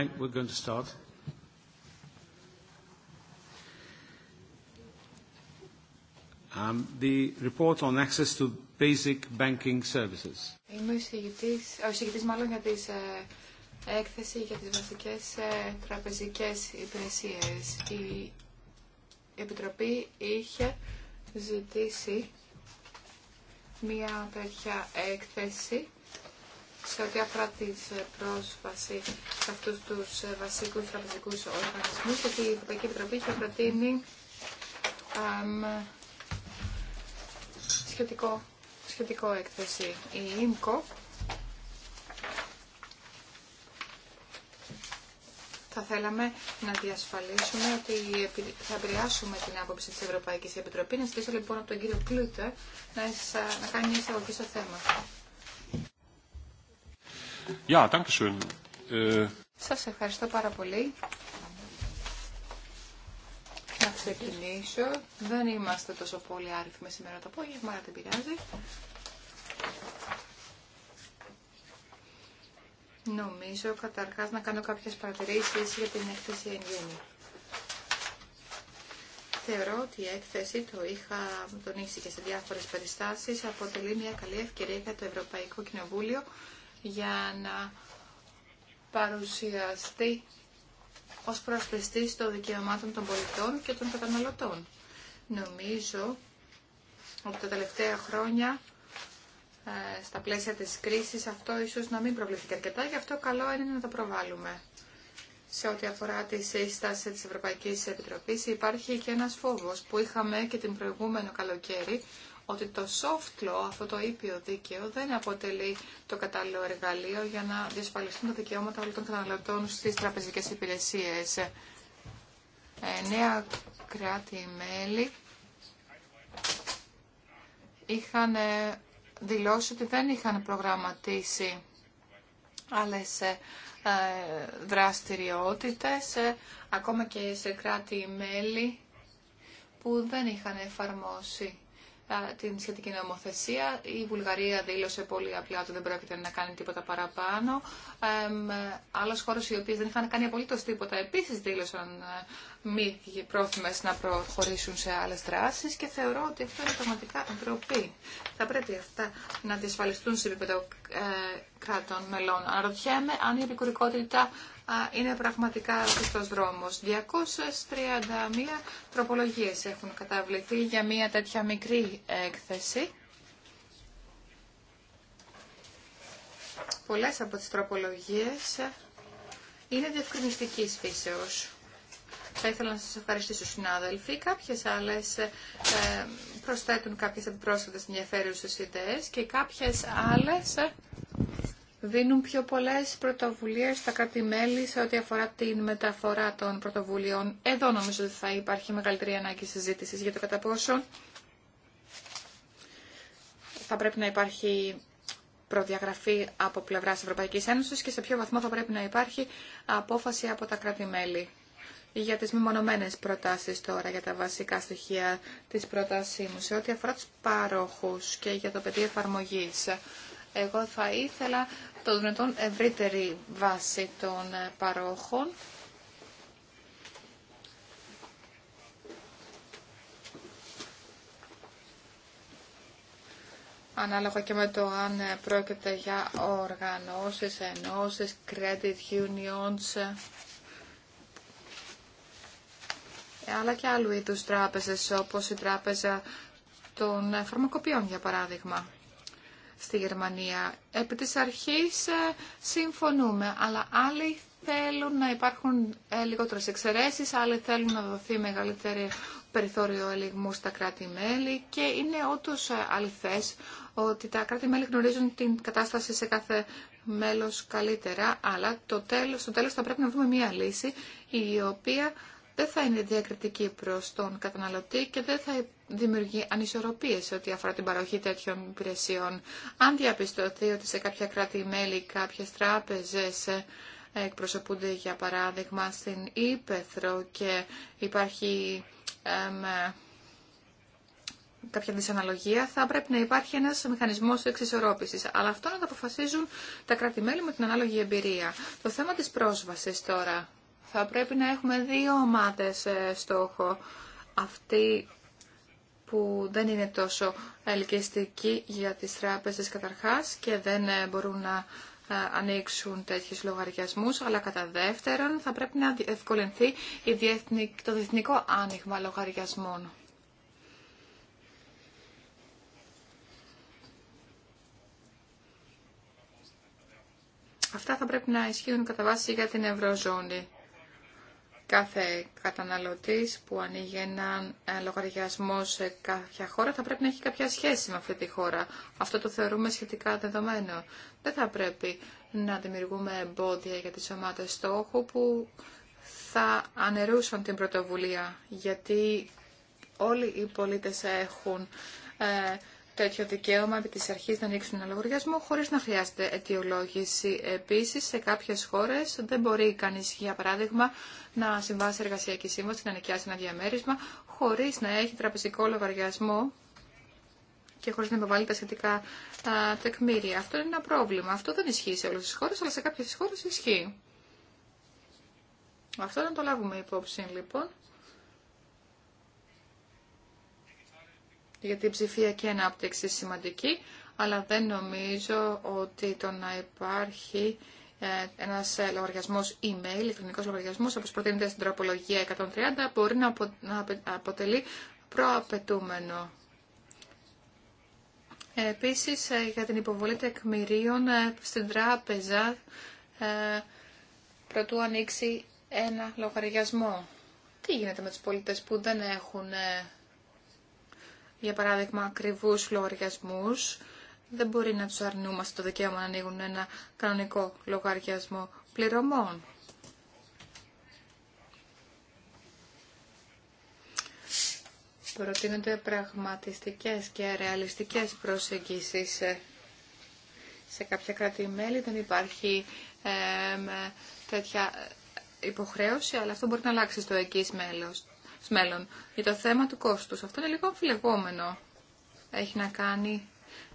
Είμαι ο ο μάλλον για τις ε, έκθεση για τις βασικές ε, τραπεζικές υπηρεσίες. Η Επιτροπή είχε ζητήσει μια τέτοια έκθεση σε ό,τι αφορά τη ε, πρόσβαση σε αυτού του ε, βασικού τραπεζικού οργανισμού, ότι η Ευρωπαϊκή Επιτροπή είχε προτείνει σχετικό, σχετικό έκθεση. Η ΙΜΚΟ θα θέλαμε να διασφαλίσουμε ότι θα επηρεάσουμε την άποψη της Ευρωπαϊκής Επιτροπής. Να ζητήσω λοιπόν από τον κύριο Κλούτε να, να κάνει μια εισαγωγή στο θέμα. Σα äh, Σας ευχαριστώ πάρα πολύ. Να ξεκινήσω. Δεν είμαστε τόσο πολύ άριθμοι σήμερα το απόγευμα, αλλά δεν πειράζει. Νομίζω καταρχάς να κάνω κάποιες παρατηρήσεις για την έκθεση εν γέννη. Θεωρώ ότι η έκθεση, το είχα τονίσει και σε διάφορες περιστάσεις, αποτελεί μια καλή ευκαιρία για το Ευρωπαϊκό Κοινοβούλιο για να παρουσιαστεί ως προσπιστής των δικαιωμάτων των πολιτών και των καταναλωτών. Νομίζω ότι τα τελευταία χρόνια ε, στα πλαίσια της κρίσης αυτό ίσως να μην προβληθεί αρκετά, γι' αυτό καλό είναι να το προβάλλουμε. Σε ό,τι αφορά τη σύσταση της Ευρωπαϊκής Επιτροπής υπάρχει και ένας φόβος που είχαμε και την προηγούμενο καλοκαίρι ότι το soft law, αυτό το ήπιο δίκαιο, δεν αποτελεί το κατάλληλο εργαλείο για να διασφαλιστούν τα δικαιώματα όλων των καταναλωτών στις τραπεζικές υπηρεσίες. Ε, νέα κράτη-μέλη είχαν ε, δηλώσει ότι δεν είχαν προγραμματίσει άλλες ε, δραστηριότητες, ακόμα και σε κράτη-μέλη που δεν είχαν εφαρμόσει την σχετική νομοθεσία. Η Βουλγαρία δήλωσε πολύ απλά ότι δεν πρόκειται να κάνει τίποτα παραπάνω. Άλλε χώρε οι οποίε δεν είχαν κάνει απολύτω τίποτα επίση δήλωσαν ε, μη πρόθυμε να προχωρήσουν σε άλλε δράσει και θεωρώ ότι αυτό είναι πραγματικά ντροπή. Θα πρέπει αυτά να διασφαλιστούν σε επίπεδο ε, κράτων μελών. Αναρωτιέμαι αν η επικουρικότητα είναι πραγματικά σωστό δρόμο. 231 τροπολογίες έχουν καταβληθεί για μια τέτοια μικρή έκθεση. Πολλέ από τις τροπολογίες είναι διευκρινιστική φύσεως. Θα ήθελα να σας ευχαριστήσω συνάδελφοι. Κάποιες άλλες ε, προσθέτουν κάποιες επιπρόσθετες ενδιαφέρουσες ιδέες και κάποιες άλλες ε, δίνουν πιο πολλές πρωτοβουλίες στα κράτη-μέλη σε ό,τι αφορά την μεταφορά των πρωτοβουλίων. Εδώ νομίζω ότι θα υπάρχει μεγαλύτερη ανάγκη συζήτησης για το κατά πόσο θα πρέπει να υπάρχει προδιαγραφή από πλευράς Ευρωπαϊκής Ένωσης και σε ποιο βαθμό θα πρέπει να υπάρχει απόφαση από τα κράτη-μέλη. Για τις μεμονωμένες προτάσεις τώρα, για τα βασικά στοιχεία της πρότασή μου, σε ό,τι αφορά τους παρόχους και για το πεδίο εφαρμογής. Εγώ θα ήθελα το δυνατόν ευρύτερη βάση των παρόχων. Ανάλογα και με το αν πρόκειται για οργανώσεις, ενώσεις, credit unions, αλλά και άλλου είδους τράπεζες, όπως η τράπεζα των φαρμακοποιών, για παράδειγμα στη Γερμανία. Επί της αρχής ε, συμφωνούμε, αλλά άλλοι θέλουν να υπάρχουν ε, λιγότερες εξαιρέσεις, άλλοι θέλουν να δοθεί μεγαλύτερη περιθώριο ελιγμού στα κράτη-μέλη και είναι ότως ε, αληθές ότι τα κράτη-μέλη γνωρίζουν την κατάσταση σε κάθε μέλος καλύτερα, αλλά το τέλος, στο τέλος θα πρέπει να βρούμε μία λύση η οποία δεν θα είναι διακριτική προς τον καταναλωτή και δεν θα δημιουργεί ανισορροπίες σε ό,τι αφορά την παροχή τέτοιων υπηρεσιών. Αν διαπιστωθεί ότι σε κάποια κράτη-μέλη κάποιες τράπεζες ε, εκπροσωπούνται για παράδειγμα στην Ήπεθρο και υπάρχει ε, κάποια δυσαναλογία, θα πρέπει να υπάρχει ένας μηχανισμός εξισορρόπησης. Αλλά αυτό να το αποφασίζουν τα κράτη-μέλη με την ανάλογη εμπειρία. Το θέμα της πρόσβασης τώρα. Θα πρέπει να έχουμε δύο ομάδες ε, στόχο. Αυτή που δεν είναι τόσο ελκυστική για τις τράπεζες καταρχάς και δεν ε, μπορούν να ε, ανοίξουν τέτοιους λογαριασμούς, αλλά κατά δεύτερον θα πρέπει να ευκολυνθεί το διεθνικό άνοιγμα λογαριασμών. Αυτά θα πρέπει να ισχύουν κατά βάση για την Ευρωζώνη. Κάθε καταναλωτής που ανοίγει έναν ε, λογαριασμό σε κάποια χώρα θα πρέπει να έχει κάποια σχέση με αυτή τη χώρα. Αυτό το θεωρούμε σχετικά δεδομένο. Δεν θα πρέπει να δημιουργούμε εμπόδια για τις ομάδες στόχου που θα ανερούσαν την πρωτοβουλία, γιατί όλοι οι πολίτες έχουν ε, τέτοιο δικαίωμα επί της αρχής να ανοίξουν ένα λογαριασμό χωρίς να χρειάζεται αιτιολόγηση. Επίσης, σε κάποιες χώρες δεν μπορεί κανείς, για παράδειγμα, να συμβάσει εργασιακή σύμβαση, να νοικιάσει ένα διαμέρισμα, χωρίς να έχει τραπεζικό λογαριασμό και χωρίς να υποβάλει τα σχετικά τεκμήρια. Αυτό είναι ένα πρόβλημα. Αυτό δεν ισχύει σε όλες τις χώρες, αλλά σε κάποιες χώρες ισχύει. Αυτό να το λάβουμε υπόψη, λοιπόν. για την ψηφιακή ανάπτυξη σημαντική, αλλά δεν νομίζω ότι το να υπάρχει ε, ένας ε, λογαριασμός email, ηλεκτρονικός λογαριασμός, όπως προτείνεται στην τροπολογία 130, μπορεί να αποτελεί προαπαιτούμενο. Ε, επίσης, για την υποβολή τεκμηρίων στην τράπεζα, προτού ανοίξει ένα λογαριασμό. Τι γίνεται με τους πολίτες που δεν έχουν για παράδειγμα, ακριβούς λογαριασμούς. Δεν μπορεί να τους αρνούμαστε το δικαίωμα να ανοίγουν ένα κανονικό λογαριασμό πληρωμών. Προτείνονται πραγματιστικές και ρεαλιστικές προσεγγίσεις. Σε κάποια κράτη-μέλη δεν υπάρχει τέτοια υποχρέωση, αλλά αυτό μπορεί να αλλάξει στο εκείς μέλος μέλλον. Για το θέμα του κόστους. Αυτό είναι λίγο αμφιλεγόμενο. Έχει να κάνει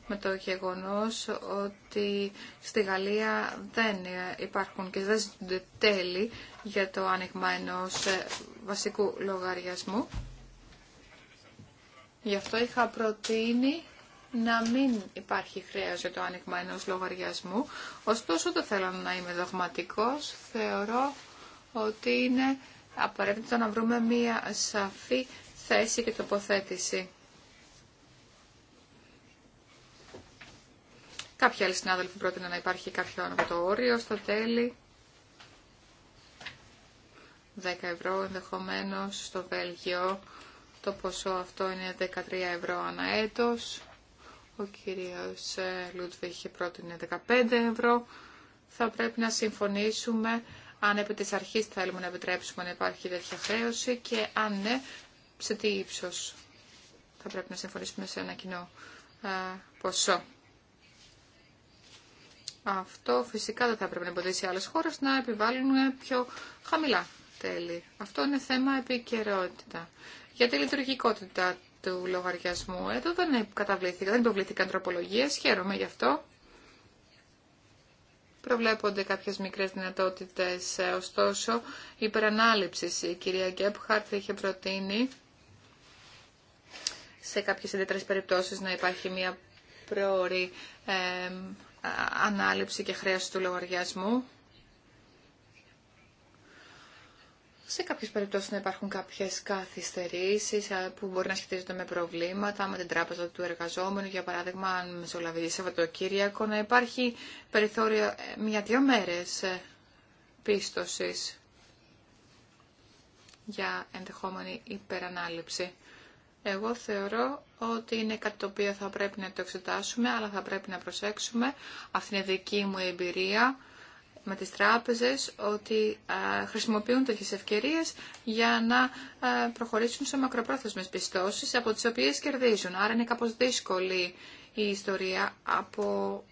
με το γεγονός ότι στη Γαλλία δεν υπάρχουν και δεν ζητούνται τέλη για το άνοιγμα ενός ε, βασικού λογαριασμού. Γι' αυτό είχα προτείνει να μην υπάρχει χρέος για το άνοιγμα ενός λογαριασμού. Ωστόσο, το θέλω να είμαι δογματικός. Θεωρώ ότι είναι απαραίτητο να βρούμε μία σαφή θέση και τοποθέτηση. Κάποιοι άλλοι συνάδελφοι πρότεινα να υπάρχει κάποιο το στο στο τέλη. 10 ευρώ ενδεχομένως στο Βέλγιο. Το ποσό αυτό είναι 13 ευρώ ανά έτος. Ο κύριος ε, Λούτβι είχε πρότεινε 15 ευρώ. Θα πρέπει να συμφωνήσουμε αν επί της αρχής θέλουμε να επιτρέψουμε να υπάρχει τέτοια χρέωση και αν ναι, σε τι ύψος θα πρέπει να συμφωνήσουμε σε ένα κοινό ε, ποσό. Αυτό φυσικά δεν θα πρέπει να εμποδίσει άλλες χώρες να επιβάλλουν πιο χαμηλά τέλη. Αυτό είναι θέμα επικαιρότητα. Για τη λειτουργικότητα του λογαριασμού, εδώ δεν καταβλήθηκαν, δεν υποβλήθηκαν τροπολογίες, χαίρομαι γι' αυτό προβλέπονται κάποιες μικρές δυνατότητες. Ε, ωστόσο, υπερανάληψης η κυρία Γκέπχαρτ είχε προτείνει σε κάποιες ιδιαίτερες περιπτώσεις να υπάρχει μια πρόορη ε, ανάληψη και χρέωση του λογαριασμού. σε κάποιε περιπτώσει να υπάρχουν κάποιε καθυστερήσει που μπορεί να σχετίζονται με προβλήματα, με την τράπεζα του εργαζόμενου, για παράδειγμα, αν μεσολαβεί Σαββατοκύριακο, να υπάρχει περιθώριο ε, μια-δύο μέρε πίστοση για ενδεχόμενη υπερανάληψη. Εγώ θεωρώ ότι είναι κάτι το οποίο θα πρέπει να το εξετάσουμε, αλλά θα πρέπει να προσέξουμε. Αυτή είναι δική μου εμπειρία με τις τράπεζες ότι χρησιμοποιούν τέτοιες ευκαιρίες για να προχωρήσουν σε μακροπρόθεσμες πιστώσεις από τις οποίες κερδίζουν. Άρα είναι κάπως δύσκολη η ιστορία από...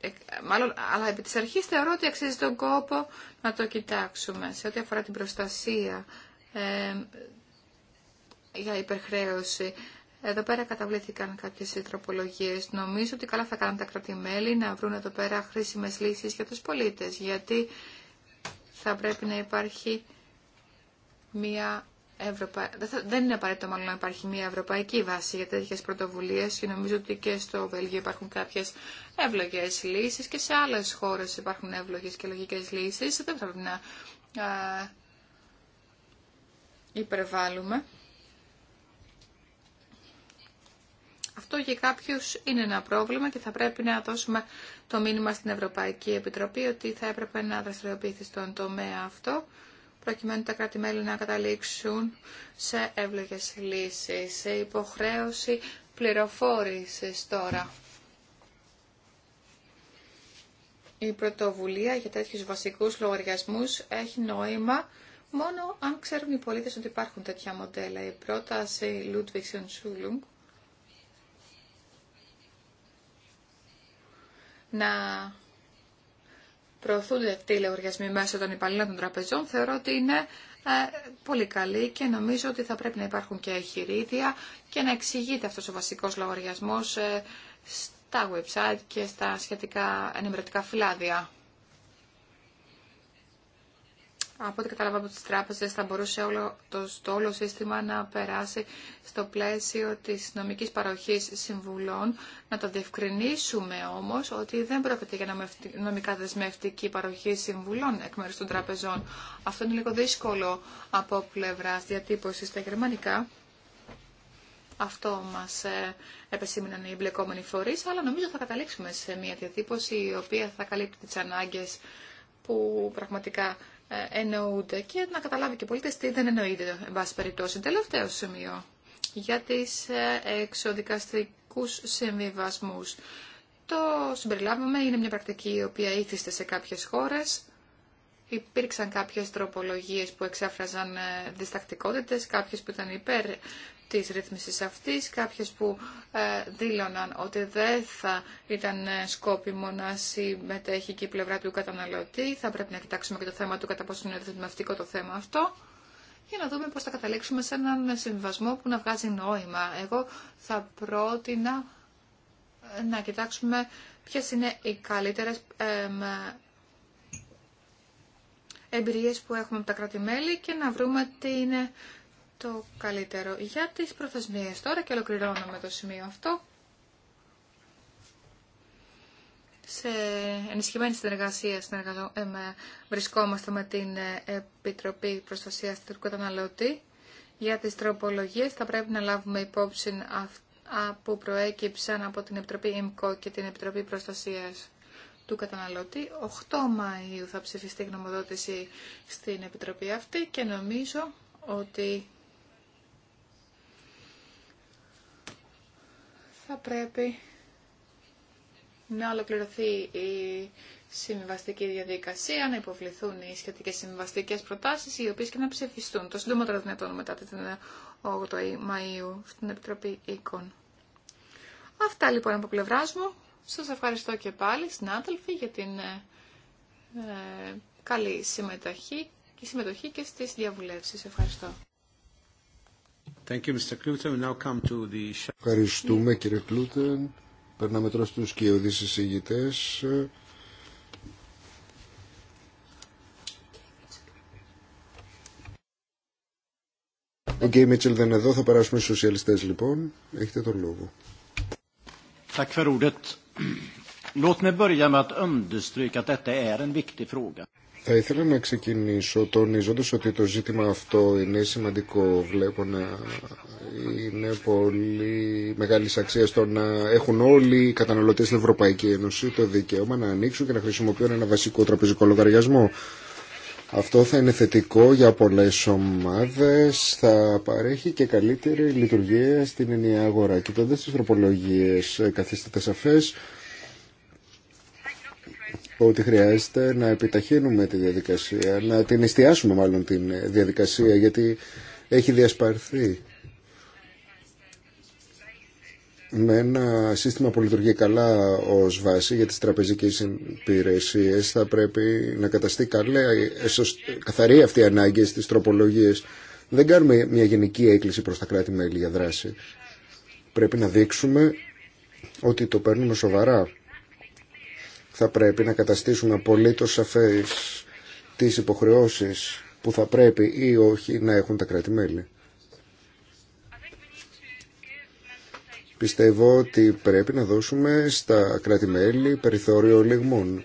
Ε, μάλλον, αλλά επί της αρχής θεωρώ ότι αξίζει τον κόπο να το κοιτάξουμε σε ό,τι αφορά την προστασία ε, για υπερχρέωση εδώ πέρα καταβλήθηκαν κάποιε τροπολογίε. Νομίζω ότι καλά θα κάνουν τα κρατημέλη να βρουν εδώ πέρα χρήσιμε λύσει για του πολίτε, γιατί θα πρέπει να υπάρχει μια Ευρωπα... Δεν είναι απαραίτητο μάλλον να υπάρχει μια ευρωπαϊκή βάση για τέτοιε πρωτοβουλίε. και νομίζω ότι και στο Βέλγιο υπάρχουν κάποιε ευλογέ λύσει και σε άλλε χώρε υπάρχουν εύλογε και λογικέ λύσει. Δεν πρέπει να υπερβάλλουμε. Αυτό για κάποιους είναι ένα πρόβλημα και θα πρέπει να δώσουμε το μήνυμα στην Ευρωπαϊκή Επιτροπή ότι θα έπρεπε να δραστηριοποιηθεί στον τομέα αυτό προκειμένου τα κράτη-μέλη να καταλήξουν σε εύλογες λύσεις, σε υποχρέωση πληροφόρησης τώρα. Η πρωτοβουλία για τέτοιους βασικούς λογαριασμούς έχει νόημα μόνο αν ξέρουν οι πολίτες ότι υπάρχουν τέτοια μοντέλα. Η πρόταση Ludwig Schulung να προωθούνται αυτοί οι λογαριασμοί μέσω των υπαλλήλων των τραπεζών, θεωρώ ότι είναι ε, πολύ καλή και νομίζω ότι θα πρέπει να υπάρχουν και εγχειρίδια και να εξηγείται αυτός ο βασικός λογαριασμός ε, στα website και στα σχετικά ενημερωτικά φυλάδια από ό,τι καταλάβαμε από τις τράπεζες θα μπορούσε όλο το, όλο σύστημα να περάσει στο πλαίσιο της νομικής παροχής συμβουλών. Να το διευκρινίσουμε όμως ότι δεν πρόκειται για νομικά δεσμευτική παροχή συμβουλών εκ μέρους των τραπεζών. Αυτό είναι λίγο δύσκολο από πλευρά διατύπωση στα γερμανικά. Αυτό μας ε, επεσήμεναν οι εμπλεκόμενοι φορείς, αλλά νομίζω θα καταλήξουμε σε μια διατύπωση η οποία θα καλύπτει τι ανάγκες που πραγματικά ε, εννοούνται και να καταλάβει και ο τι δεν εννοείται, εν περιπτώσει. Τελευταίο σημείο για τις ε, εξοδικαστικούς συμβιβασμούς. Το συμπεριλάβουμε είναι μια πρακτική η οποία ήθιστε σε κάποιες χώρες. Υπήρξαν κάποιες τροπολογίες που εξέφραζαν ε, διστακτικότητες, κάποιες που ήταν υπέρ της ρύθμισης αυτής, κάποιες που ε, δήλωναν ότι δεν θα ήταν ε, σκόπιμο να συμμετέχει και η πλευρά του καταναλωτή. Θα πρέπει να κοιτάξουμε και το θέμα του κατά πόσο είναι ρυθμιστικό το θέμα αυτό για να δούμε πώς θα καταλήξουμε σε έναν ε, συμβασμό που να βγάζει νόημα. Εγώ θα πρότεινα να κοιτάξουμε ποιες είναι οι καλύτερες εμπειρίες που έχουμε από τα κράτη-μέλη και να βρούμε τι είναι το καλύτερο. Για τις προθεσμίες τώρα και ολοκληρώνω το σημείο αυτό. Σε ενισχυμένη συνεργασία βρισκόμαστε με την ε, Επιτροπή Προστασίας του Καταναλωτή. Για τις τροπολογίες θα πρέπει να λάβουμε υπόψη που προέκυψαν από την Επιτροπή ΕΜΚΟ και την Επιτροπή Προστασίας του καταναλωτή. 8 Μαΐου θα ψηφιστεί η γνωμοδότηση στην Επιτροπή αυτή και νομίζω ότι θα πρέπει να ολοκληρωθεί η συμβιβαστική διαδικασία, να υποβληθούν οι σχετικέ συμβιβαστικέ προτάσει, οι οποίε και να ψηφιστούν το συντομότερο δυνατόν μετά την 8η Μαου στην Επιτροπή Οίκων. Αυτά λοιπόν από πλευρά μου. Σα ευχαριστώ και πάλι, συνάδελφοι, για την ε, ε, καλή συμμετοχή και συμμετοχή και στις διαβουλεύσεις. Ευχαριστώ. Ευχαριστούμε κύριε Κλούτεν. Περνάμε τώρα στους κοιοδείς εισηγητές. Ο Γκέι Μίτσελ δεν είναι εδώ, θα περάσουμε στους σοσιαλιστές λοιπόν. Έχετε τον λόγο. Tack för ordet. Låt mig börja med att understryka att detta är en viktig fråga. Θα ήθελα να ξεκινήσω τονίζοντας ότι το ζήτημα αυτό είναι σημαντικό. Βλέπω να είναι πολύ μεγάλη αξία στο να έχουν όλοι οι καταναλωτές στην Ευρωπαϊκή Ένωση το δικαίωμα να ανοίξουν και να χρησιμοποιούν ένα βασικό τραπεζικό λογαριασμό. Αυτό θα είναι θετικό για πολλές ομάδες, θα παρέχει και καλύτερη λειτουργία στην ενιαία αγορά. Κοιτώντας τις τροπολογίες ε, καθίσταται σαφές ότι χρειάζεται να επιταχύνουμε τη διαδικασία, να την εστιάσουμε μάλλον τη διαδικασία, γιατί έχει διασπαρθεί με ένα σύστημα που λειτουργεί καλά ως βάση για τις τραπεζικές υπηρεσίε θα πρέπει να καταστεί καλέ, καθαρή αυτή η ανάγκη στις τροπολογίες. Δεν κάνουμε μια γενική έκκληση προς τα κράτη-μέλη για δράση. Πρέπει να δείξουμε ότι το παίρνουμε σοβαρά θα πρέπει να καταστήσουμε απολύτως σαφές τις υποχρεώσεις που θα πρέπει ή όχι να έχουν τα κράτη-μέλη. Πιστεύω ότι πρέπει να δώσουμε στα κράτη-μέλη περιθώριο λιγμών.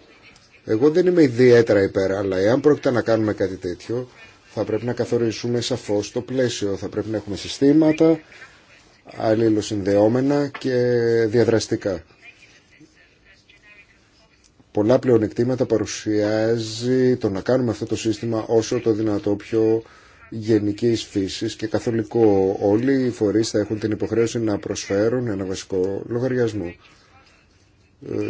Εγώ δεν είμαι ιδιαίτερα υπέρα, αλλά εάν πρόκειται να κάνουμε κάτι τέτοιο, θα πρέπει να καθορίσουμε σαφώς το πλαίσιο. Θα πρέπει να έχουμε συστήματα αλληλοσυνδεόμενα και διαδραστικά πολλά πλεονεκτήματα παρουσιάζει το να κάνουμε αυτό το σύστημα όσο το δυνατό πιο γενική φύσης και καθολικό. Όλοι οι φορείς θα έχουν την υποχρέωση να προσφέρουν ένα βασικό λογαριασμό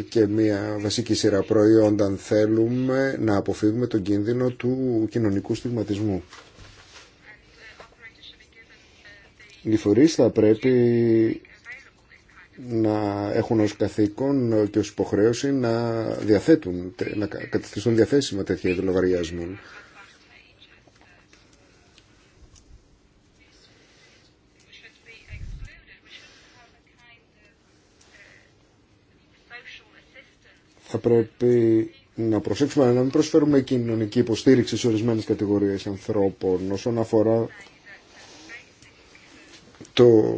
και μια βασική σειρά προϊόντα θέλουμε να αποφύγουμε τον κίνδυνο του κοινωνικού στιγματισμού. Οι φορείς θα πρέπει να έχουν ως καθήκον και ως υποχρέωση να διαθέτουν, να καταστήσουν διαθέσιμα τέτοια είδη λογαριασμών. Θα πρέπει να προσέξουμε να μην προσφέρουμε κοινωνική υποστήριξη σε ορισμένες κατηγορίες ανθρώπων όσον αφορά το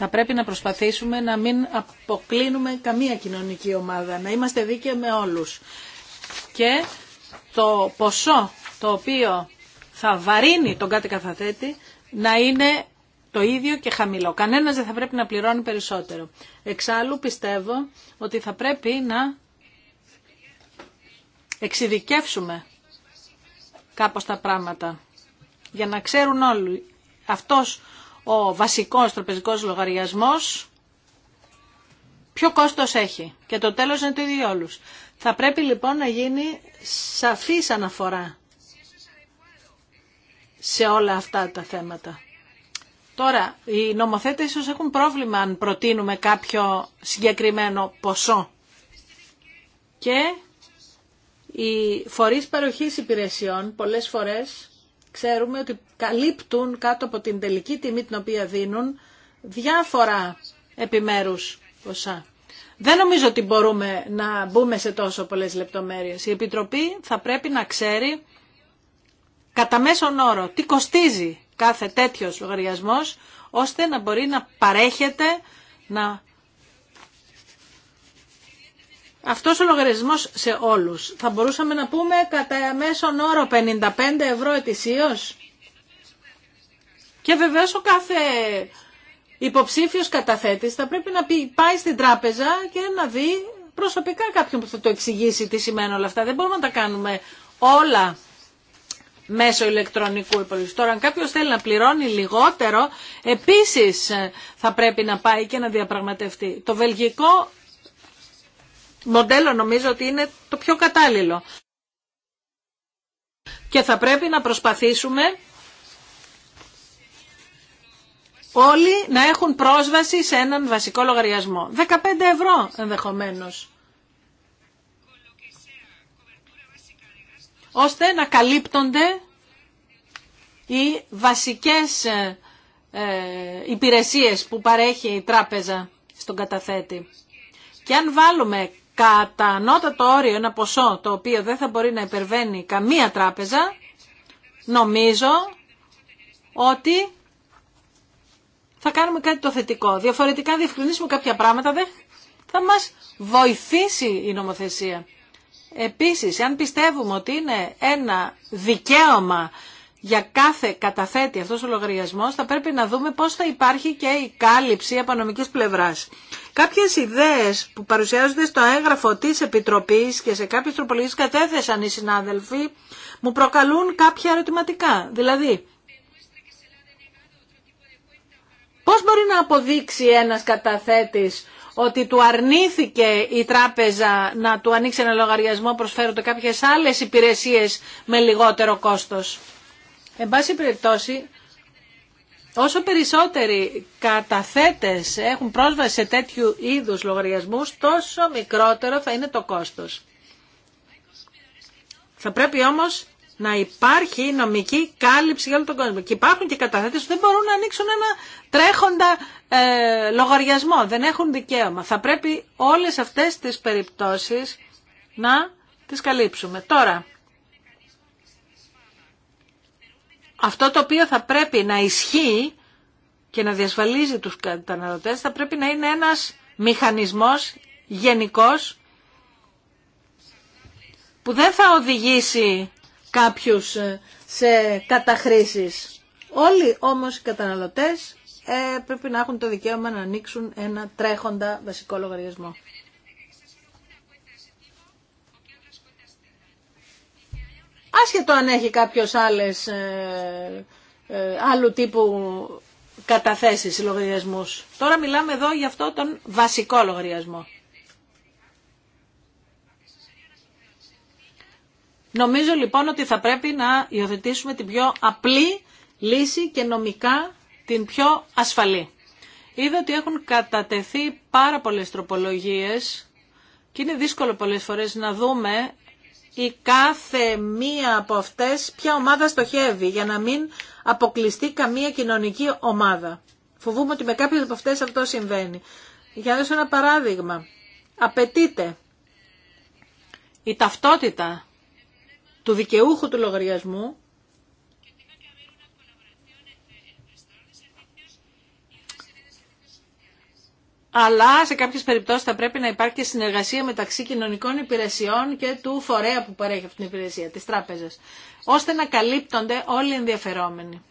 θα πρέπει να προσπαθήσουμε να μην αποκλίνουμε καμία κοινωνική ομάδα, να είμαστε δίκαιοι με όλους. Και το ποσό το οποίο θα βαρύνει τον κάθε καθαθέτη να είναι το ίδιο και χαμηλό. Κανένας δεν θα πρέπει να πληρώνει περισσότερο. Εξάλλου πιστεύω ότι θα πρέπει να εξειδικεύσουμε κάπως τα πράγματα για να ξέρουν όλοι αυτός ο βασικός τραπεζικός λογαριασμός, ποιο κόστος έχει. Και το τέλος είναι το ίδιο όλους. Θα πρέπει λοιπόν να γίνει σαφής αναφορά σε όλα αυτά τα θέματα. Τώρα, οι νομοθέτες ίσως έχουν πρόβλημα αν προτείνουμε κάποιο συγκεκριμένο ποσό. Και οι φορείς παροχής υπηρεσιών πολλές φορές ξέρουμε ότι καλύπτουν κάτω από την τελική τιμή την οποία δίνουν διάφορα επιμέρους ποσά. Δεν νομίζω ότι μπορούμε να μπούμε σε τόσο πολλές λεπτομέρειες. Η Επιτροπή θα πρέπει να ξέρει κατά μέσον όρο τι κοστίζει κάθε τέτοιος λογαριασμός, ώστε να μπορεί να παρέχεται, να αυτό ο λογαριασμό σε όλους. Θα μπορούσαμε να πούμε κατά μέσον όρο 55 ευρώ ετησίω. Και βεβαίω ο κάθε υποψήφιος καταθέτης θα πρέπει να πάει στην τράπεζα και να δει προσωπικά κάποιον που θα το εξηγήσει τι σημαίνουν όλα αυτά. Δεν μπορούμε να τα κάνουμε όλα μέσω ηλεκτρονικού υπολογιστή. Τώρα, αν κάποιο θέλει να πληρώνει λιγότερο, επίση θα πρέπει να πάει και να διαπραγματευτεί. Το βελγικό μοντέλο νομίζω ότι είναι το πιο κατάλληλο. Και θα πρέπει να προσπαθήσουμε όλοι να έχουν πρόσβαση σε έναν βασικό λογαριασμό. 15 ευρώ ενδεχομένως. ώστε να καλύπτονται οι βασικές ε, ε, υπηρεσίες που παρέχει η τράπεζα στον καταθέτη. Και αν βάλουμε κατά ανώτατο όριο ένα ποσό το οποίο δεν θα μπορεί να υπερβαίνει καμία τράπεζα, νομίζω ότι θα κάνουμε κάτι το θετικό. Διαφορετικά διευκρινίσουμε κάποια πράγματα, δεν θα μας βοηθήσει η νομοθεσία. Επίσης, αν πιστεύουμε ότι είναι ένα δικαίωμα για κάθε καταθέτη αυτός ο λογαριασμός θα πρέπει να δούμε πώς θα υπάρχει και η κάλυψη νομικής πλευράς. Κάποιες ιδέες που παρουσιάζονται στο έγγραφο της Επιτροπής και σε κάποιες τροπολογίες κατέθεσαν οι συνάδελφοι μου προκαλούν κάποια ερωτηματικά. Δηλαδή, πώς μπορεί να αποδείξει ένας καταθέτης ότι του αρνήθηκε η τράπεζα να του ανοίξει ένα λογαριασμό προσφέρονται κάποιες άλλες υπηρεσίες με λιγότερο κόστος. Εν πάση περιπτώσει, όσο περισσότεροι καταθέτες έχουν πρόσβαση σε τέτοιου είδους λογαριασμούς, τόσο μικρότερο θα είναι το κόστος. Θα πρέπει όμως να υπάρχει νομική κάλυψη για όλο τον κόσμο. Και υπάρχουν και καταθέτες που δεν μπορούν να ανοίξουν ένα τρέχοντα ε, λογαριασμό. Δεν έχουν δικαίωμα. Θα πρέπει όλες αυτές τις περιπτώσεις να τις καλύψουμε. Τώρα, αυτό το οποίο θα πρέπει να ισχύει και να διασφαλίζει τους καταναλωτές θα πρέπει να είναι ένας μηχανισμός γενικός που δεν θα οδηγήσει κάποιους ε, σε καταχρήσεις. Όλοι όμως οι καταναλωτές ε, πρέπει να έχουν το δικαίωμα να ανοίξουν ένα τρέχοντα βασικό λογαριασμό. άσχετο αν έχει κάποιος άλλες, ε, ε, άλλου τύπου καταθέσεις λογαριασμού. Τώρα μιλάμε εδώ για αυτό τον βασικό λογαριασμό. Νομίζω λοιπόν ότι θα πρέπει να υιοθετήσουμε την πιο απλή λύση και νομικά την πιο ασφαλή. Είδα ότι έχουν κατατεθεί πάρα πολλές τροπολογίες και είναι δύσκολο πολλές φορές να δούμε η κάθε μία από αυτές ποια ομάδα στοχεύει για να μην αποκλειστεί καμία κοινωνική ομάδα. Φοβούμαι ότι με κάποιες από αυτές αυτό συμβαίνει. Για να δώσω ένα παράδειγμα. Απαιτείται η ταυτότητα του δικαιούχου του λογαριασμού αλλά σε κάποιες περιπτώσεις θα πρέπει να υπάρχει και συνεργασία μεταξύ κοινωνικών υπηρεσιών και του φορέα που παρέχει αυτή την υπηρεσία, της τράπεζας, ώστε να καλύπτονται όλοι οι ενδιαφερόμενοι.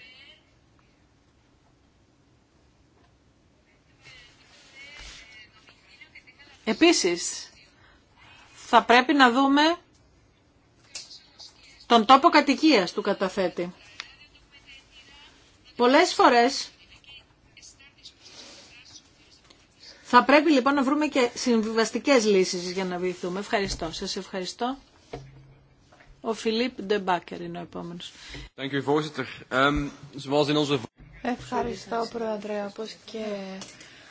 Επίσης, θα πρέπει να δούμε τον τόπο κατοικίας του καταθέτη. Πολλές φορές Θα πρέπει λοιπόν να βρούμε και συμβιβαστικές λύσεις για να βοηθούμε. Ευχαριστώ. Σας ευχαριστώ. Ο Φιλίπ Ντεμπάκερ είναι ο επόμενος. Ehm, ευχαριστώ, Πρόεδρε. Όπως και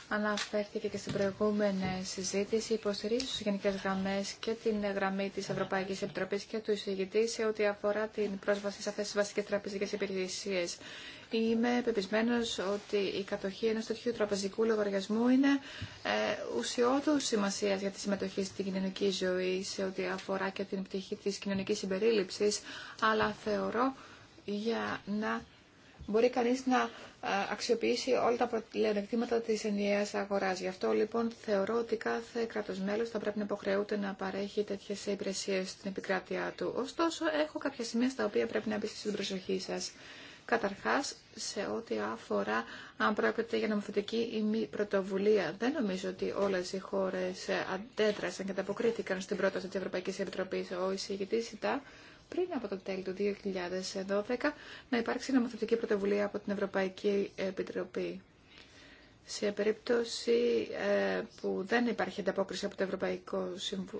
αναφέρθηκε και στην προηγούμενη συζήτηση, υποστηρίζει στι γενικέ γραμμέ και την γραμμή τη Ευρωπαϊκή Επιτροπή και του εισηγητή σε ό,τι αφορά την πρόσβαση σε αυτέ τι βασικέ τραπεζικέ υπηρεσίε. Είμαι πεπισμένο ότι η κατοχή ενό τέτοιου τραπεζικού λογαριασμού είναι ε, σημασία για τη συμμετοχή στην κοινωνική ζωή σε ό,τι αφορά και την πτυχή τη κοινωνική συμπερίληψη, αλλά θεωρώ για να μπορεί κανείς να ε, αξιοποιήσει όλα τα πλεονεκτήματα της ενιαίας αγοράς. Γι' αυτό λοιπόν θεωρώ ότι κάθε κράτος μέλος θα πρέπει να υποχρεούται να παρέχει τέτοιες υπηρεσίες στην επικράτειά του. Ωστόσο, έχω κάποια σημεία στα οποία πρέπει να επιστήσω την προσοχή σας. Καταρχάς, σε ό,τι αφορά αν πρόκειται για νομοθετική ή μη πρωτοβουλία, δεν νομίζω ότι όλες οι χώρες ε, αντέδρασαν και ανταποκρίθηκαν στην πρόταση της Ευρωπαϊκής Επιτροπής. Ο εισηγητής πριν από το τέλη του 2012 να υπάρξει νομοθετική πρωτοβουλία από την Ευρωπαϊκή Επιτροπή. Σε περίπτωση ε, που δεν υπάρχει ανταπόκριση από το, Ευρωπαϊκό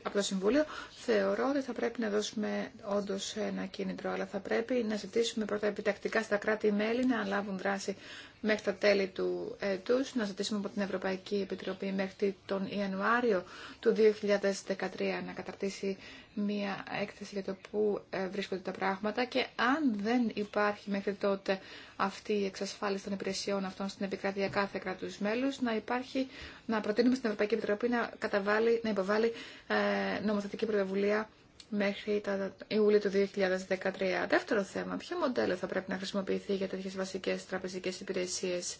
από το Συμβούλιο, θεωρώ ότι θα πρέπει να δώσουμε όντω ένα κίνητρο, αλλά θα πρέπει να ζητήσουμε πρώτα επιτακτικά στα κράτη-μέλη να λάβουν δράση μέχρι τα τέλη του έτου, να ζητήσουμε από την Ευρωπαϊκή Επιτροπή μέχρι τον Ιανουάριο του 2013 να καταρτήσει μία έκθεση για το πού ε, βρίσκονται τα πράγματα και αν δεν υπάρχει μέχρι τότε αυτή η εξασφάλιση των υπηρεσιών αυτών στην επικράτεια κάθε κράτου μέλου, να υπάρχει, να προτείνουμε στην Ευρωπαϊκή Επιτροπή να, καταβάλει, να υποβάλει ε, νομοθετική πρωτοβουλία μέχρι τα Ιούλιο του 2013. Δεύτερο θέμα, ποιο μοντέλο θα πρέπει να χρησιμοποιηθεί για τέτοιες βασικές τραπεζικές υπηρεσίες.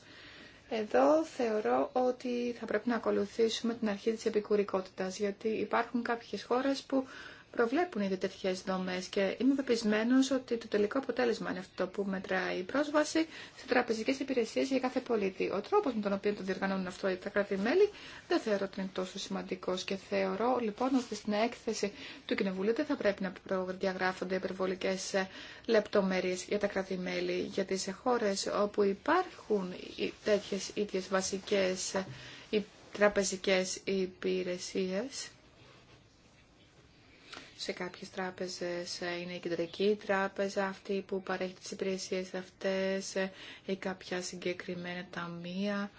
Εδώ θεωρώ ότι θα πρέπει να ακολουθήσουμε την αρχή της επικουρικότητας, γιατί υπάρχουν κάποιες χώρες που προβλέπουν ήδη τέτοιε δομέ και είμαι πεπισμένο ότι το τελικό αποτέλεσμα είναι αυτό που μετράει. Η πρόσβαση σε τραπεζικέ υπηρεσίε για κάθε πολίτη. Ο τρόπο με τον οποίο το διοργανώνουν αυτό τα κράτη-μέλη δεν θεωρώ ότι είναι τόσο σημαντικό και θεωρώ λοιπόν ότι στην έκθεση του Κοινοβουλίου δεν θα πρέπει να διαγράφονται υπερβολικέ ε, λεπτομέρειε για τα κράτη-μέλη. Γιατί σε χώρε όπου υπάρχουν τέτοιε ίδιε βασικέ ε, τραπεζικέ υπηρεσίε σε κάποιες τράπεζες ε, είναι η κεντρική τράπεζα αυτή που παρέχει τις υπηρεσίες αυτές ε, ή κάποια συγκεκριμένα ταμεία.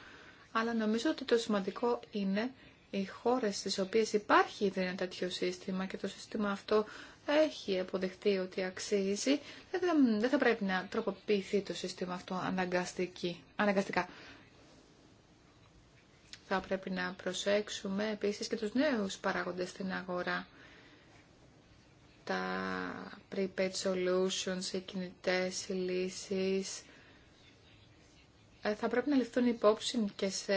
Αλλά νομίζω ότι το σημαντικό είναι οι χώρες στις οποίες υπάρχει ήδη ένα τέτοιο σύστημα και το σύστημα αυτό έχει αποδεχτεί ότι αξίζει, δεν θα, πρέπει να τροποποιηθεί το σύστημα αυτό αναγκαστικά. Θα πρέπει να προσέξουμε επίσης και τους νέους παράγοντες στην αγορά τα prepaid solutions, οι κινητές, οι ε, θα πρέπει να ληφθούν υπόψη και σε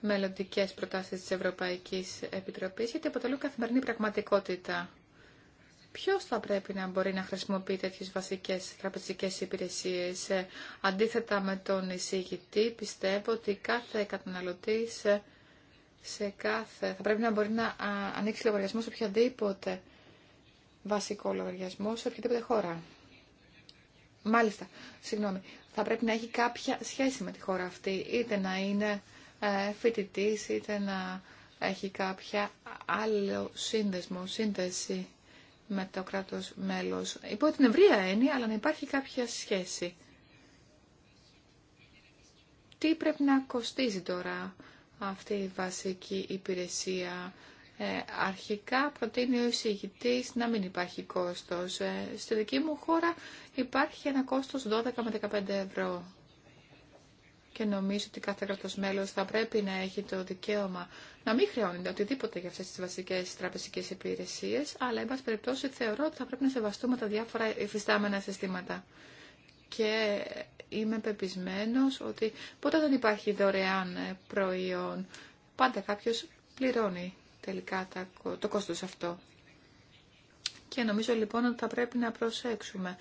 μελλοντικές προτάσεις της Ευρωπαϊκής Επιτροπής, γιατί αποτελούν καθημερινή πραγματικότητα. Ποιος θα πρέπει να μπορεί να χρησιμοποιεί τέτοιες βασικές τραπεζικές υπηρεσίες. Ε, αντίθετα με τον εισηγητή, πιστεύω ότι κάθε καταναλωτής ε, σε κάθε, θα πρέπει να μπορεί να ανοίξει λογαριασμό σε οποιαδήποτε βασικό λογαριασμό σε οποιαδήποτε χώρα. Μάλιστα, συγγνώμη, θα πρέπει να έχει κάποια σχέση με τη χώρα αυτή, είτε να είναι ε, φοιτητή, είτε να έχει κάποια άλλο σύνδεσμο, σύνδεση με το κράτος μέλος. Υπό την ευρία έννοια, αλλά να υπάρχει κάποια σχέση. Τι πρέπει να κοστίζει τώρα αυτή η βασική υπηρεσία ε, αρχικά προτείνει ο εισηγητής να μην υπάρχει κόστος. Ε, στη δική μου χώρα υπάρχει ένα κόστος 12 με 15 ευρώ. Και νομίζω ότι κάθε κράτος μέλος θα πρέπει να έχει το δικαίωμα να μην χρεώνεται οτιδήποτε για αυτές τις βασικές τραπεζικές υπηρεσίες, αλλά εν πάση περιπτώσει θεωρώ ότι θα πρέπει να σεβαστούμε τα διάφορα υφιστάμενα συστήματα. Και είμαι πεπισμένος ότι ποτέ δεν υπάρχει δωρεάν ε, προϊόν. Πάντα κάποιος πληρώνει τελικά το κόστος αυτό. Και νομίζω λοιπόν ότι θα πρέπει να προσέξουμε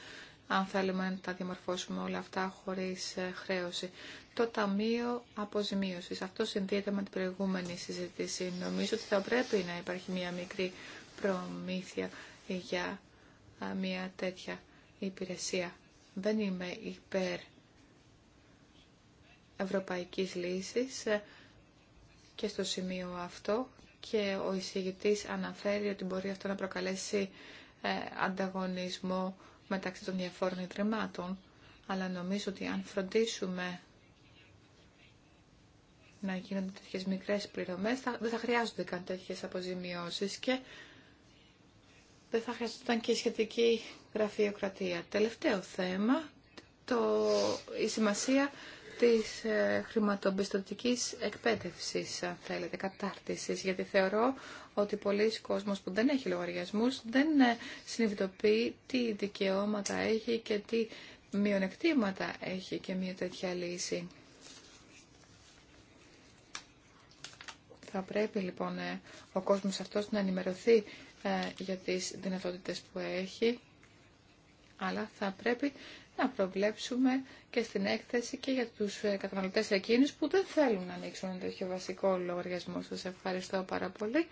αν θέλουμε να τα διαμορφώσουμε όλα αυτά χωρίς ε, χρέωση. Το Ταμείο Αποζημίωσης. Αυτό συνδύεται με την προηγούμενη συζήτηση. Νομίζω ότι θα πρέπει να υπάρχει μια μικρή προμήθεια για ε, μια τέτοια υπηρεσία. Δεν είμαι υπέρ ευρωπαϊκής λύσης ε, και στο σημείο αυτό και ο εισηγητής αναφέρει ότι μπορεί αυτό να προκαλέσει ε, ανταγωνισμό μεταξύ των διαφόρων ιδρυμάτων, αλλά νομίζω ότι αν φροντίσουμε να γίνονται τέτοιε μικρέ πληρωμέ, δεν θα χρειάζονται καν τέτοιες αποζημιώσεις και δεν θα χρειαζόταν και σχετική γραφειοκρατία. Τελευταίο θέμα, το, η σημασία της ε, χρηματοπιστωτικής εκπαίδευσης, αν θέλετε, κατάρτισης, γιατί θεωρώ ότι πολλοί κόσμος που δεν έχει λογαριασμούς δεν ε, συνειδητοποιεί τι δικαιώματα έχει και τι μειονεκτήματα έχει και μια τέτοια λύση. Θα πρέπει λοιπόν ε, ο κόσμος αυτός να ενημερωθεί για τις δυνατότητες που έχει, αλλά θα πρέπει να προβλέψουμε και στην έκθεση και για τους ε, καταναλωτές εκείνους που δεν θέλουν να ανοίξουν ένα τέτοιο βασικό λογαριασμό. Σας ευχαριστώ πάρα πολύ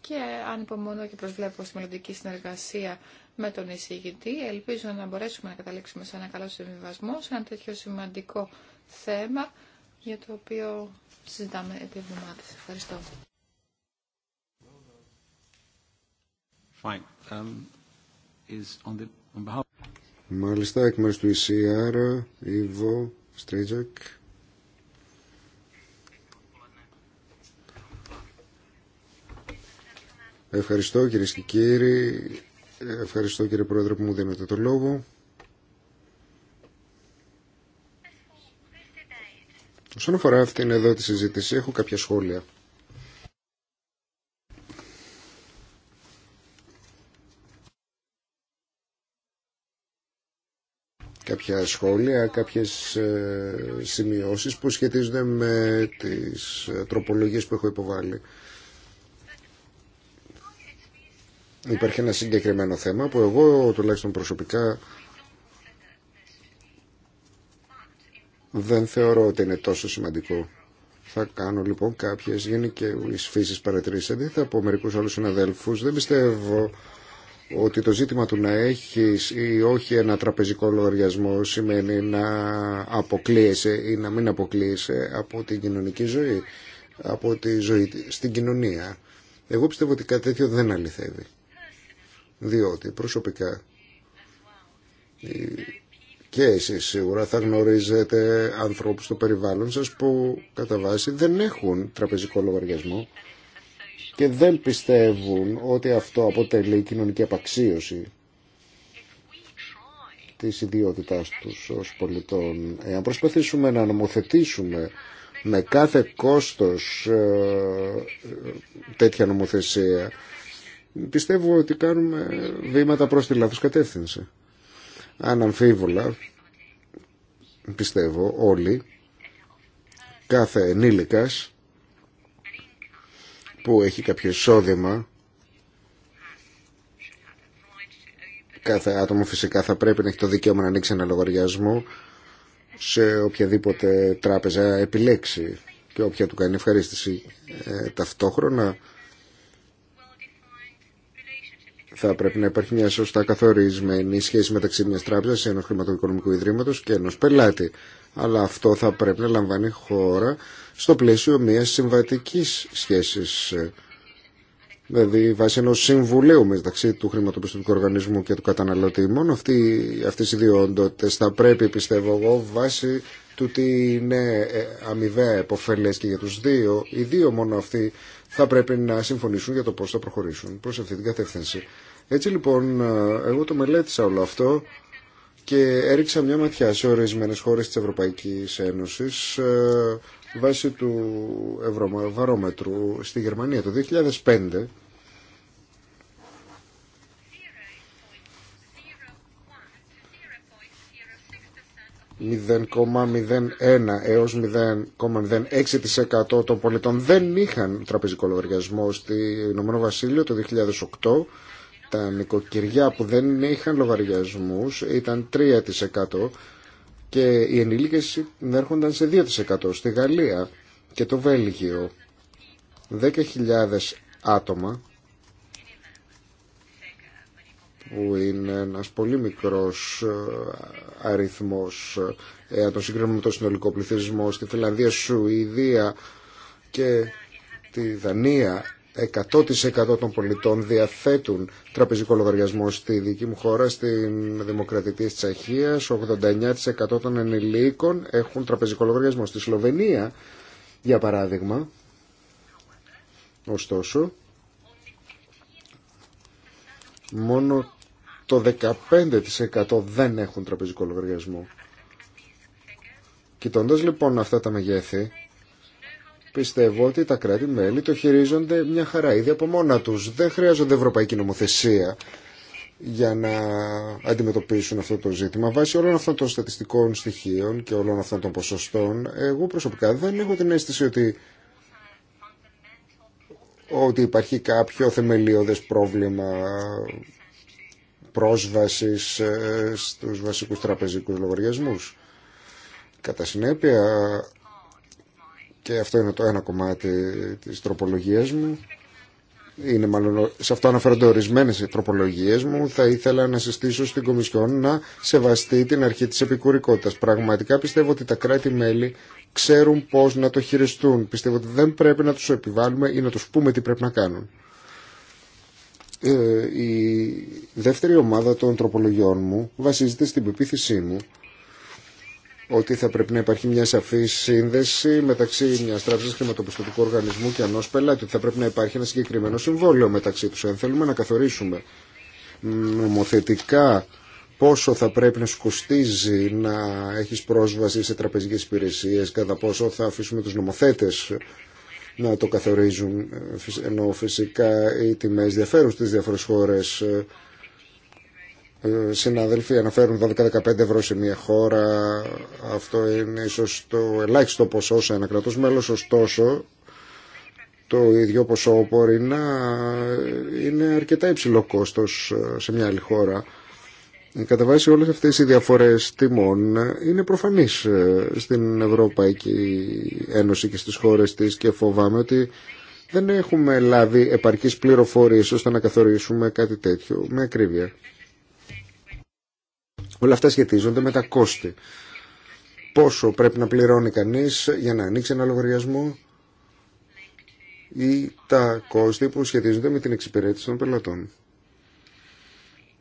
και αν υπομονώ και προσβλέπω στη μελλοντική συνεργασία με τον εισηγητή, ελπίζω να μπορέσουμε να καταλήξουμε σε ένα καλό συμβιβασμό, σε ένα τέτοιο σημαντικό θέμα για το οποίο συζητάμε επί εβδομάδες. Ευχαριστώ. Fine. Um, is on the... Μάλιστα, εκ μέρους του ECR, Ιβο Στρίτζακ. Ευχαριστώ κυρίε και κύριοι. Ευχαριστώ κύριε Πρόεδρε που μου δίνετε το λόγο. Όσον αφορά αυτήν εδώ τη συζήτηση, έχω κάποια σχόλια. κάποια σχόλια, κάποιες ε, σημειώσεις που σχετίζονται με τις ε, τροπολογίες που έχω υποβάλει. Υπάρχει ένα συγκεκριμένο θέμα που εγώ τουλάχιστον προσωπικά δεν θεωρώ ότι είναι τόσο σημαντικό. Θα κάνω λοιπόν κάποιες γενικές φύσεις παρατηρήσεις αντίθετα από μερικούς άλλους συναδέλφους. Δεν πιστεύω ότι το ζήτημα του να έχει ή όχι ένα τραπεζικό λογαριασμό σημαίνει να αποκλείεσαι ή να μην αποκλείεσαι από την κοινωνική ζωή, από τη ζωή στην κοινωνία. Εγώ πιστεύω ότι κάτι τέτοιο δεν αληθεύει. Διότι προσωπικά και εσείς σίγουρα θα γνωρίζετε ανθρώπους στο περιβάλλον σας που κατά βάση δεν έχουν τραπεζικό λογαριασμό και δεν πιστεύουν ότι αυτό αποτελεί κοινωνική απαξίωση της ιδιότητάς τους ως πολιτών. Εάν προσπαθήσουμε να νομοθετήσουμε με κάθε κόστος ε, τέτοια νομοθεσία, πιστεύω ότι κάνουμε βήματα προς τη λάθος κατεύθυνση. Αν αμφίβολα, πιστεύω όλοι, κάθε ενήλικας που έχει κάποιο εισόδημα κάθε άτομο φυσικά θα πρέπει να έχει το δικαίωμα να ανοίξει ένα λογαριασμό σε οποιαδήποτε τράπεζα επιλέξει και όποια του κάνει ευχαρίστηση ε, ταυτόχρονα θα πρέπει να υπάρχει μια σωστά καθορισμένη σχέση μεταξύ μιας τράπεζας, ενός χρηματοοικονομικού ιδρύματος και ενός πελάτη αλλά αυτό θα πρέπει να λαμβάνει χώρα στο πλαίσιο μιας συμβατικής σχέσης ε, δηλαδή βάσει ενό συμβουλίου μεταξύ του χρηματοπιστωτικού οργανισμού και του καταναλωτή. Μόνο αυτοί, αυτές οι δύο οντότητε θα πρέπει, πιστεύω εγώ, βάσει του ότι είναι ε, αμοιβαία επωφελέ και για τους δύο, οι δύο μόνο αυτοί θα πρέπει να συμφωνήσουν για το πώς θα προχωρήσουν προς αυτή την κατεύθυνση. Έτσι λοιπόν, ε, εγώ το μελέτησα όλο αυτό και έριξα μια ματιά σε ορισμένες χώρες της Ευρωπαϊκής Ένωσης ε, βάσει του Ευρωβαρόμετρου στη Γερμανία το 2005 0,01 έως 0,06% των πολιτών δεν είχαν τραπεζικό λογαριασμό στη Ηνωμένο Βασίλειο το 2008 τα νοικοκυριά που δεν είχαν λογαριασμούς ήταν 3% και οι ενήλικες έρχονταν σε 2% στη Γαλλία και το Βέλγιο 10.000 άτομα που είναι ένας πολύ μικρός ε, αριθμός εάν το συγκρίνουμε με το συνολικό πληθυσμό στη Φιλανδία, Σουηδία και τη Δανία 100% των πολιτών διαθέτουν τραπεζικό λογαριασμό στη δική μου χώρα, στην Δημοκρατική της Τσαχίας. 89% των ενηλίκων έχουν τραπεζικό λογαριασμό. Στη Σλοβενία, για παράδειγμα, ωστόσο, μόνο το 15% δεν έχουν τραπεζικό λογαριασμό. Κοιτώντας λοιπόν αυτά τα μεγέθη, Πιστεύω ότι τα κράτη-μέλη το χειρίζονται μια χαρά ήδη από μόνα τους. Δεν χρειάζονται ευρωπαϊκή νομοθεσία για να αντιμετωπίσουν αυτό το ζήτημα. Βάσει όλων αυτών των στατιστικών στοιχείων και όλων αυτών των ποσοστών, εγώ προσωπικά δεν έχω την αίσθηση ότι, ότι υπάρχει κάποιο θεμελιώδες πρόβλημα πρόσβασης ε, στους βασικούς τραπεζικούς λογαριασμούς. Κατά συνέπεια, και αυτό είναι το ένα κομμάτι της τροπολογίας μου. Είναι μάλλον, σε αυτό αναφέρονται ορισμένε οι τροπολογίε μου. Θα ήθελα να συστήσω στην Κομισιόν να σεβαστεί την αρχή τη επικουρικότητα. Πραγματικά πιστεύω ότι τα κράτη-μέλη ξέρουν πώ να το χειριστούν. Πιστεύω ότι δεν πρέπει να του επιβάλλουμε ή να του πούμε τι πρέπει να κάνουν. Ε, η δεύτερη ομάδα των τροπολογιών μου βασίζεται στην πεποίθησή μου ότι θα πρέπει να υπάρχει μια σαφή σύνδεση μεταξύ μια τράπεζα χρηματοπιστωτικού οργανισμού και ενό πελάτη, ότι θα πρέπει να υπάρχει ένα συγκεκριμένο συμβόλαιο μεταξύ του. Αν θέλουμε να καθορίσουμε νομοθετικά πόσο θα πρέπει να σου κοστίζει να έχεις πρόσβαση σε τραπεζικές υπηρεσίες, κατά πόσο θα αφήσουμε του νομοθέτε να το καθορίζουν, ενώ φυσικά οι τιμέ διαφέρουν στις διάφορε χώρε συνάδελφοι αναφέρουν 12-15 ευρώ σε μια χώρα. Αυτό είναι ίσω το ελάχιστο ποσό σε ένα κρατός μέλο, Ωστόσο, το ίδιο ποσό μπορεί να είναι αρκετά υψηλό κόστο ε, σε μια άλλη χώρα. Κατά βάση όλες αυτές οι διαφορές τιμών είναι προφανείς ε, στην Ευρωπαϊκή Ένωση και στις χώρες της και φοβάμαι ότι δεν έχουμε λάβει επαρκείς πληροφορίες ώστε να καθορίσουμε κάτι τέτοιο με ακρίβεια. Όλα αυτά σχετίζονται με τα κόστη. Πόσο πρέπει να πληρώνει κανείς για να ανοίξει ένα λογαριασμό ή τα κόστη που σχετίζονται με την εξυπηρέτηση των πελατών.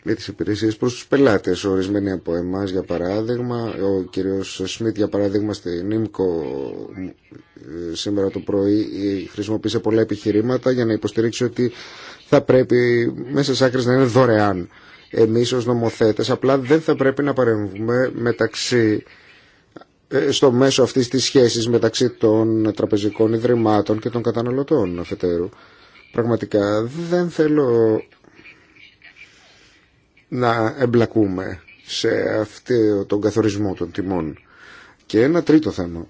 Με τις υπηρεσίες προς τους πελάτες, ορισμένοι από εμάς για παράδειγμα, ο κύριος Σμιτ για παράδειγμα στην Νίμκο ε, σήμερα το πρωί ε, χρησιμοποίησε πολλά επιχειρήματα για να υποστηρίξει ότι θα πρέπει μέσα σ' άκρες να είναι δωρεάν εμείς ως νομοθέτες απλά δεν θα πρέπει να παρεμβούμε μεταξύ ε, στο μέσο αυτής της σχέσης μεταξύ των τραπεζικών ιδρυμάτων και των καταναλωτών αφετέρου. Πραγματικά δεν θέλω να εμπλακούμε σε αυτό τον καθορισμό των τιμών. Και ένα τρίτο θέμα.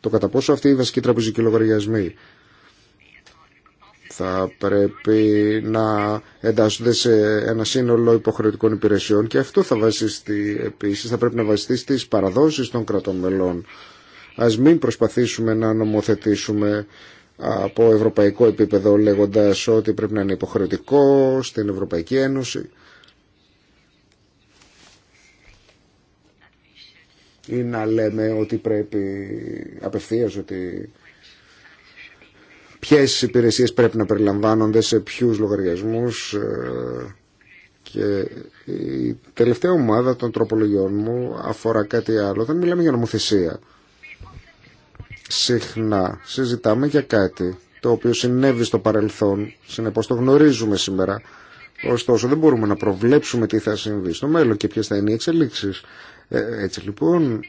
Το κατά πόσο αυτή οι βασικοί τραπεζικοί λογαριασμοί θα πρέπει να εντάσσονται σε ένα σύνολο υποχρεωτικών υπηρεσιών και αυτό θα βασιστεί επίσης, θα πρέπει να βασιστεί στις παραδόσεις των κρατών μελών. Ας μην προσπαθήσουμε να νομοθετήσουμε από ευρωπαϊκό επίπεδο λέγοντας ότι πρέπει να είναι υποχρεωτικό στην Ευρωπαϊκή Ένωση. Ή να λέμε ότι πρέπει απευθείας ότι ποιες υπηρεσίες πρέπει να περιλαμβάνονται, σε ποιους λογαριασμούς ε, και η τελευταία ομάδα των τροπολογιών μου αφορά κάτι άλλο. Δεν μιλάμε για νομοθεσία. Συχνά συζητάμε για κάτι το οποίο συνέβη στο παρελθόν, συνεπώς το γνωρίζουμε σήμερα. Ωστόσο δεν μπορούμε να προβλέψουμε τι θα συμβεί στο μέλλον και ποιες θα είναι οι εξελίξεις. Ε, έτσι λοιπόν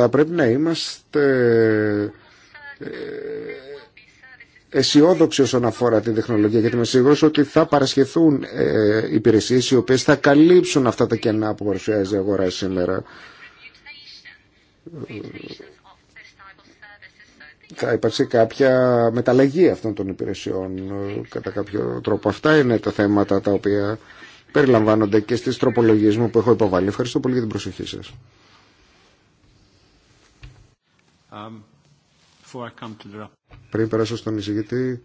θα πρέπει να είμαστε ε, αισιόδοξοι όσον αφορά την τεχνολογία γιατί είμαι σίγουρος ότι θα παρασχεθούν ε, υπηρεσίες οι οποίες θα καλύψουν αυτά τα κενά που παρουσιάζει η αγορά σήμερα θα υπάρξει κάποια μεταλλαγή αυτών των υπηρεσιών κατά κάποιο τρόπο. Αυτά είναι τα θέματα τα οποία περιλαμβάνονται και στις τροπολογίες μου που έχω υποβάλει. Ευχαριστώ πολύ για την προσοχή σας. Um, Πριν περάσω στον εισηγητή,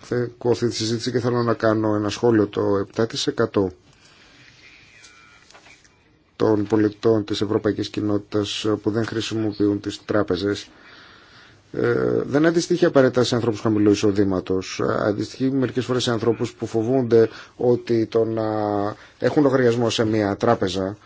θα αυτή τη συζήτηση και θέλω να κάνω ένα σχόλιο το 7% των πολιτών της Ευρωπαϊκής Κοινότητας που δεν χρησιμοποιούν τις τράπεζες ε, δεν αντιστοιχεί απαραίτητα σε ανθρώπους χαμηλού εισοδήματο. Αντιστοιχεί μερικές φορές σε ανθρώπους που φοβούνται ότι το να έχουν λογαριασμό σε μια τράπεζα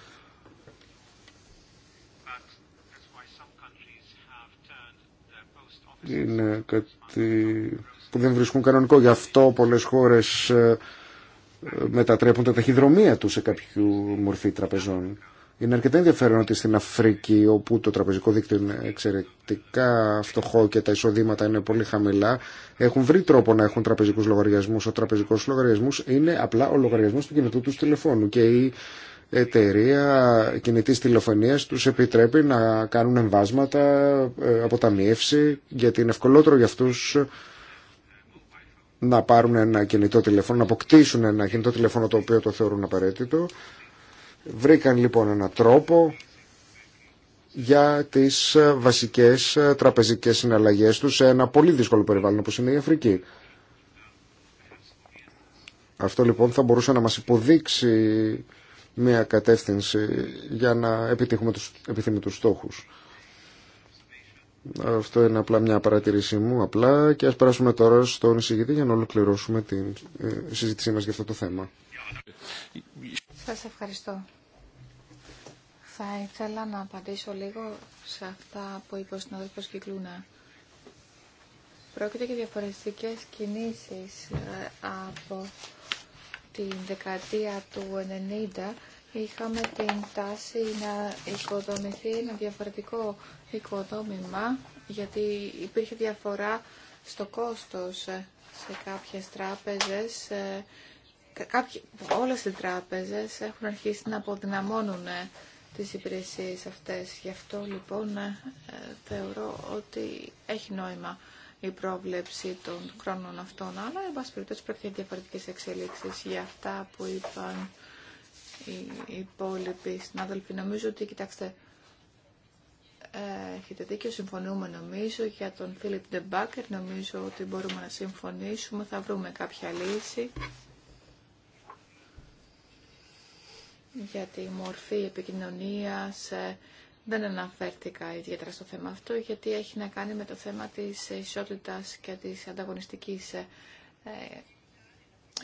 είναι κάτι που δεν βρίσκουν κανονικό. Γι' αυτό πολλές χώρες ε, μετατρέπουν τα ταχυδρομεία τους σε κάποιο μορφή τραπεζών. Είναι αρκετά ενδιαφέρον ότι στην Αφρική, όπου το τραπεζικό δίκτυο είναι εξαιρετικά φτωχό και τα εισοδήματα είναι πολύ χαμηλά, έχουν βρει τρόπο να έχουν τραπεζικού λογαριασμού. Ο τραπεζικό λογαριασμό είναι απλά ο λογαριασμό του κινητού του τηλεφώνου και εταιρεία κινητής τηλεφωνίας τους επιτρέπει να κάνουν εμβάσματα, ε, αποταμίευση, γιατί είναι ευκολότερο για αυτούς να πάρουν ένα κινητό τηλέφωνο, να αποκτήσουν ένα κινητό τηλέφωνο το οποίο το θεωρούν απαραίτητο. Βρήκαν λοιπόν ένα τρόπο για τις βασικές τραπεζικές συναλλαγές τους σε ένα πολύ δύσκολο περιβάλλον όπως είναι η Αφρική. Αυτό λοιπόν θα μπορούσε να μας υποδείξει μια κατεύθυνση για να επιτύχουμε τους επιθυμητούς στόχους. Αυτό είναι απλά μια παρατηρήση μου, απλά και ας περάσουμε τώρα στον εισηγητή για να ολοκληρώσουμε τη ε, συζήτησή μας για αυτό το θέμα. Σας ευχαριστώ. Θα ήθελα να απαντήσω λίγο σε αυτά που είπε ο συνάδελφος Κυκλούνα. Πρόκειται και διαφορετικές κινήσεις ε, από την δεκαετία του 90 είχαμε την τάση να οικοδομηθεί ένα διαφορετικό οικοδόμημα γιατί υπήρχε διαφορά στο κόστος σε κάποιες τράπεζες. Κάποιοι, όλες οι τράπεζες έχουν αρχίσει να αποδυναμώνουν ε, τις υπηρεσίες αυτές. Γι' αυτό λοιπόν ε, θεωρώ ότι έχει νόημα η πρόβλεψη των χρόνων αυτών, αλλά εν πάση περιπτώσει πρόκειται για διαφορετικέ εξελίξει για αυτά που είπαν οι υπόλοιποι συνάδελφοι. Νομίζω ότι, κοιτάξτε, ε, έχετε δίκιο, συμφωνούμε νομίζω για τον Φίλιπ Ντεμπάκερ, νομίζω ότι μπορούμε να συμφωνήσουμε, θα βρούμε κάποια λύση για τη μορφή επικοινωνίας, ε, δεν αναφέρθηκα ιδιαίτερα στο θέμα αυτό, γιατί έχει να κάνει με το θέμα της ισότητας και της ανταγωνιστικής ε,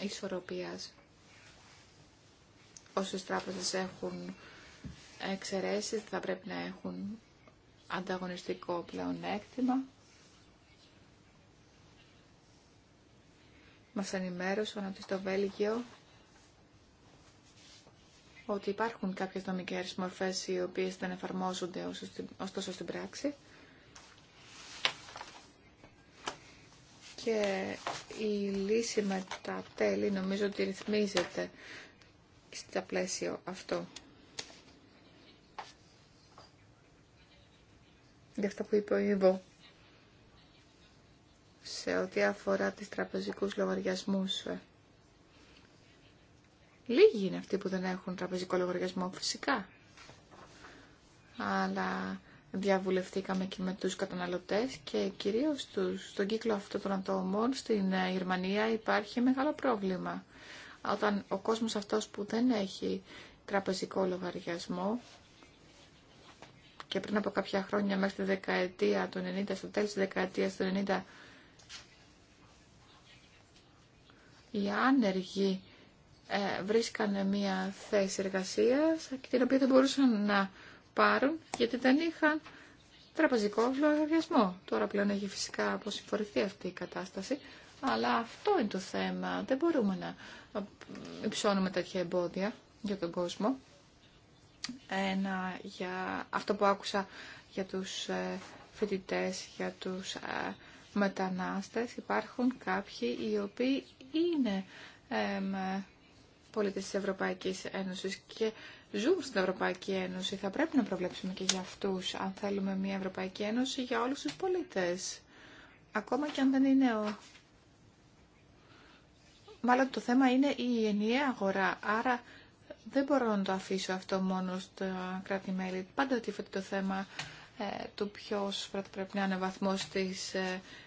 ισορροπίας. Όσες τράπεζες έχουν εξαιρέσεις, θα πρέπει να έχουν ανταγωνιστικό πλεονέκτημα. Μας ενημέρωσαν ότι στο Βέλγιο ότι υπάρχουν κάποιες νομικές μορφές οι οποίες δεν εφαρμόζονται ωστόσο στην πράξη. Και η λύση με τα τέλη νομίζω ότι ρυθμίζεται στα πλαίσιο αυτό. Για αυτό που είπε ο Ιβο σε ό,τι αφορά τις τραπεζικούς λογαριασμούς ε, Λίγοι είναι αυτοί που δεν έχουν τραπεζικό λογαριασμό φυσικά. Αλλά διαβουλευτήκαμε και με τους καταναλωτές και κυρίως τους, στον κύκλο αυτό των ατόμων στην ε, Γερμανία υπάρχει μεγάλο πρόβλημα. Όταν ο κόσμος αυτός που δεν έχει τραπεζικό λογαριασμό και πριν από κάποια χρόνια μέχρι τη δεκαετία του 90, στο τέλος της δεκαετίας του 90 οι άνεργοι ε, βρίσκανε μια θέση εργασίας την οποία δεν μπορούσαν να πάρουν γιατί δεν είχαν τραπεζικό λογαριασμό. Τώρα πλέον έχει φυσικά αποσυμφορηθεί αυτή η κατάσταση, αλλά αυτό είναι το θέμα. Δεν μπορούμε να ε, υψώνουμε τέτοια εμπόδια για τον κόσμο. Ένα, για αυτό που άκουσα για τους ε, φοιτητέ, για τους μετανάστες, υπάρχουν κάποιοι οι οποίοι είναι πολίτες της Ευρωπαϊκής Ένωσης και ζουν στην Ευρωπαϊκή Ένωση. Θα πρέπει να προβλέψουμε και για αυτούς, αν θέλουμε μια Ευρωπαϊκή Ένωση για όλους τους πολίτες. Ακόμα και αν δεν είναι ο... Μάλλον το θέμα είναι η ενιαία αγορά, άρα δεν μπορώ να το αφήσω αυτό μόνο στο κράτη-μέλη. Πάντα τίθεται το θέμα ε, του ποιο πρέπει να είναι ο βαθμό τη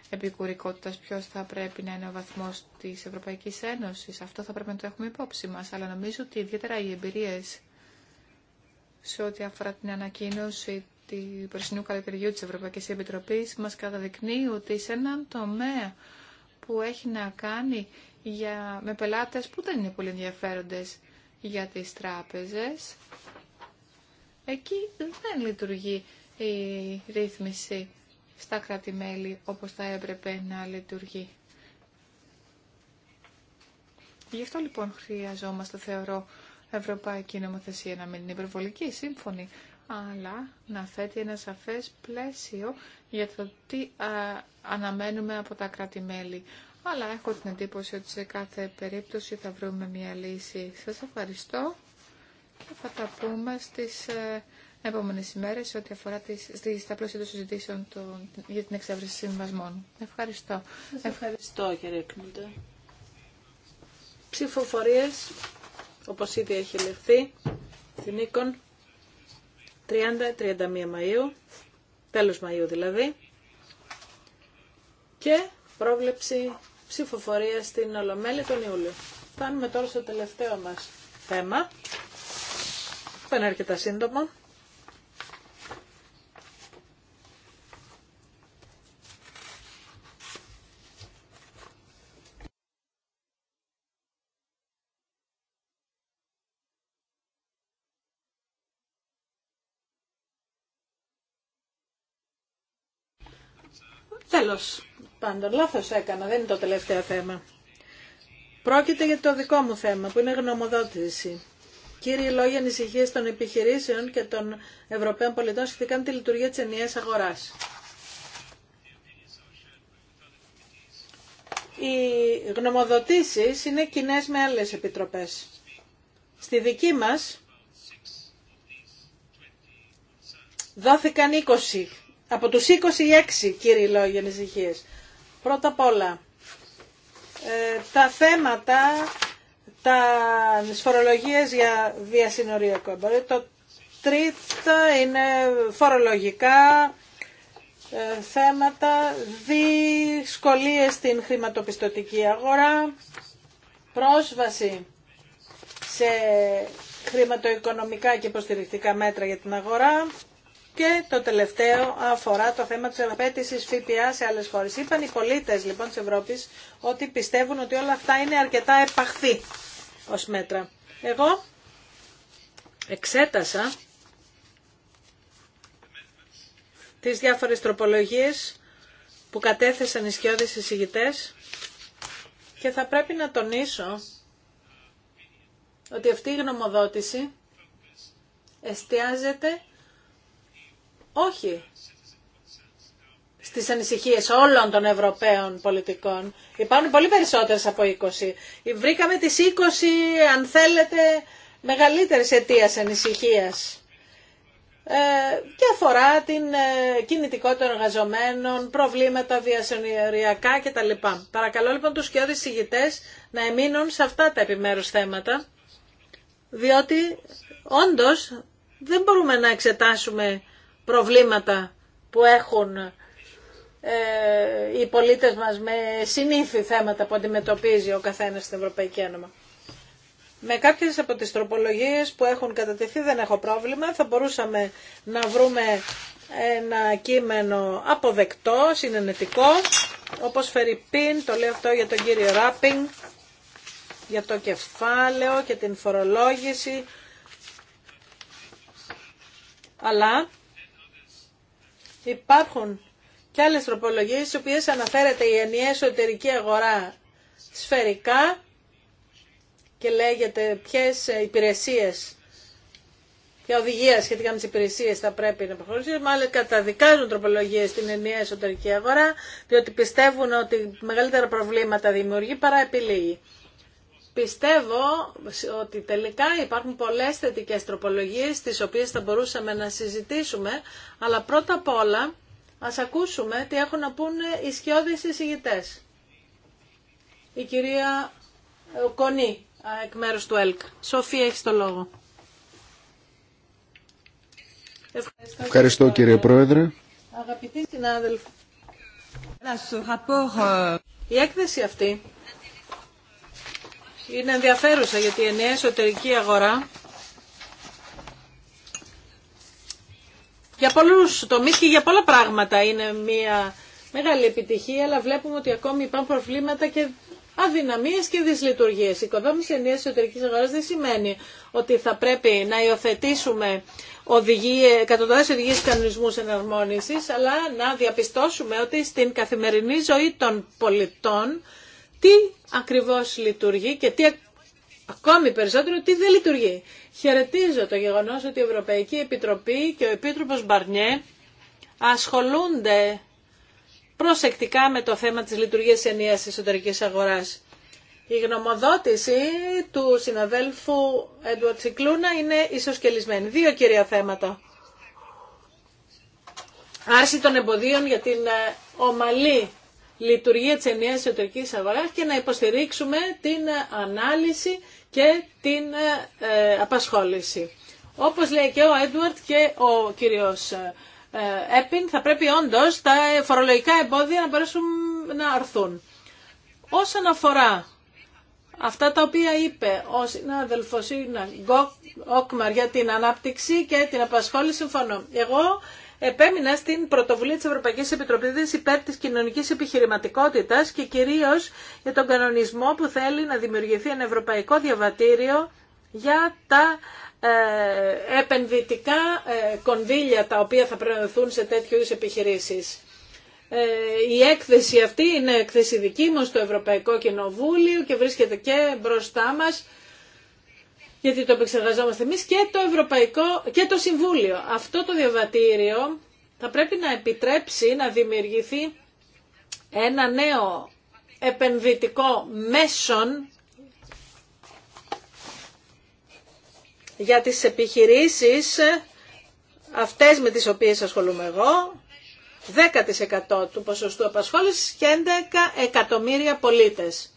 επικουρικότητα, ποιο θα πρέπει να είναι ο βαθμό τη Ευρωπαϊκή Ένωση. Αυτό θα πρέπει να το έχουμε υπόψη μα. Αλλά νομίζω ότι ιδιαίτερα οι εμπειρίε σε ό,τι αφορά την ανακοίνωση του περσινού καλοκαιριού τη Ευρωπαϊκή Επιτροπή μα καταδεικνύει ότι σε έναν τομέα που έχει να κάνει για, με πελάτες που δεν είναι πολύ ενδιαφέροντες για τις τράπεζες, εκεί δεν λειτουργεί η ρύθμιση στα κράτη-μέλη όπως θα έπρεπε να λειτουργεί. Γι' αυτό λοιπόν χρειαζόμαστε, θεωρώ, ευρωπαϊκή νομοθεσία να μην είναι υπερβολική, σύμφωνη, αλλά να θέτει ένα σαφές πλαίσιο για το τι αναμένουμε από τα κρατη Αλλά έχω την εντύπωση ότι σε κάθε περίπτωση θα βρούμε μια λύση. Σας ευχαριστώ και θα τα πούμε στις ε, επόμενες ημέρες ό,τι αφορά τις, στις, στα πλαίσια των συζητήσεων για την εξέβριση συμβασμών. Ευχαριστώ. Ε, ευχαριστώ κύριε Κνούντα. Ψηφοφορίες, όπως ήδη έχει λεφθεί, την Οίκον, 30-31 Μαΐου, τέλος Μαΐου δηλαδή, και πρόβλεψη ψηφοφορία στην Ολομέλη τον Ιούλιο. Φτάνουμε τώρα στο τελευταίο μας θέμα, που είναι αρκετά σύντομο. Τέλος, πάντων, λάθος έκανα, δεν είναι το τελευταίο θέμα. Πρόκειται για το δικό μου θέμα, που είναι γνωμοδότηση. Κύριοι λόγοι ανησυχία των επιχειρήσεων και των Ευρωπαίων πολιτών σχετικά με τη λειτουργία της ενιαίας αγοράς. Οι γνωμοδοτήσεις είναι κοινέ με άλλες επιτροπές. Στη δική μας δόθηκαν 20 από τους 26 κύριοι λόγοι ανησυχίες. Πρώτα απ' όλα, ε, τα θέματα, τα φορολογίες για διασυνοριακό εμπόριο. Το τρίτο είναι φορολογικά ε, θέματα, δυσκολίες στην χρηματοπιστωτική αγορά, πρόσβαση σε χρηματοοικονομικά και υποστηρικτικά μέτρα για την αγορά, και το τελευταίο αφορά το θέμα της απέτησης ΦΠΑ σε άλλες χώρες. Είπαν οι πολίτες λοιπόν της Ευρώπης ότι πιστεύουν ότι όλα αυτά είναι αρκετά επαχθή ως μέτρα. Εγώ εξέτασα τις διάφορες τροπολογίες που κατέθεσαν οι σκιώδεις εισηγητές και θα πρέπει να τονίσω ότι αυτή η γνωμοδότηση εστιάζεται όχι στις ανησυχίες όλων των Ευρωπαίων πολιτικών. Υπάρχουν πολύ περισσότερες από 20. Βρήκαμε τις 20, αν θέλετε, μεγαλύτερες αιτία ανησυχίας ε, και αφορά την ε, κινητικότητα των εργαζομένων, προβλήματα διασυνοριακά κτλ. Παρακαλώ λοιπόν τους και ηγητές να εμείνουν σε αυτά τα επιμέρους θέματα, διότι όντως δεν μπορούμε να εξετάσουμε προβλήματα που έχουν ε, οι πολίτες μας με συνήθι θέματα που αντιμετωπίζει ο καθένας στην Ευρωπαϊκή Ένωμα. Με κάποιες από τις τροπολογίες που έχουν κατατεθεί δεν έχω πρόβλημα. Θα μπορούσαμε να βρούμε ένα κείμενο αποδεκτό, συνενετικό, όπως φέρει πιν, το λέω αυτό για τον κύριο Ράπινγκ, για το κεφάλαιο και την φορολόγηση. Αλλά Υπάρχουν και άλλες τροπολογίες στις οποίες αναφέρεται η ενιαία εσωτερική αγορά σφαιρικά και λέγεται ποιες υπηρεσίες και οδηγία σχετικά με τις υπηρεσίες θα πρέπει να προχωρήσουν. Μάλλον καταδικάζουν τροπολογίες στην ενιαία εσωτερική αγορά διότι πιστεύουν ότι μεγαλύτερα προβλήματα δημιουργεί παρά επιλύει. Πιστεύω ότι τελικά υπάρχουν πολλές θετικές τροπολογίες τις οποίες θα μπορούσαμε να συζητήσουμε, αλλά πρώτα απ' όλα ας ακούσουμε τι έχουν να πούνε οι σκιώδεις εισηγητές. Η κυρία ε, Κονή, εκ μέρους του ΕΛΚ. Σοφία, έχει το λόγο. Ευχαριστώ, κύριε Πρόεδρε. Πρόεδρε. Αγαπητοί συνάδελφοι, η έκθεση αυτή είναι ενδιαφέρουσα γιατί η ενιαία εσωτερική αγορά για πολλούς τομείς και για πολλά πράγματα είναι μια μεγάλη επιτυχία, αλλά βλέπουμε ότι ακόμη υπάρχουν προβλήματα και αδυναμίες και δυσλειτουργίες. Η οικοδόμηση ενιαίας εσωτερικής αγοράς δεν σημαίνει ότι θα πρέπει να υιοθετήσουμε εκατοντάδες οδηγίες κανονισμούς εναρμόνισης, αλλά να διαπιστώσουμε ότι στην καθημερινή ζωή των πολιτών τι ακριβώς λειτουργεί και τι ακόμη περισσότερο τι δεν λειτουργεί. Χαιρετίζω το γεγονός ότι η Ευρωπαϊκή Επιτροπή και ο Επίτροπος Μπαρνιέ ασχολούνται προσεκτικά με το θέμα της λειτουργίας ενίας εσωτερικής αγοράς. Η γνωμοδότηση του συναδέλφου Έντουαρτ Σικλούνα είναι ισοσκελισμένη. Δύο κυρία θέματα. Άρση των εμποδίων για την ε, ομαλή λειτουργία της ενιαίας εσωτερικής αγοράς και να υποστηρίξουμε την ανάλυση και την ε, ε, απασχόληση. Όπως λέει και ο Έντουαρτ και ο κύριος ε, Έπιν, θα πρέπει όντως τα φορολογικά εμπόδια να μπορέσουν να αρθούν. Όσον αφορά αυτά τα οποία είπε ο συνάδελφος Γκόκμαρ για την ανάπτυξη και την απασχόληση, συμφωνώ. Εγώ επέμεινα στην πρωτοβουλία της Ευρωπαϊκής Επιτροπής δηλαδή υπέρ της κοινωνικής επιχειρηματικότητας και κυρίως για τον κανονισμό που θέλει να δημιουργηθεί ένα ευρωπαϊκό διαβατήριο για τα ε, επενδυτικά ε, κονδύλια τα οποία θα προωθούν σε τέτοιου είδους επιχειρήσεις. Ε, η έκθεση αυτή είναι έκθεση δική μου στο Ευρωπαϊκό Κοινοβούλιο και βρίσκεται και μπροστά μας γιατί το επεξεργαζόμαστε εμείς και το Ευρωπαϊκό και το Συμβούλιο. Αυτό το διαβατήριο θα πρέπει να επιτρέψει να δημιουργηθεί ένα νέο επενδυτικό μέσον για τις επιχειρήσεις αυτές με τις οποίες ασχολούμαι εγώ, 10% του ποσοστού απασχόλησης και 11 εκατομμύρια πολίτες.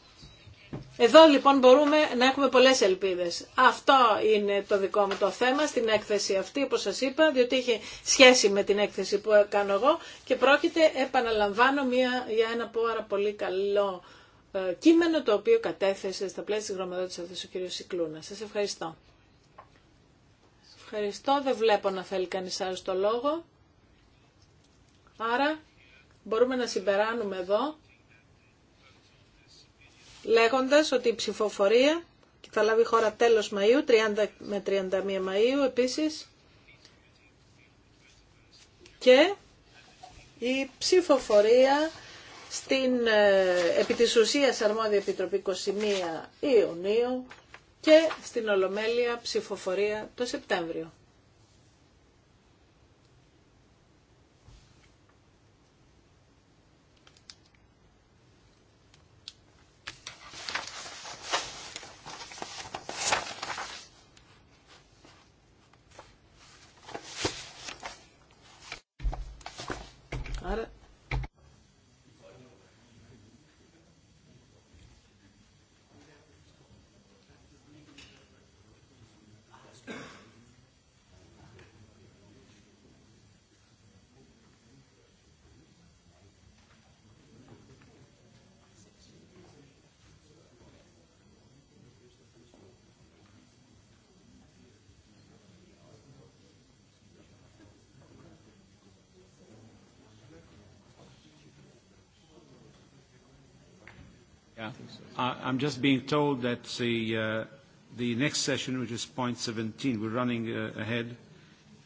Εδώ λοιπόν μπορούμε να έχουμε πολλές ελπίδες. Αυτό είναι το δικό μου το θέμα στην έκθεση αυτή, όπως σας είπα, διότι είχε σχέση με την έκθεση που κάνω εγώ και πρόκειται, επαναλαμβάνω, μια, για ένα πάρα πολύ καλό ε, κείμενο το οποίο κατέθεσε στα πλαίσια της γραμματότητας αυτής ο κ. Σικλούνα. Σας ευχαριστώ. Ευχαριστώ. Δεν βλέπω να θέλει κανείς άλλο το λόγο. Άρα μπορούμε να συμπεράνουμε εδώ λέγοντας ότι η ψηφοφορία θα λάβει χώρα τέλος Μαΐου, 30 με 31 Μαΐου επίσης και η ψηφοφορία στην ε, επί της ουσίας αρμόδια επιτροπή 21 Ιουνίου και στην Ολομέλεια ψηφοφορία το Σεπτέμβριο. I'm just being told that the the next session, which is point 17, we're running ahead,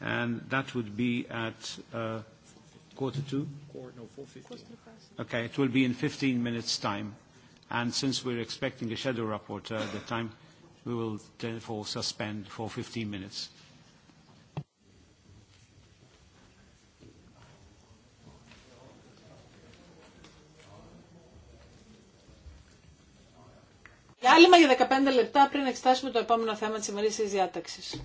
and that would be at quarter two. No, 4.15. Okay, it will be in 15 minutes' time. And since we're expecting a shadow rapporteur at the time, we will therefore suspend for 15 minutes. Είμαστε για 15 λεπτά πριν εξετάσουμε το επόμενο θέμα της ημερήσιας διάταξης.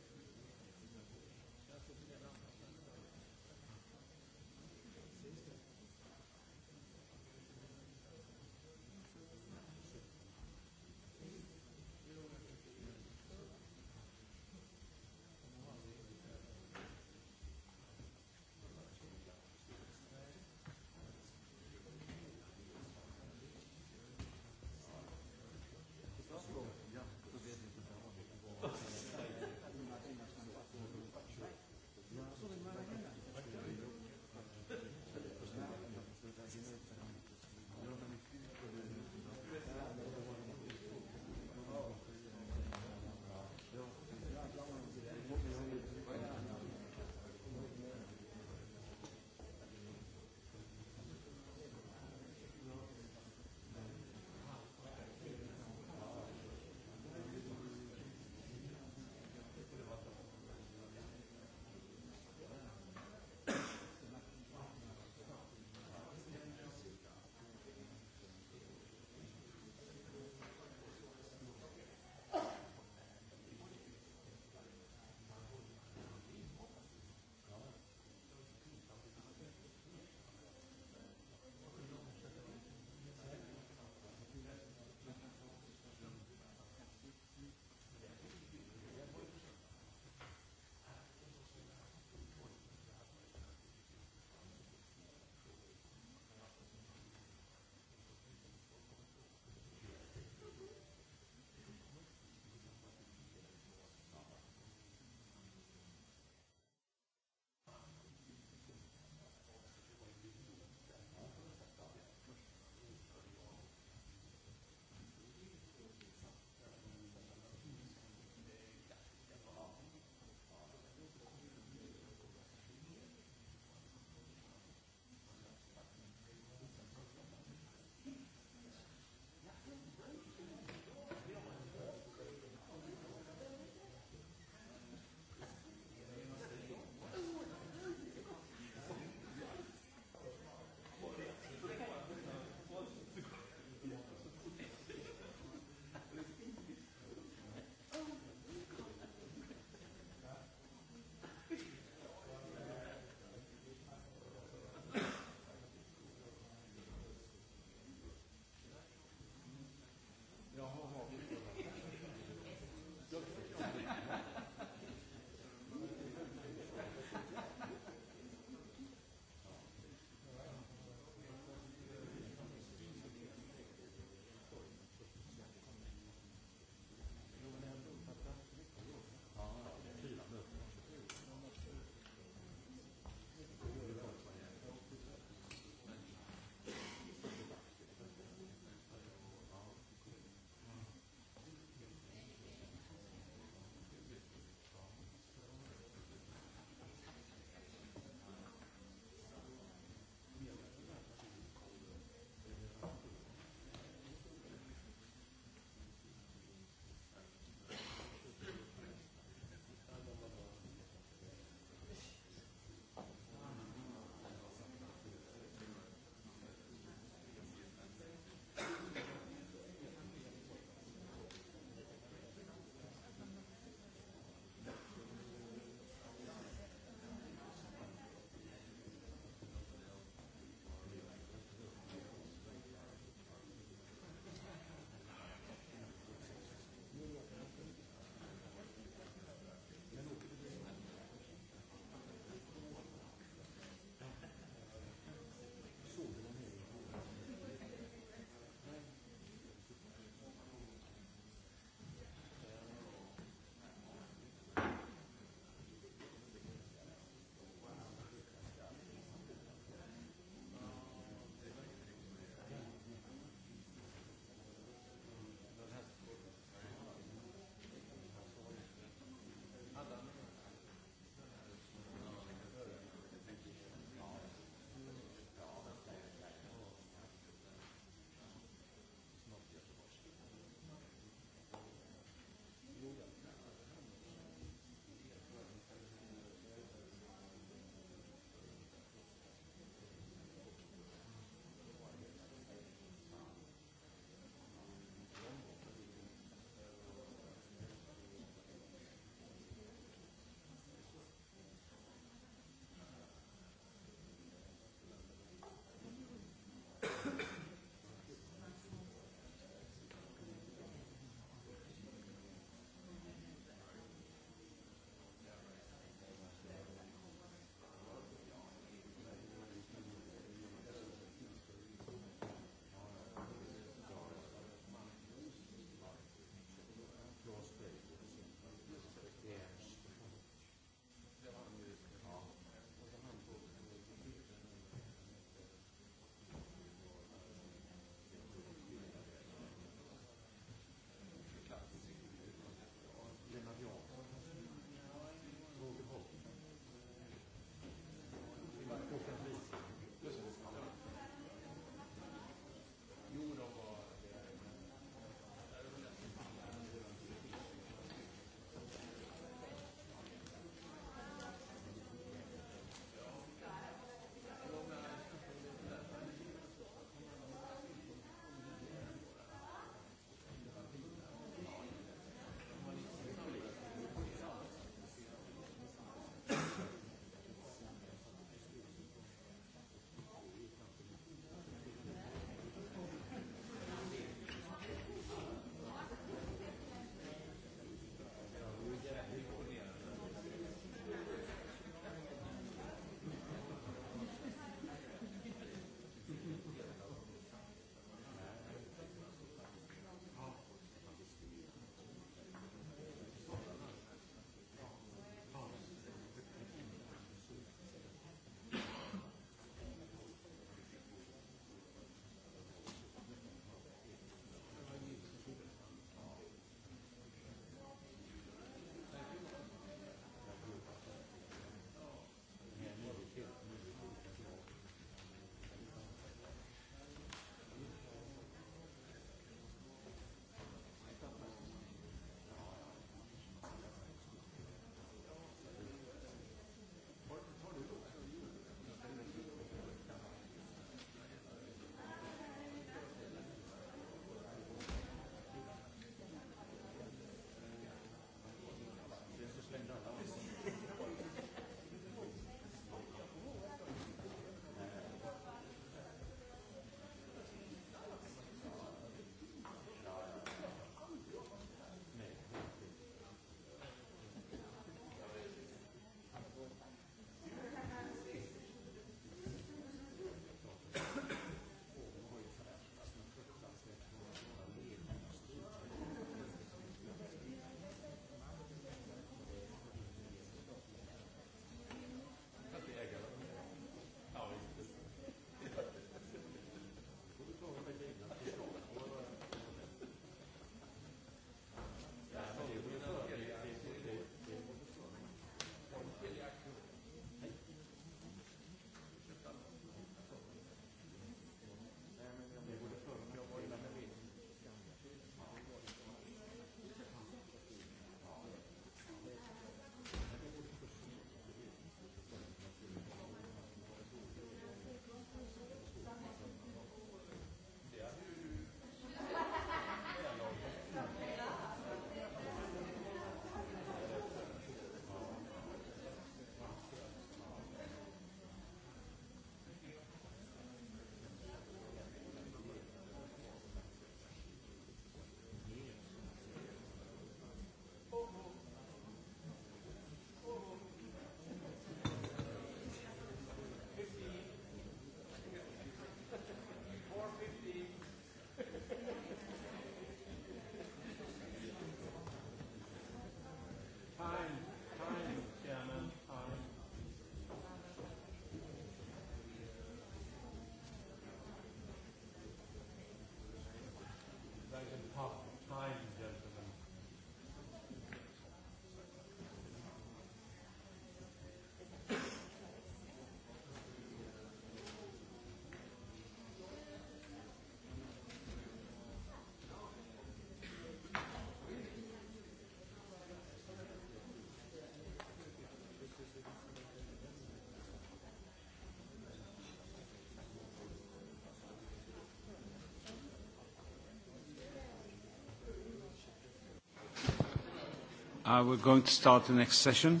we're going to start the next session.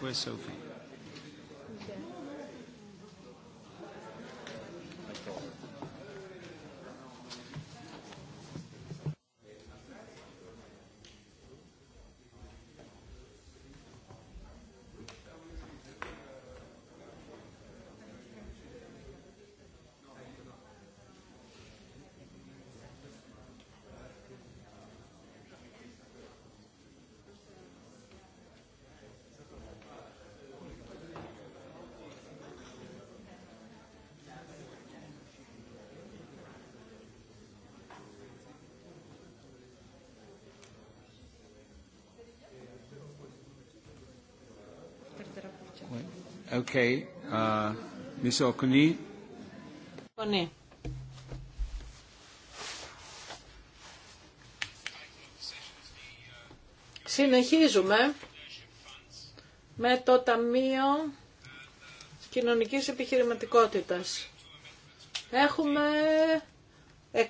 Where's Sophie? Uh, Συνεχίζουμε με το Ταμείο Κοινωνικής Επιχειρηματικότητας. Έχουμε 102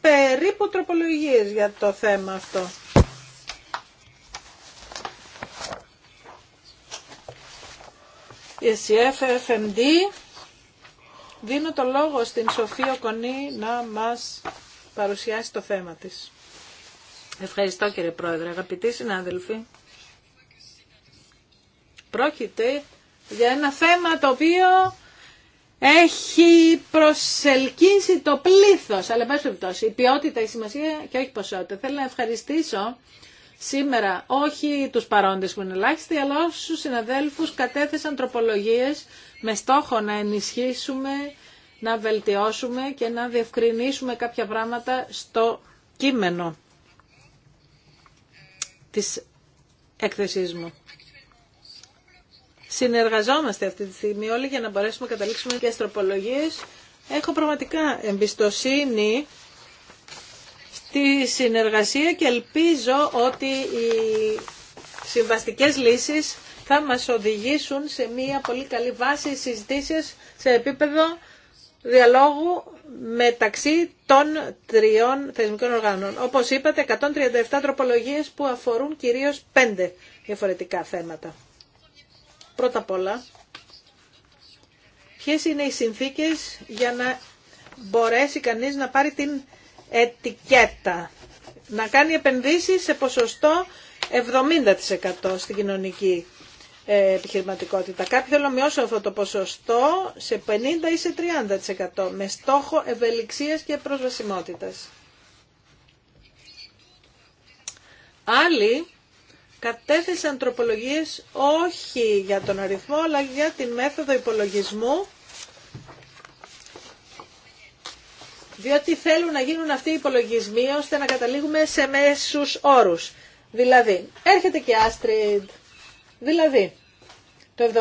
περίπου τροπολογίες για το θέμα αυτό. ECF, FMD. Δίνω το λόγο στην Σοφία Κονή να μας παρουσιάσει το θέμα της. Ευχαριστώ κύριε Πρόεδρε. Αγαπητοί συνάδελφοι, πρόκειται για ένα θέμα το οποίο έχει προσελκύσει το πλήθος, αλλά πάση περιπτώσει, η ποιότητα, η σημασία και όχι ποσότητα. Θέλω να ευχαριστήσω σήμερα όχι τους παρόντες που είναι ελάχιστοι, αλλά όσους συναδέλφους κατέθεσαν τροπολογίες με στόχο να ενισχύσουμε, να βελτιώσουμε και να διευκρινίσουμε κάποια πράγματα στο κείμενο της έκθεσής μου. Συνεργαζόμαστε αυτή τη στιγμή όλοι για να μπορέσουμε να καταλήξουμε και στροπολογίες. Έχω πραγματικά εμπιστοσύνη τη συνεργασία και ελπίζω ότι οι συμβαστικές λύσεις θα μας οδηγήσουν σε μια πολύ καλή βάση συζητήσεις σε επίπεδο διαλόγου μεταξύ των τριών θεσμικών οργάνων. Όπως είπατε, 137 τροπολογίες που αφορούν κυρίως πέντε διαφορετικά θέματα. Πρώτα απ' όλα, ποιες είναι οι συνθήκες για να μπορέσει κανείς να πάρει την ετικέτα. Να κάνει επενδύσεις σε ποσοστό 70% στην κοινωνική ε, επιχειρηματικότητα. Κάποιοι όλο μειώσουν αυτό το ποσοστό σε 50% ή σε 30% με στόχο ευελιξίας και προσβασιμότητας. Άλλοι κατέθεσαν τροπολογίες όχι για τον αριθμό αλλά για την μέθοδο υπολογισμού διότι θέλουν να γίνουν αυτοί οι υπολογισμοί ώστε να καταλήγουμε σε μέσους όρους. Δηλαδή, έρχεται και Άστριντ, δηλαδή το 70%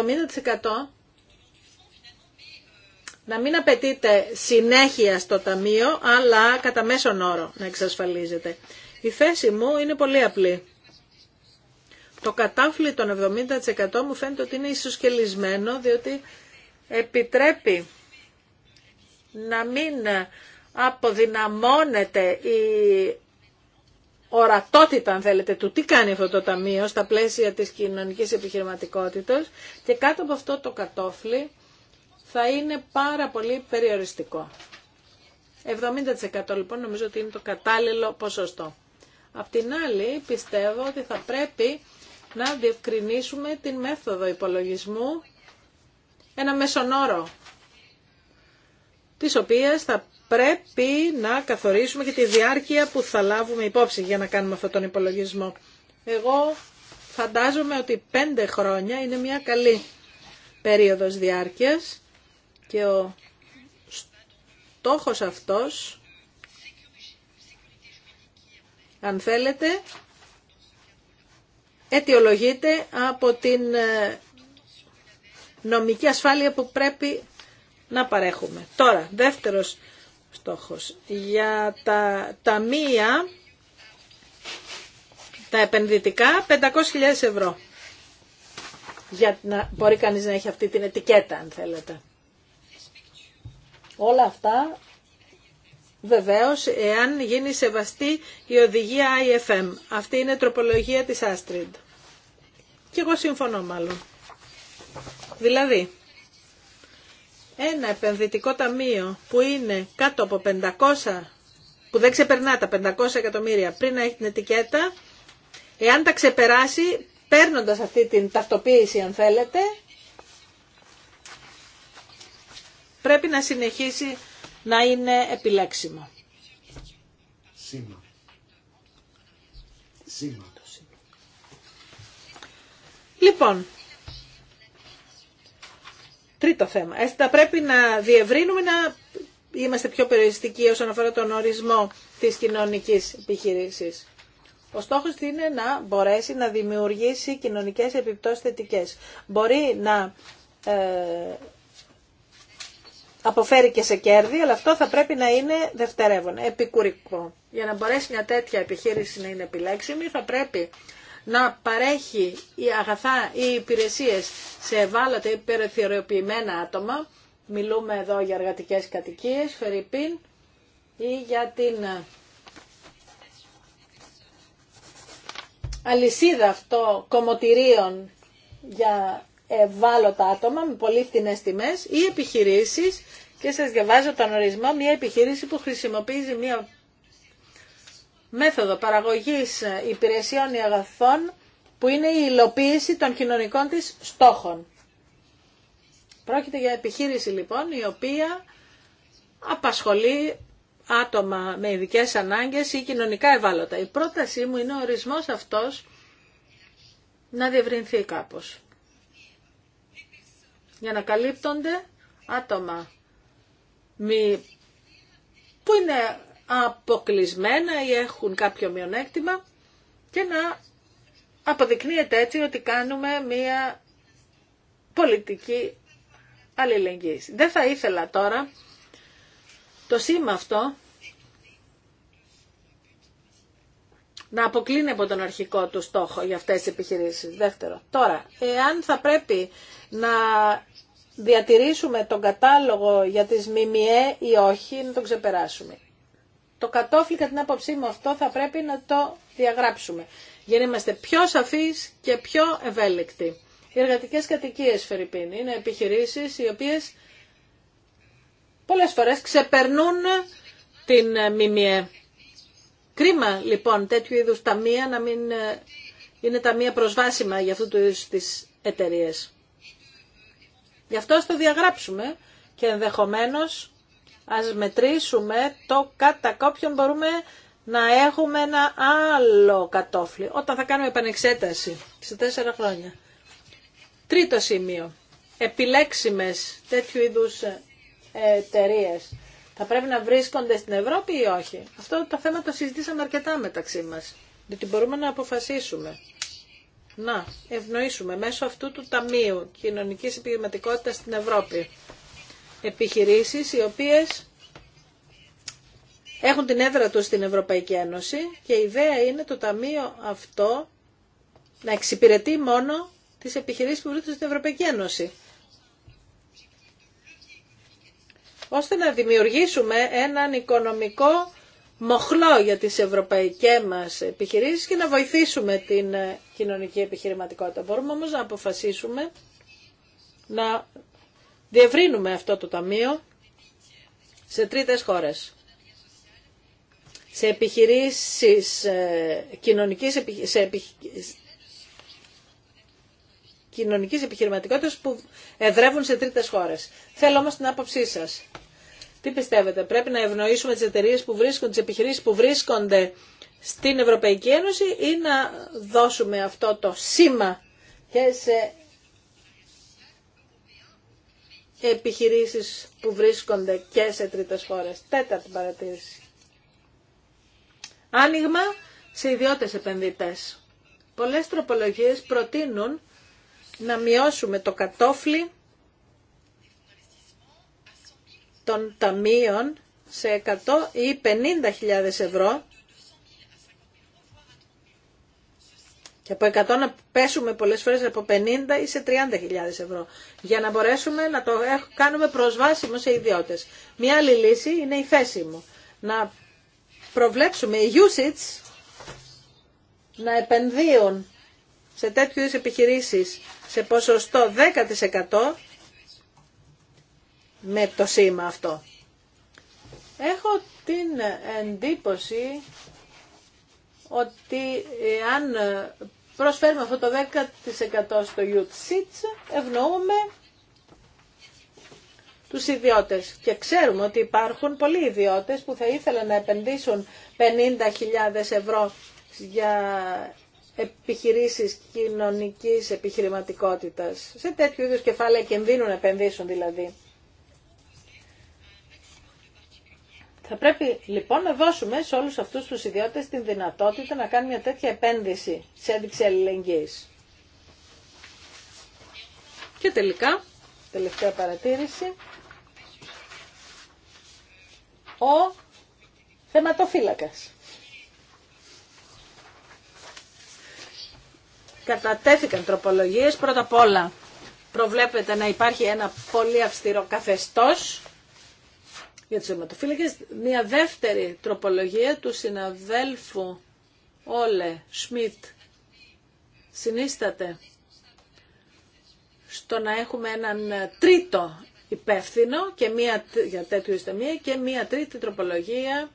να μην απαιτείται συνέχεια στο ταμείο, αλλά κατά μέσον όρο να εξασφαλίζετε Η θέση μου είναι πολύ απλή. Το κατάφλι των 70% μου φαίνεται ότι είναι ισοσκελισμένο, διότι επιτρέπει να μην αποδυναμώνεται η ορατότητα, αν θέλετε, του τι κάνει αυτό το ταμείο στα πλαίσια της κοινωνικής επιχειρηματικότητας και κάτω από αυτό το κατόφλι θα είναι πάρα πολύ περιοριστικό. 70% λοιπόν νομίζω ότι είναι το κατάλληλο ποσοστό. Απ' την άλλη πιστεύω ότι θα πρέπει να διευκρινίσουμε την μέθοδο υπολογισμού, ένα μεσονόρο, της οποίας θα πρέπει να καθορίσουμε και τη διάρκεια που θα λάβουμε υπόψη για να κάνουμε αυτόν τον υπολογισμό. Εγώ φαντάζομαι ότι πέντε χρόνια είναι μια καλή περίοδος διάρκειας και ο στόχος αυτός, αν θέλετε, αιτιολογείται από την ε, νομική ασφάλεια που πρέπει να παρέχουμε. Τώρα, δεύτερος στόχος. Για τα ταμεία, τα επενδυτικά, 500.000 ευρώ. Για να μπορεί κανείς να έχει αυτή την ετικέτα, αν θέλετε. Όλα αυτά, βεβαίως, εάν γίνει σεβαστή η οδηγία IFM. Αυτή είναι η τροπολογία της Άστριντ. Και εγώ συμφωνώ μάλλον. Δηλαδή, ένα επενδυτικό ταμείο που είναι κάτω από 500, που δεν ξεπερνά τα 500 εκατομμύρια πριν να έχει την ετικέτα, εάν τα ξεπεράσει, παίρνοντας αυτή την ταυτοποίηση αν θέλετε, πρέπει να συνεχίσει να είναι επιλέξιμο. Σήμα. Σήμα. Λοιπόν, Τρίτο θέμα. Έτσι ε, θα πρέπει να διευρύνουμε, να είμαστε πιο περιοριστικοί όσον αφορά τον ορισμό της κοινωνικής επιχειρήσης. Ο στόχος είναι να μπορέσει να δημιουργήσει κοινωνικές επιπτώσεις θετικές. Μπορεί να ε, αποφέρει και σε κέρδη, αλλά αυτό θα πρέπει να είναι δευτερεύον, επικουρικό. Για να μπορέσει μια τέτοια επιχείρηση να είναι επιλέξιμη, θα πρέπει να παρέχει η αγαθά ή υπηρεσίες σε ευάλωτα ή περιθωριοποιημένα άτομα, μιλούμε εδώ για εργατικές κατοικίες, Φερρυπίν, ή για την ε, αλυσίδα αυτό κομμωτηρίων για ευάλωτα άτομα με πολύ φθηνές τιμές ή επιχειρήσεις και σας διαβάζω τον ορισμό μια επιχείρηση που χρησιμοποιεί μια μέθοδο παραγωγής υπηρεσιών ή αγαθών που είναι η υλοποίηση των κοινωνικών της στόχων. Πρόκειται για επιχείρηση λοιπόν η οποία απασχολεί άτομα με ειδικέ ανάγκες ή κοινωνικά ευάλωτα. Η πρότασή μου είναι ο ορισμός αυτός να διευρυνθεί κάπως. Για να καλύπτονται άτομα μη... που είναι αποκλεισμένα ή έχουν κάποιο μειονέκτημα και να αποδεικνύεται έτσι ότι κάνουμε μία πολιτική αλληλεγγύηση. Δεν θα ήθελα τώρα το σήμα αυτό να αποκλίνει από τον αρχικό του στόχο για αυτές τις επιχειρήσεις. Δεύτερο, τώρα, εάν θα πρέπει να διατηρήσουμε τον κατάλογο για τις ΜΜΕ ή όχι, να τον ξεπεράσουμε το κατόφλι κατά την άποψή μου αυτό θα πρέπει να το διαγράψουμε. Για να είμαστε πιο σαφείς και πιο ευέλικτοι. Οι εργατικές κατοικίες, Φερρυπίν, είναι επιχειρήσεις οι οποίες πολλές φορές ξεπερνούν την ε, ΜΜΕ. Κρίμα λοιπόν τέτοιου είδους ταμεία να μην ε, είναι ταμεία προσβάσιμα για αυτού του είδους τις εταιρείες. Γι' αυτό το διαγράψουμε και ενδεχομένως Ας μετρήσουμε το κατά κάποιον μπορούμε να έχουμε ένα άλλο κατόφλι όταν θα κάνουμε επανεξέταση σε τέσσερα χρόνια. Τρίτο σημείο. Επιλέξιμες τέτοιου είδους εταιρείε. Θα πρέπει να βρίσκονται στην Ευρώπη ή όχι. Αυτό το θέμα το συζητήσαμε αρκετά μεταξύ μας. Διότι μπορούμε να αποφασίσουμε. Να ευνοήσουμε μέσω αυτού του Ταμείου Κοινωνικής Επιχειρηματικότητας στην Ευρώπη επιχειρήσεις οι οποίες έχουν την έδρα τους στην Ευρωπαϊκή Ένωση και η ιδέα είναι το ταμείο αυτό να εξυπηρετεί μόνο τις επιχειρήσεις που βρίσκονται στην Ευρωπαϊκή Ένωση. Ώστε να δημιουργήσουμε έναν οικονομικό μοχλό για τις ευρωπαϊκές μας επιχειρήσεις και να βοηθήσουμε την κοινωνική επιχειρηματικότητα. Μπορούμε όμως να αποφασίσουμε να διευρύνουμε αυτό το ταμείο σε τρίτες χώρες. Σε επιχειρήσεις ε, κοινωνικής, σε επιχειρηματικότητας που εδρεύουν σε τρίτες χώρες. Θέλω όμως την άποψή σας. Τι πιστεύετε, πρέπει να ευνοήσουμε τις εταιρείες που βρίσκονται, τις επιχειρήσεις που βρίσκονται στην Ευρωπαϊκή Ένωση ή να δώσουμε αυτό το σήμα και σε επιχειρήσεις που βρίσκονται και σε τρίτες χώρες. Τέταρτη παρατήρηση. Άνοιγμα σε ιδιώτες επενδυτές. Πολλές τροπολογίες προτείνουν να μειώσουμε το κατόφλι των ταμείων σε 100 ή 50.000 ευρώ Και από 100 να πέσουμε πολλές φορές από 50 ή σε 30.000 ευρώ. Για να μπορέσουμε να το κάνουμε προσβάσιμο σε ιδιώτες. Μία άλλη λύση είναι η θέση μου. Να προβλέψουμε οι usage να επενδύουν σε τέτοιου είδους επιχειρήσεις σε ποσοστό 10% με το σήμα αυτό. Έχω την εντύπωση ότι αν προσφέρουμε αυτό το 10% στο Youth Seats, ευνοούμε τους ιδιώτες. Και ξέρουμε ότι υπάρχουν πολλοί ιδιώτες που θα ήθελαν να επενδύσουν 50.000 ευρώ για επιχειρήσεις κοινωνικής επιχειρηματικότητας. Σε τέτοιου είδους κεφάλαια κινδύνουν να επενδύσουν δηλαδή. Θα πρέπει λοιπόν να δώσουμε σε όλους αυτούς τους ιδιώτες την δυνατότητα να κάνουν μια τέτοια επένδυση σε ένδειξη αλληλεγγύης. Και τελικά, τελευταία παρατήρηση, ο θεματοφύλακας. Κατατέθηκαν τροπολογίες. Πρώτα απ' όλα προβλέπεται να υπάρχει ένα πολύ αυστηρό καθεστώς για τους Μια δεύτερη τροπολογία του συναδέλφου Όλε Σμιτ συνίσταται στο να έχουμε έναν τρίτο υπεύθυνο και μία, για τέτοιου μία, και μία τρίτη τροπολογία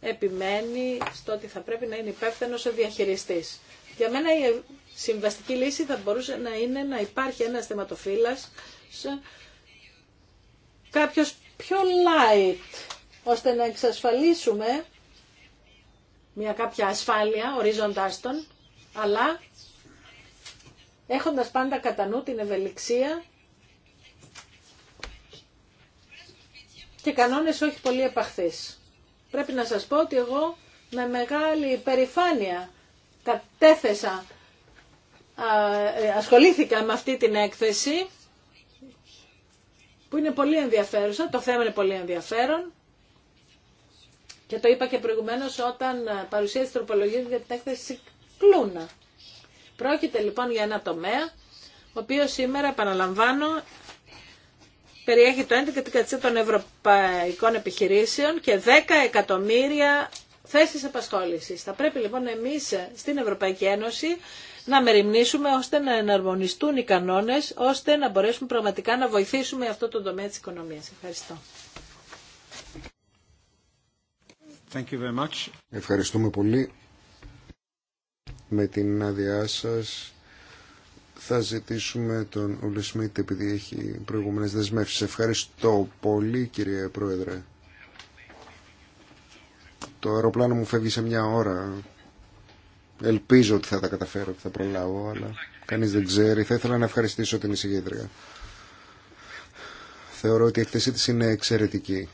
επιμένει στο ότι θα πρέπει να είναι υπεύθυνο ο διαχειριστής. Για μένα η συμβαστική λύση θα μπορούσε να είναι να υπάρχει ένας θεματοφύλας, κάποιος πιο light, ώστε να εξασφαλίσουμε μια κάποια ασφάλεια ορίζοντάς τον, αλλά έχοντας πάντα κατά νου την ευελιξία και κανόνες όχι πολύ επαχθείς. Πρέπει να σας πω ότι εγώ με μεγάλη υπερηφάνεια κατέθεσα, ε, ασχολήθηκα με αυτή την έκθεση που είναι πολύ ενδιαφέρουσα, το θέμα είναι πολύ ενδιαφέρον και το είπα και προηγουμένως όταν παρουσίασε την τροπολογία για την έκθεση Κλούνα. Πρόκειται λοιπόν για ένα τομέα, ο οποίο σήμερα, επαναλαμβάνω, περιέχει το 11% των ευρωπαϊκών επιχειρήσεων και 10 εκατομμύρια θέσεις απασχόλησης. Θα πρέπει λοιπόν εμείς στην Ευρωπαϊκή Ένωση να μεριμνήσουμε ώστε να εναρμονιστούν οι κανόνες, ώστε να μπορέσουμε πραγματικά να βοηθήσουμε αυτό το τομέα της οικονομίας. Ευχαριστώ. Thank you very much. Ευχαριστούμε πολύ. Με την άδειά σα, θα ζητήσουμε τον Ουλισμίτ επειδή έχει προηγούμενες δεσμεύσεις. Ευχαριστώ πολύ κύριε Πρόεδρε. Το αεροπλάνο μου φεύγει σε μια ώρα. Ελπίζω ότι θα τα καταφέρω, ότι θα προλάβω, αλλά κανείς δεν ξέρει. Θα ήθελα να ευχαριστήσω την εισηγήτρια. Θεωρώ ότι η εκθεσή τη είναι εξαιρετική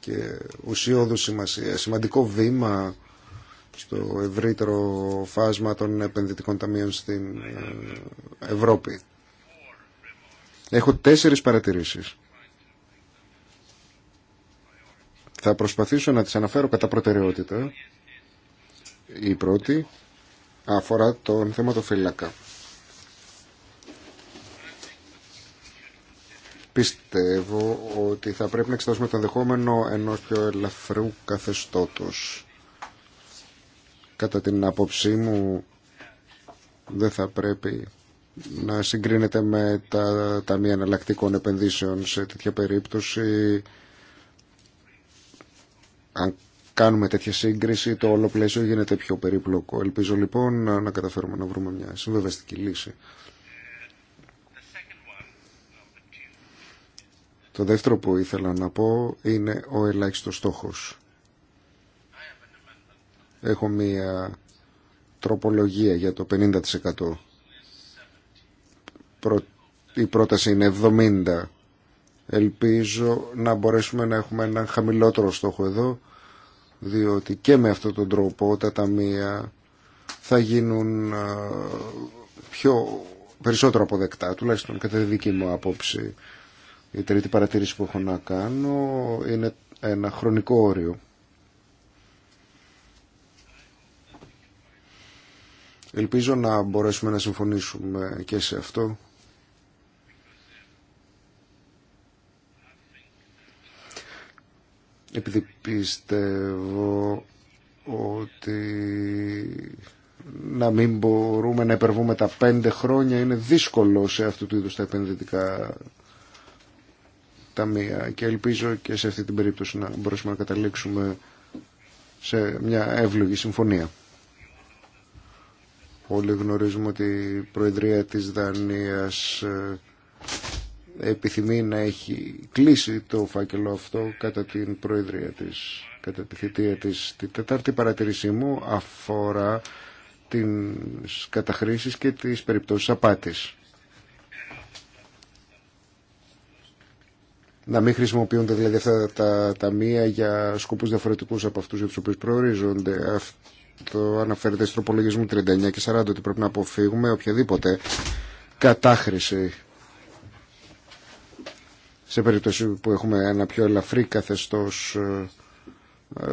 και ουσιώδου σημασία. Σημαντικό βήμα στο ευρύτερο φάσμα των επενδυτικών ταμείων στην ε, Ευρώπη. Έχω τέσσερις παρατηρήσεις. Θα προσπαθήσω να τις αναφέρω κατά προτεραιότητα. Η πρώτη αφορά τον θεματοφύλακα. Πιστεύω ότι θα πρέπει να εξετάσουμε το δεχόμενο ενός πιο ελαφρού καθεστώτος. Κατά την άποψή μου δεν θα πρέπει να συγκρίνεται με τα ταμεία εναλλακτικών επενδύσεων σε τέτοια περίπτωση αν κάνουμε τέτοια σύγκριση το όλο πλαίσιο γίνεται πιο περίπλοκο. Ελπίζω λοιπόν να καταφέρουμε να βρούμε μια συμβεβαστική λύση. Το δεύτερο που ήθελα να πω είναι ο ελάχιστος στόχος. Έχω μία τροπολογία για το 50%. Η πρόταση είναι 70%. Ελπίζω να μπορέσουμε να έχουμε έναν χαμηλότερο στόχο εδώ διότι και με αυτόν τον τρόπο τα ταμεία θα γίνουν ε, πιο περισσότερο αποδεκτά, τουλάχιστον κατά τη δική μου άποψη. Η τρίτη παρατήρηση που έχω να κάνω είναι ένα χρονικό όριο. Ελπίζω να μπορέσουμε να συμφωνήσουμε και σε αυτό. επειδή πιστεύω ότι να μην μπορούμε να υπερβούμε τα πέντε χρόνια είναι δύσκολο σε αυτού του είδους τα επενδυτικά ταμεία και ελπίζω και σε αυτή την περίπτωση να μπορέσουμε να καταλήξουμε σε μια εύλογη συμφωνία. Όλοι γνωρίζουμε ότι η Προεδρία της Δανίας ε, επιθυμεί να έχει κλείσει το φάκελο αυτό κατά την προεδρία της, κατά τη θητεία της. Τη τετάρτη παρατηρήσή μου αφορά τις καταχρήσεις και τις περιπτώσεις απάτης. Να μην χρησιμοποιούνται δηλαδή αυτά τα ταμεία για σκοπούς διαφορετικούς από αυτούς για τους οποίους προορίζονται. Αυτό αναφέρεται στο τροπολογισμούς 39 και 40 ότι πρέπει να αποφύγουμε οποιαδήποτε κατάχρηση σε περίπτωση που έχουμε ένα πιο ελαφρύ καθεστώς ε,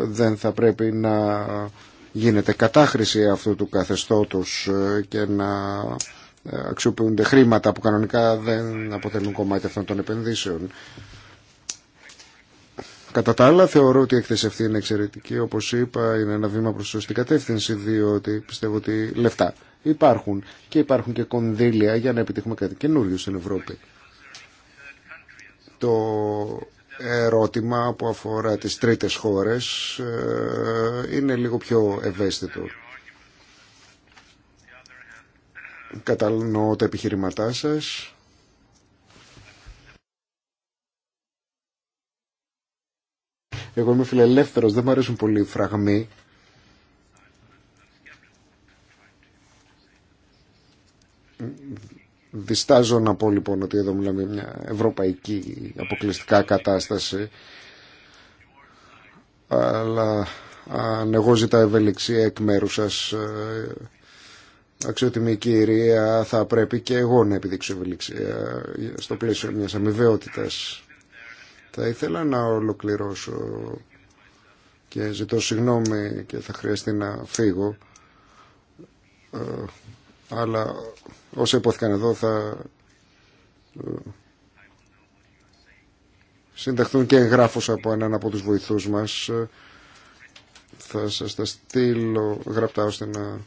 δεν θα πρέπει να γίνεται κατάχρηση αυτού του καθεστώτος ε, και να ε, αξιοποιούνται χρήματα που κανονικά δεν αποτελούν κομμάτι αυτών των επενδύσεων. Κατά τα άλλα θεωρώ ότι η έκθεση αυτή είναι εξαιρετική. Όπως είπα είναι ένα βήμα προς σωστή κατεύθυνση διότι πιστεύω ότι λεφτά υπάρχουν και υπάρχουν και κονδύλια για να επιτύχουμε κάτι καινούριο στην Ευρώπη το ερώτημα που αφορά τις τρίτες χώρες ε, είναι λίγο πιο ευαίσθητο. Κατανοώ τα επιχειρηματά σας. Εγώ είμαι φιλελεύθερος, δεν μου αρέσουν πολύ οι φραγμοί. Διστάζω να πω λοιπόν ότι εδώ μιλάμε για μια ευρωπαϊκή αποκλειστικά κατάσταση. Αλλά αν εγώ ζητά ευελιξία εκ μέρου σας, ε, αξιότιμη κυρία, θα πρέπει και εγώ να επιδείξω ευελιξία στο πλαίσιο μιας αμοιβαιότητας. Θα ήθελα να ολοκληρώσω και ζητώ συγγνώμη και θα χρειαστεί να φύγω, ε, αλλά Όσα υπόθηκαν εδώ θα ε, συνταχθούν και εγγράφως από έναν από τους βοηθούς μας. Θα σας τα στείλω γραπτά ώστε να...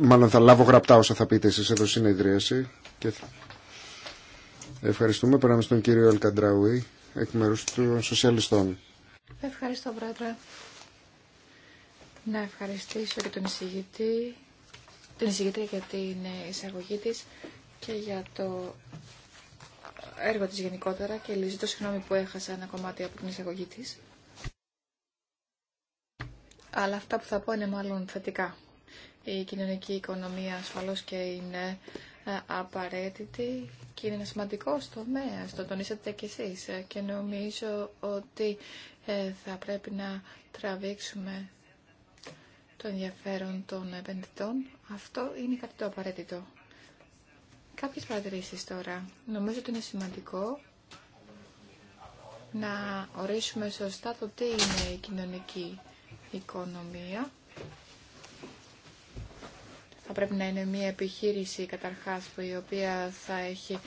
Μάλλον θα λάβω γραπτά όσα θα πείτε εσείς εδώ συνεδρίαση. Και... Ευχαριστούμε. Περάμε στον κύριο Ελκαντράουι, εκ μέρους των Σοσιαλιστών. Ευχαριστώ, Πρόεδρε. Να ευχαριστήσω και τον εισηγητή την εισηγήτρια για την ε, εισαγωγή της και για το έργο της γενικότερα και λυζητώ συγγνώμη που έχασα ένα κομμάτι από την εισαγωγή τη. Αλλά αυτά που θα πω είναι μάλλον θετικά. Η κοινωνική οικονομία ασφαλώ και είναι ε, απαραίτητη και είναι ένα σημαντικό τομέα, το τονίσατε κι εσείς ε, και νομίζω ότι θα πρέπει να τραβήξουμε το ενδιαφέρον των επενδυτών. Αυτό είναι κάτι το απαραίτητο. Κάποιες παρατηρήσεις τώρα. Νομίζω ότι είναι σημαντικό να ορίσουμε σωστά το τι είναι η κοινωνική οικονομία. Θα πρέπει να είναι μια επιχείρηση καταρχάς που η οποία θα έχει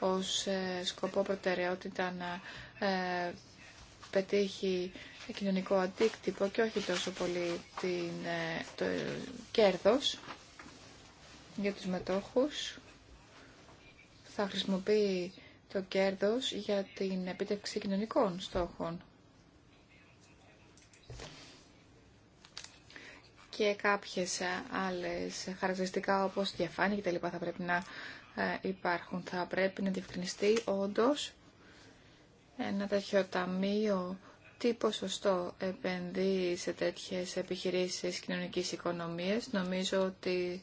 ως ε, σκοπό προτεραιότητα να ε, πετύχει κοινωνικό αντίκτυπο και όχι τόσο πολύ την, ε, το κέρδος για τους μετόχους. Θα χρησιμοποιεί το κέρδος για την επίτευξη κοινωνικών στόχων. Και κάποιες ε, άλλες χαρακτηριστικά όπως διαφάνεια και τα λοιπά θα πρέπει να ε, υπάρχουν. Θα πρέπει να διευκρινιστεί όντως ένα τέτοιο ταμείο, τι ποσοστό επενδύει σε τέτοιες επιχειρήσεις κοινωνικής οικονομίας. Νομίζω ότι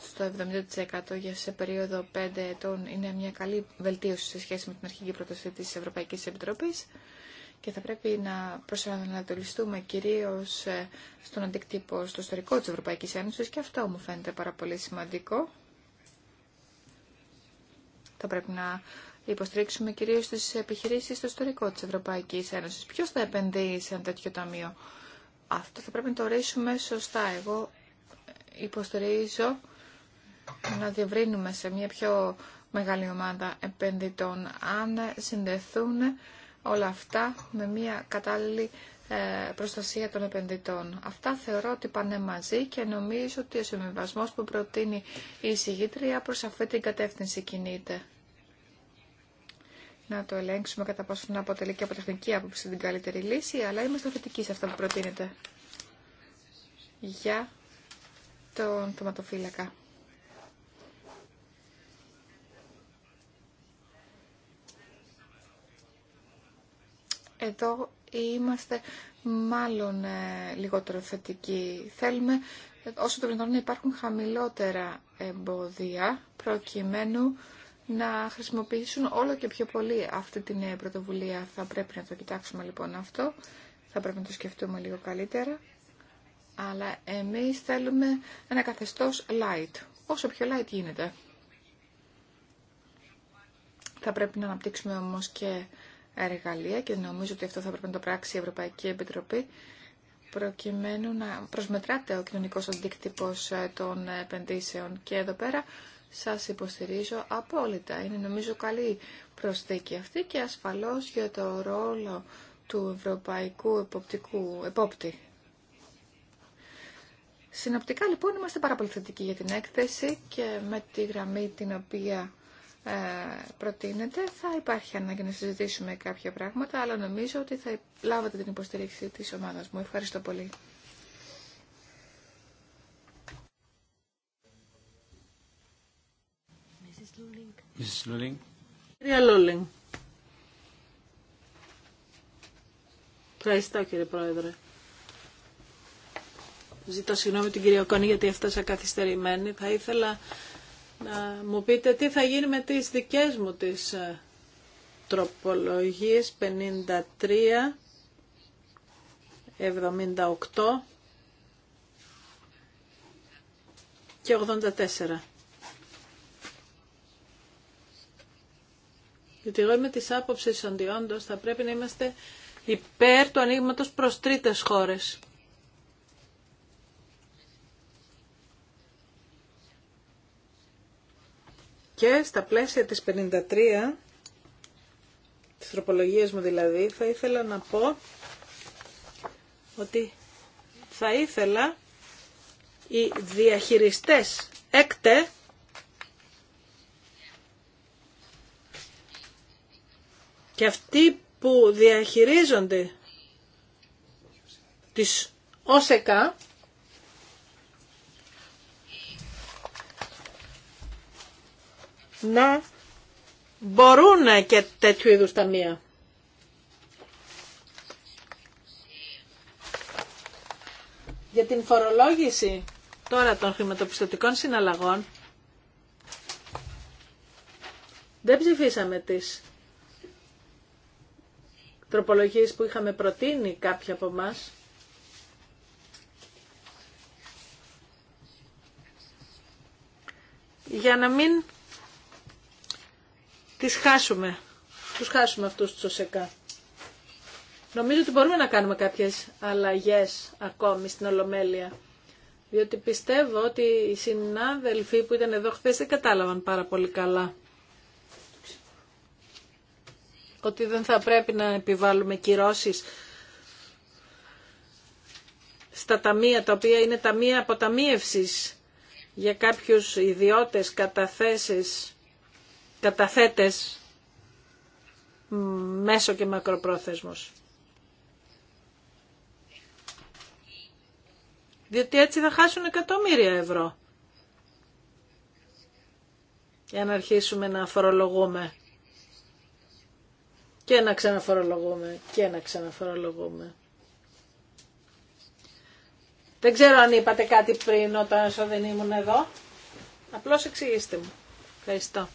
στο 70% για σε περίοδο 5 ετών είναι μια καλή βελτίωση σε σχέση με την αρχική πρόταση της Ευρωπαϊκής Επιτροπής και θα πρέπει να προσανατολιστούμε κυρίως ε, στον αντικτύπο στο ιστορικό της Ευρωπαϊκής Ένωσης και αυτό μου φαίνεται πάρα πολύ σημαντικό. Θα πρέπει να υποστηρίξουμε κυρίως τις επιχειρήσεις στο ιστορικό της Ευρωπαϊκής Ένωσης. Ποιος θα επενδύει σε ένα τέτοιο ταμείο. Αυτό θα πρέπει να το ορίσουμε σωστά. Εγώ υποστηρίζω να διευρύνουμε σε μια πιο μεγάλη ομάδα επενδυτών αν συνδεθούν όλα αυτά με μια κατάλληλη ε, προστασία των επενδυτών. Αυτά θεωρώ ότι πάνε μαζί και νομίζω ότι ο συμβιβασμό που προτείνει η εισηγήτρια προς αυτή την κατεύθυνση κινείται να το ελέγξουμε κατά πόσο να αποτελεί και από τεχνική άποψη την καλύτερη λύση, αλλά είμαστε θετικοί σε αυτά που προτείνεται για τον θεματοφύλακα. Εδώ είμαστε μάλλον ε, λιγότερο θετικοί. Θέλουμε ε, όσο το δυνατόν να υπάρχουν χαμηλότερα εμπόδια προκειμένου να χρησιμοποιήσουν όλο και πιο πολύ αυτή την ε, πρωτοβουλία. Θα πρέπει να το κοιτάξουμε λοιπόν αυτό, θα πρέπει να το σκεφτούμε λίγο καλύτερα. Αλλά εμείς θέλουμε ένα καθεστώς light, όσο πιο light γίνεται. Θα πρέπει να αναπτύξουμε όμως και εργαλεία και νομίζω ότι αυτό θα πρέπει να το πράξει η Ευρωπαϊκή Επιτροπή προκειμένου να προσμετράται ο κοινωνικός αντίκτυπος ε, των επενδύσεων. Και εδώ πέρα σας υποστηρίζω απόλυτα. Είναι νομίζω καλή προσθήκη αυτή και ασφαλώς για το ρόλο του Ευρωπαϊκού Εποπτικού Επόπτη. Συνοπτικά λοιπόν είμαστε πάρα πολύ θετικοί για την έκθεση και με τη γραμμή την οποία ε, προτείνεται θα υπάρχει ανάγκη να συζητήσουμε κάποια πράγματα αλλά νομίζω ότι θα λάβετε την υποστήριξη της ομάδας μου. Ευχαριστώ πολύ. Κυρία Λούλινγκ. Ευχαριστώ κύριε Πρόεδρε. Ζητώ συγγνώμη την κυρία Κόνη γιατί έφτασα καθυστερημένη. Θα ήθελα να μου πείτε τι θα γίνει με τις δικές μου τις ε, τροπολογίες 53, 78 και 84. Γιατί εγώ είμαι τη άποψη ότι όντω θα πρέπει να είμαστε υπέρ του ανοίγματο προ τρίτε χώρες. Και στα πλαίσια της 53, της τροπολογίας μου δηλαδή, θα ήθελα να πω ότι θα ήθελα οι διαχειριστές έκτε και αυτοί που διαχειρίζονται τις ΟΣΕΚΑ να μπορούν και τέτοιου είδους ταμεία. Για την φορολόγηση τώρα των χρηματοπιστωτικών συναλλαγών δεν ψηφίσαμε τις τροπολογίες που είχαμε προτείνει κάποια από εμά. για να μην τις χάσουμε, τους χάσουμε αυτούς τους ΟΣΕΚΑ. Νομίζω ότι μπορούμε να κάνουμε κάποιες αλλαγές ακόμη στην Ολομέλεια. Διότι πιστεύω ότι οι συνάδελφοί που ήταν εδώ χθες δεν κατάλαβαν πάρα πολύ καλά ότι δεν θα πρέπει να επιβάλλουμε κυρώσεις στα ταμεία, τα οποία είναι ταμεία αποταμίευσης για κάποιους ιδιώτες καταθέσεις, καταθέτες μέσο και μακροπρόθεσμος. Διότι έτσι θα χάσουν εκατομμύρια ευρώ. Για να αρχίσουμε να φορολογούμε και να ξαναφορολογούμε και να ξαναφορολογούμε. Δεν ξέρω αν είπατε κάτι πριν όταν όσο δεν ήμουν εδώ. Απλώς εξηγήστε μου. Ευχαριστώ.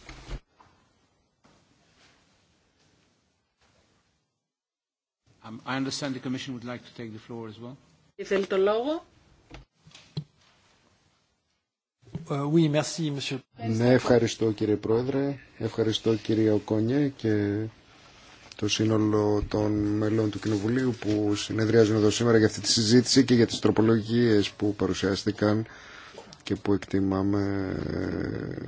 Um, I understand the Commission would like to take the floor as well. Θέλει το λόγο. Ε, oui, merci, monsieur. Ναι, ευχαριστώ κύριε Πρόεδρε, ευχαριστώ κύριε Οκόνια και το σύνολο των μελών του Κοινοβουλίου που συνεδριάζουν εδώ σήμερα για αυτή τη συζήτηση και για τις τροπολογίες που παρουσιάστηκαν και που εκτιμάμε ε,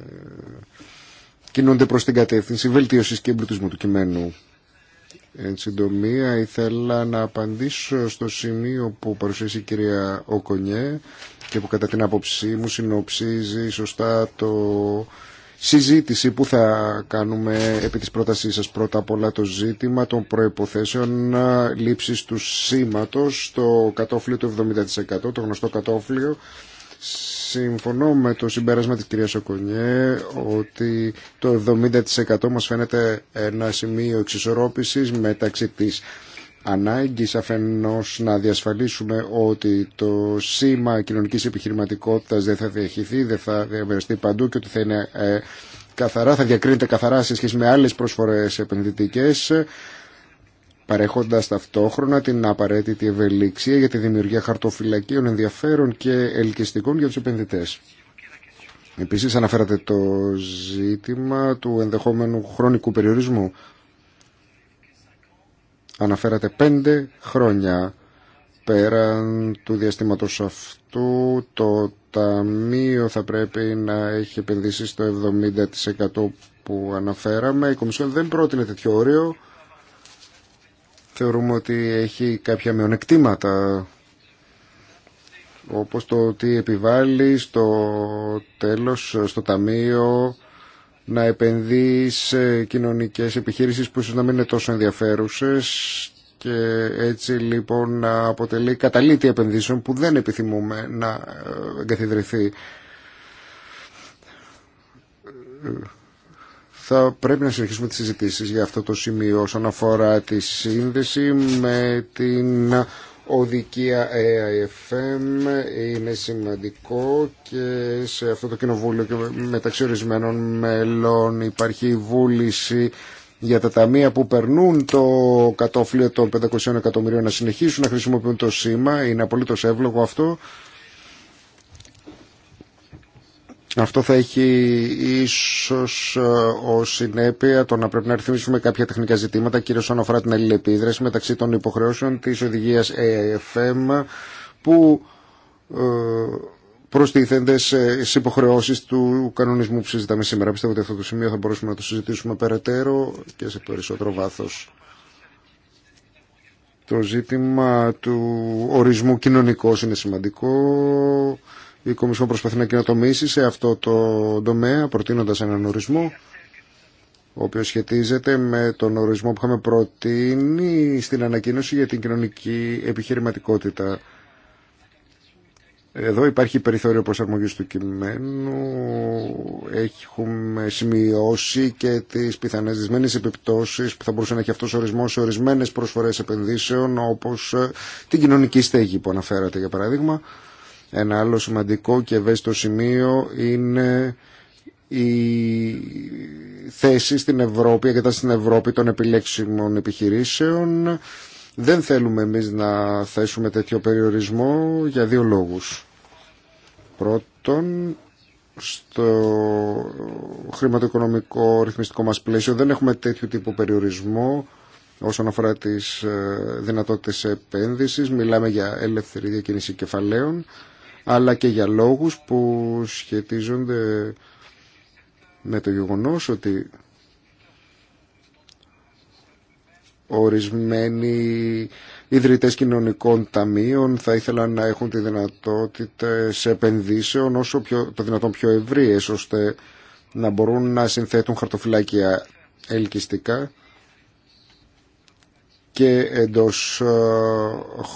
κινούνται προς την κατεύθυνση βελτίωσης και εμπλουτισμού του κειμένου. Εν συντομία ήθελα να απαντήσω στο σημείο που παρουσίασε η κυρία Οκονιέ και που κατά την άποψή μου συνοψίζει σωστά το συζήτηση που θα κάνουμε επί της πρότασής σας πρώτα απ' όλα το ζήτημα των προϋποθέσεων λήψης του σήματος στο κατόφλιο του 70%, το γνωστό κατόφλιο. Συμφωνώ με το συμπέρασμα της κυρίας Σοκονιέ ότι το 70% μας φαίνεται ένα σημείο εξισορρόπησης μεταξύ της ανάγκης αφενός να διασφαλίσουμε ότι το σήμα κοινωνικής επιχειρηματικότητας δεν θα διαχυθεί, δεν θα διαμεριστεί παντού και ότι θα είναι ε, καθαρά, θα διακρίνεται καθαρά σε σχέση με άλλες προσφορές επενδυτικές παρέχοντας ταυτόχρονα την απαραίτητη ευελιξία για τη δημιουργία χαρτοφυλακίων ενδιαφέρων και ελκυστικών για τους επενδυτές. Επίσης αναφέρατε το ζήτημα του ενδεχόμενου χρονικού περιορισμού Αναφέρατε πέντε χρόνια πέραν του διαστήματος αυτού το Ταμείο θα πρέπει να έχει επενδύσει στο 70% που αναφέραμε. Η Κομισιόν δεν πρότεινε τέτοιο όριο. Θεωρούμε ότι έχει κάποια μειονεκτήματα όπως το ότι επιβάλλει στο τέλος, στο Ταμείο να επενδύει σε κοινωνικές επιχείρησεις που ίσως να μην είναι τόσο ενδιαφέρουσες και έτσι λοιπόν να αποτελεί καταλήτη επενδύσεων που δεν επιθυμούμε να ε, εγκαθιδρυθεί. Θα πρέπει να συνεχίσουμε τις συζητήσεις για αυτό το σημείο όσον αφορά τη σύνδεση με την οδικία AIFM είναι σημαντικό και σε αυτό το κοινοβούλιο και μεταξύ ορισμένων μελών υπάρχει βούληση για τα ταμεία που περνούν το κατόφλιο των 500 εκατομμυρίων να συνεχίσουν να χρησιμοποιούν το σήμα. Είναι απολύτως εύλογο αυτό. Αυτό θα έχει ίσως ε, ως συνέπεια το να πρέπει να ρυθμίσουμε κάποια τεχνικά ζητήματα, κυρίως όσον αφορά την αλληλεπίδραση μεταξύ των υποχρεώσεων της οδηγίας AFM που ε, προστίθενται στι υποχρεώσει του κανονισμού που συζητάμε σήμερα. Πιστεύω ότι αυτό το σημείο θα μπορούσαμε να το συζητήσουμε περαιτέρω και σε περισσότερο βάθο. Το ζήτημα του ορισμού κοινωνικός είναι σημαντικό. Η Κομισιόν προσπαθεί να κοινοτομήσει σε αυτό το τομέα, προτείνοντα έναν ορισμό, ο οποίο σχετίζεται με τον ορισμό που είχαμε προτείνει στην ανακοίνωση για την κοινωνική επιχειρηματικότητα. Εδώ υπάρχει περιθώριο προσαρμογής του κειμένου, έχουμε σημειώσει και τις πιθανές δυσμένες επιπτώσεις που θα μπορούσε να έχει αυτός ο ορισμός σε ορισμένες προσφορές επενδύσεων όπως την κοινωνική στέγη που αναφέρατε για παράδειγμα. Ένα άλλο σημαντικό και ευαίσθητο σημείο είναι η θέση στην Ευρώπη, η στην Ευρώπη των επιλέξιμων επιχειρήσεων. Δεν θέλουμε εμείς να θέσουμε τέτοιο περιορισμό για δύο λόγους. Πρώτον, στο χρηματοοικονομικό ρυθμιστικό μας πλαίσιο δεν έχουμε τέτοιο τύπου περιορισμό όσον αφορά τις ε, δυνατότητες επένδυσης. Μιλάμε για ελεύθερη διακίνηση κεφαλαίων αλλά και για λόγους που σχετίζονται με το γεγονός ότι ορισμένοι ιδρυτές κοινωνικών ταμείων θα ήθελαν να έχουν τη δυνατότητα σε επενδύσεων όσο πιο, το δυνατόν πιο ευρύες ώστε να μπορούν να συνθέτουν χαρτοφυλάκια ελκυστικά και εντός ε,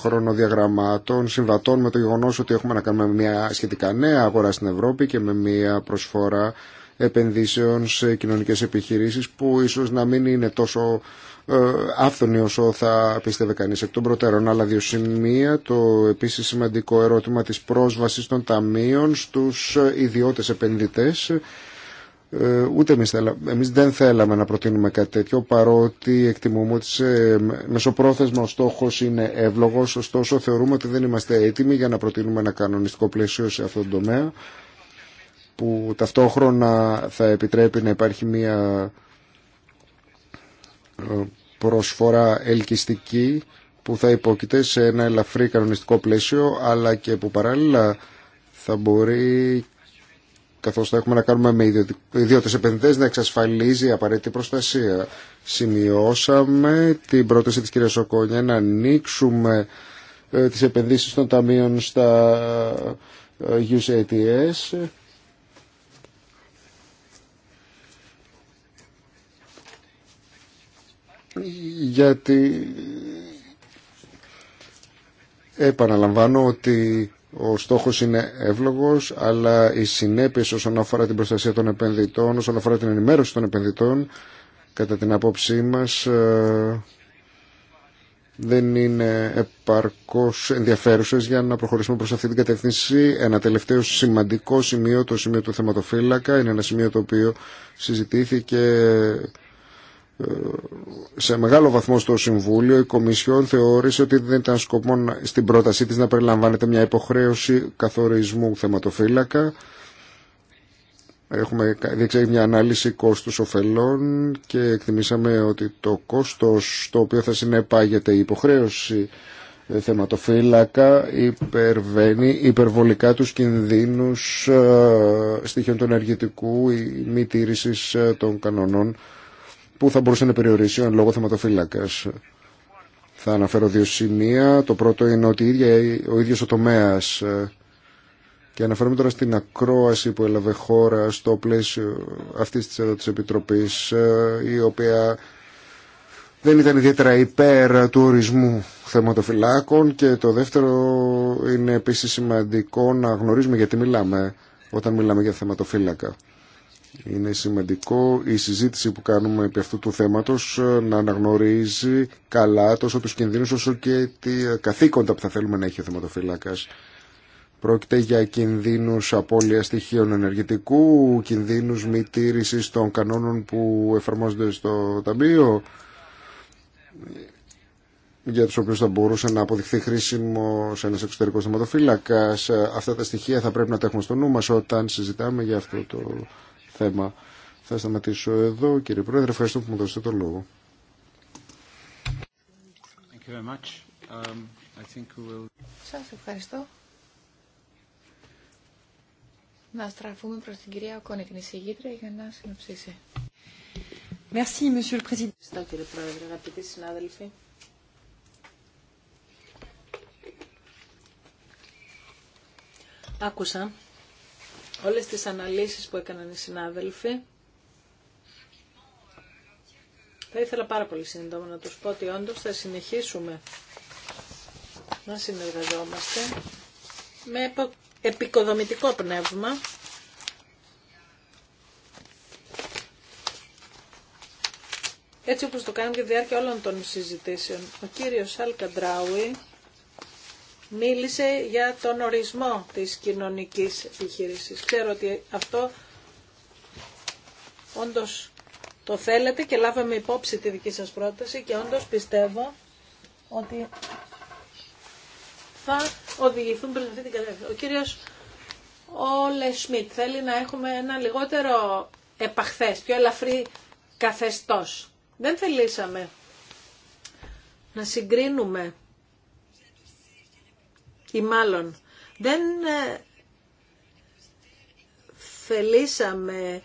χρονοδιαγραμμάτων συμβατών με το γεγονός ότι έχουμε να κάνουμε μια σχετικά νέα αγορά στην Ευρώπη και με μια προσφορά επενδύσεων σε κοινωνικές επιχειρήσεις που ίσως να μην είναι τόσο ε, άφθονη όσο θα πίστευε κανείς εκ των προτέρων. Αλλά δύο σημεία, το επίσης σημαντικό ερώτημα της πρόσβασης των ταμείων στους ε, ιδιώτες επενδυτές ε, ούτε εμείς, εμείς δεν θέλαμε να προτείνουμε κάτι τέτοιο παρότι εκτιμούμε ότι σε μεσοπρόθεσμα ο στόχος είναι εύλογος ωστόσο θεωρούμε ότι δεν είμαστε έτοιμοι για να προτείνουμε ένα κανονιστικό πλαίσιο σε αυτόν τον τομέα που ταυτόχρονα θα επιτρέπει να υπάρχει μια ε, προσφορά ελκυστική που θα υπόκειται σε ένα ελαφρύ κανονιστικό πλαίσιο αλλά και που παράλληλα θα μπορεί καθώς θα έχουμε να κάνουμε με ιδιώτες επενδυτές να εξασφαλίζει απαραίτητη προστασία. Σημειώσαμε την πρόταση της κυρίας Σοκόνια να ανοίξουμε ε, τις επενδύσεις των ταμείων στα ε, USATS. γιατί επαναλαμβάνω ότι ο στόχος είναι εύλογος, αλλά οι συνέπειες όσον αφορά την προστασία των επενδυτών, όσον αφορά την ενημέρωση των επενδυτών, κατά την απόψή μας ε, δεν είναι επαρκώς ενδιαφέρουσες για να προχωρήσουμε προς αυτή την κατεύθυνση. Ένα τελευταίο σημαντικό σημείο, το σημείο του θεματοφύλακα, είναι ένα σημείο το οποίο συζητήθηκε σε μεγάλο βαθμό στο Συμβούλιο η Κομισιόν θεώρησε ότι δεν ήταν σκοπό στην πρότασή της να περιλαμβάνεται μια υποχρέωση καθορισμού θεματοφύλακα. Έχουμε δείξει μια ανάλυση κόστους ωφελών και εκτιμήσαμε ότι το κόστος στο οποίο θα συνεπάγεται η υποχρέωση ε, θεματοφύλακα υπερβαίνει υπερβολικά τους κινδύνους ε, στοιχείων του ενεργητικού ή μη ε, των κανονών που θα μπορούσε να περιορίσει εν λόγω θεματοφύλακας. Θα αναφέρω δύο σημεία. Το πρώτο είναι ότι ίδια, ο ίδιος ο τομέας και αναφέρομαι τώρα στην ακρόαση που έλαβε χώρα στο πλαίσιο αυτής τη της Επιτροπής η οποία δεν ήταν ιδιαίτερα υπέρ του ορισμού θεματοφυλάκων και το δεύτερο είναι επίση σημαντικό να γνωρίζουμε γιατί μιλάμε όταν μιλάμε για θεματοφύλακα. Είναι σημαντικό η συζήτηση που κάνουμε επί αυτού του θέματος ε, να αναγνωρίζει καλά τόσο τους κινδύνους όσο και τα ε, καθήκοντα που θα θέλουμε να έχει ο θεματοφύλακας. Πρόκειται για κινδύνους απώλειας στοιχείων ενεργητικού, κινδύνους μη τήρησης των κανόνων που εφαρμόζονται στο Ταμείο, για τους οποίους θα μπορούσε να αποδειχθεί χρήσιμο σε ένα εξωτερικό θεματοφύλακας. Ε, αυτά τα στοιχεία θα πρέπει να τα έχουμε στο νου όταν συζητάμε για αυτό το θέμα. Θα σταματήσω εδώ κύριε Πρόεδρε. Ευχαριστώ που μου δώσετε το λόγο. Σα Um, will... ευχαριστώ. Να στραφούμε προ την κυρία Οκόνη, την εισηγήτρια, για να συνοψίσει. Merci, Monsieur le Président. Ευχαριστώ, κύριε Πρόεδρε, αγαπητοί συνάδελφοι. Άκουσα όλες τις αναλύσεις που έκαναν οι συνάδελφοι. Θα ήθελα πάρα πολύ σύντομα να τους πω ότι όντως θα συνεχίσουμε να συνεργαζόμαστε με επικοδομητικό πνεύμα έτσι όπως το κάνουμε και διάρκεια όλων των συζητήσεων. Ο κύριος Αλκαντράουι μίλησε για τον ορισμό της κοινωνικής επιχείρησης. Ξέρω ότι αυτό όντως το θέλετε και λάβαμε υπόψη τη δική σας πρόταση και όντως πιστεύω ότι θα οδηγηθούν προς αυτή την κατεύθυνση. Ο κύριος Όλε Σμιτ θέλει να έχουμε ένα λιγότερο επαχθές, πιο ελαφρύ καθεστώς. Δεν θελήσαμε να συγκρίνουμε ή μάλλον δεν ε, θελήσαμε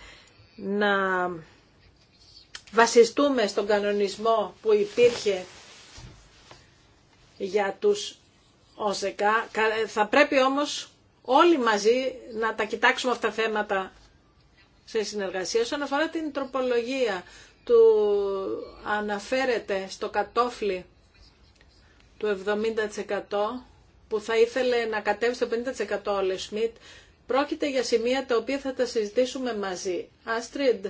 να βασιστούμε στον κανονισμό που υπήρχε για τους ΟΣΕΚΑ. Ε, θα πρέπει όμως όλοι μαζί να τα κοιτάξουμε αυτά τα θέματα σε συνεργασία. Όσον αφορά την τροπολογία του αναφέρεται στο κατόφλι του 70% που θα ήθελε να κατέβει στο 50% ο Λεσμίτ. πρόκειται για σημεία τα οποία θα τα συζητήσουμε μαζί. Άστριντ,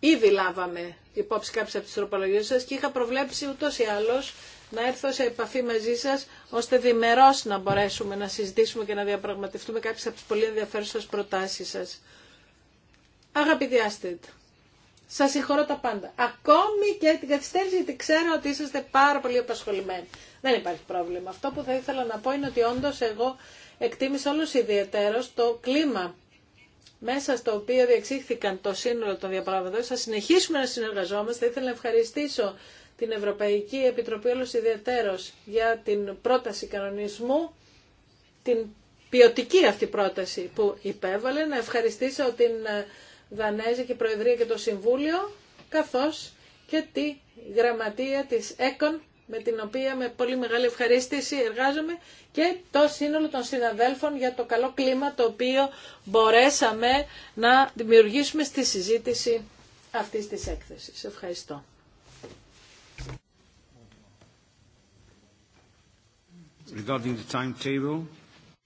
ήδη λάβαμε υπόψη κάποιες από τις τροπολογίες σας και είχα προβλέψει ούτως ή άλλως να έρθω σε επαφή μαζί σας, ώστε διμερώς να μπορέσουμε να συζητήσουμε και να διαπραγματευτούμε κάποιες από τις πολύ ενδιαφέρουσες προτάσεις σας. Αγαπητοί Άστριντ, Σα συγχωρώ τα πάντα. Ακόμη και την καθυστέρηση, γιατί ξέρω ότι είσαστε πάρα πολύ απασχολημένοι. Δεν υπάρχει πρόβλημα. Αυτό που θα ήθελα να πω είναι ότι όντω εγώ εκτίμησα όλους ιδιαίτερω το κλίμα μέσα στο οποίο διεξήχθηκαν το σύνολο των διαπραγματεύσεων. Θα συνεχίσουμε να συνεργαζόμαστε. Θα Ήθελα να ευχαριστήσω την Ευρωπαϊκή Επιτροπή όλους ιδιαίτερω για την πρόταση κανονισμού, την ποιοτική αυτή πρόταση που υπέβαλε. Να ευχαριστήσω την ε, και Προεδρία και το Συμβούλιο, καθώς και τη γραμματεία της ΕΚΟΝ, με την οποία με πολύ μεγάλη ευχαρίστηση εργάζομαι και το σύνολο των συναδέλφων για το καλό κλίμα το οποίο μπορέσαμε να δημιουργήσουμε στη συζήτηση αυτής της έκθεσης. Ευχαριστώ. Regarding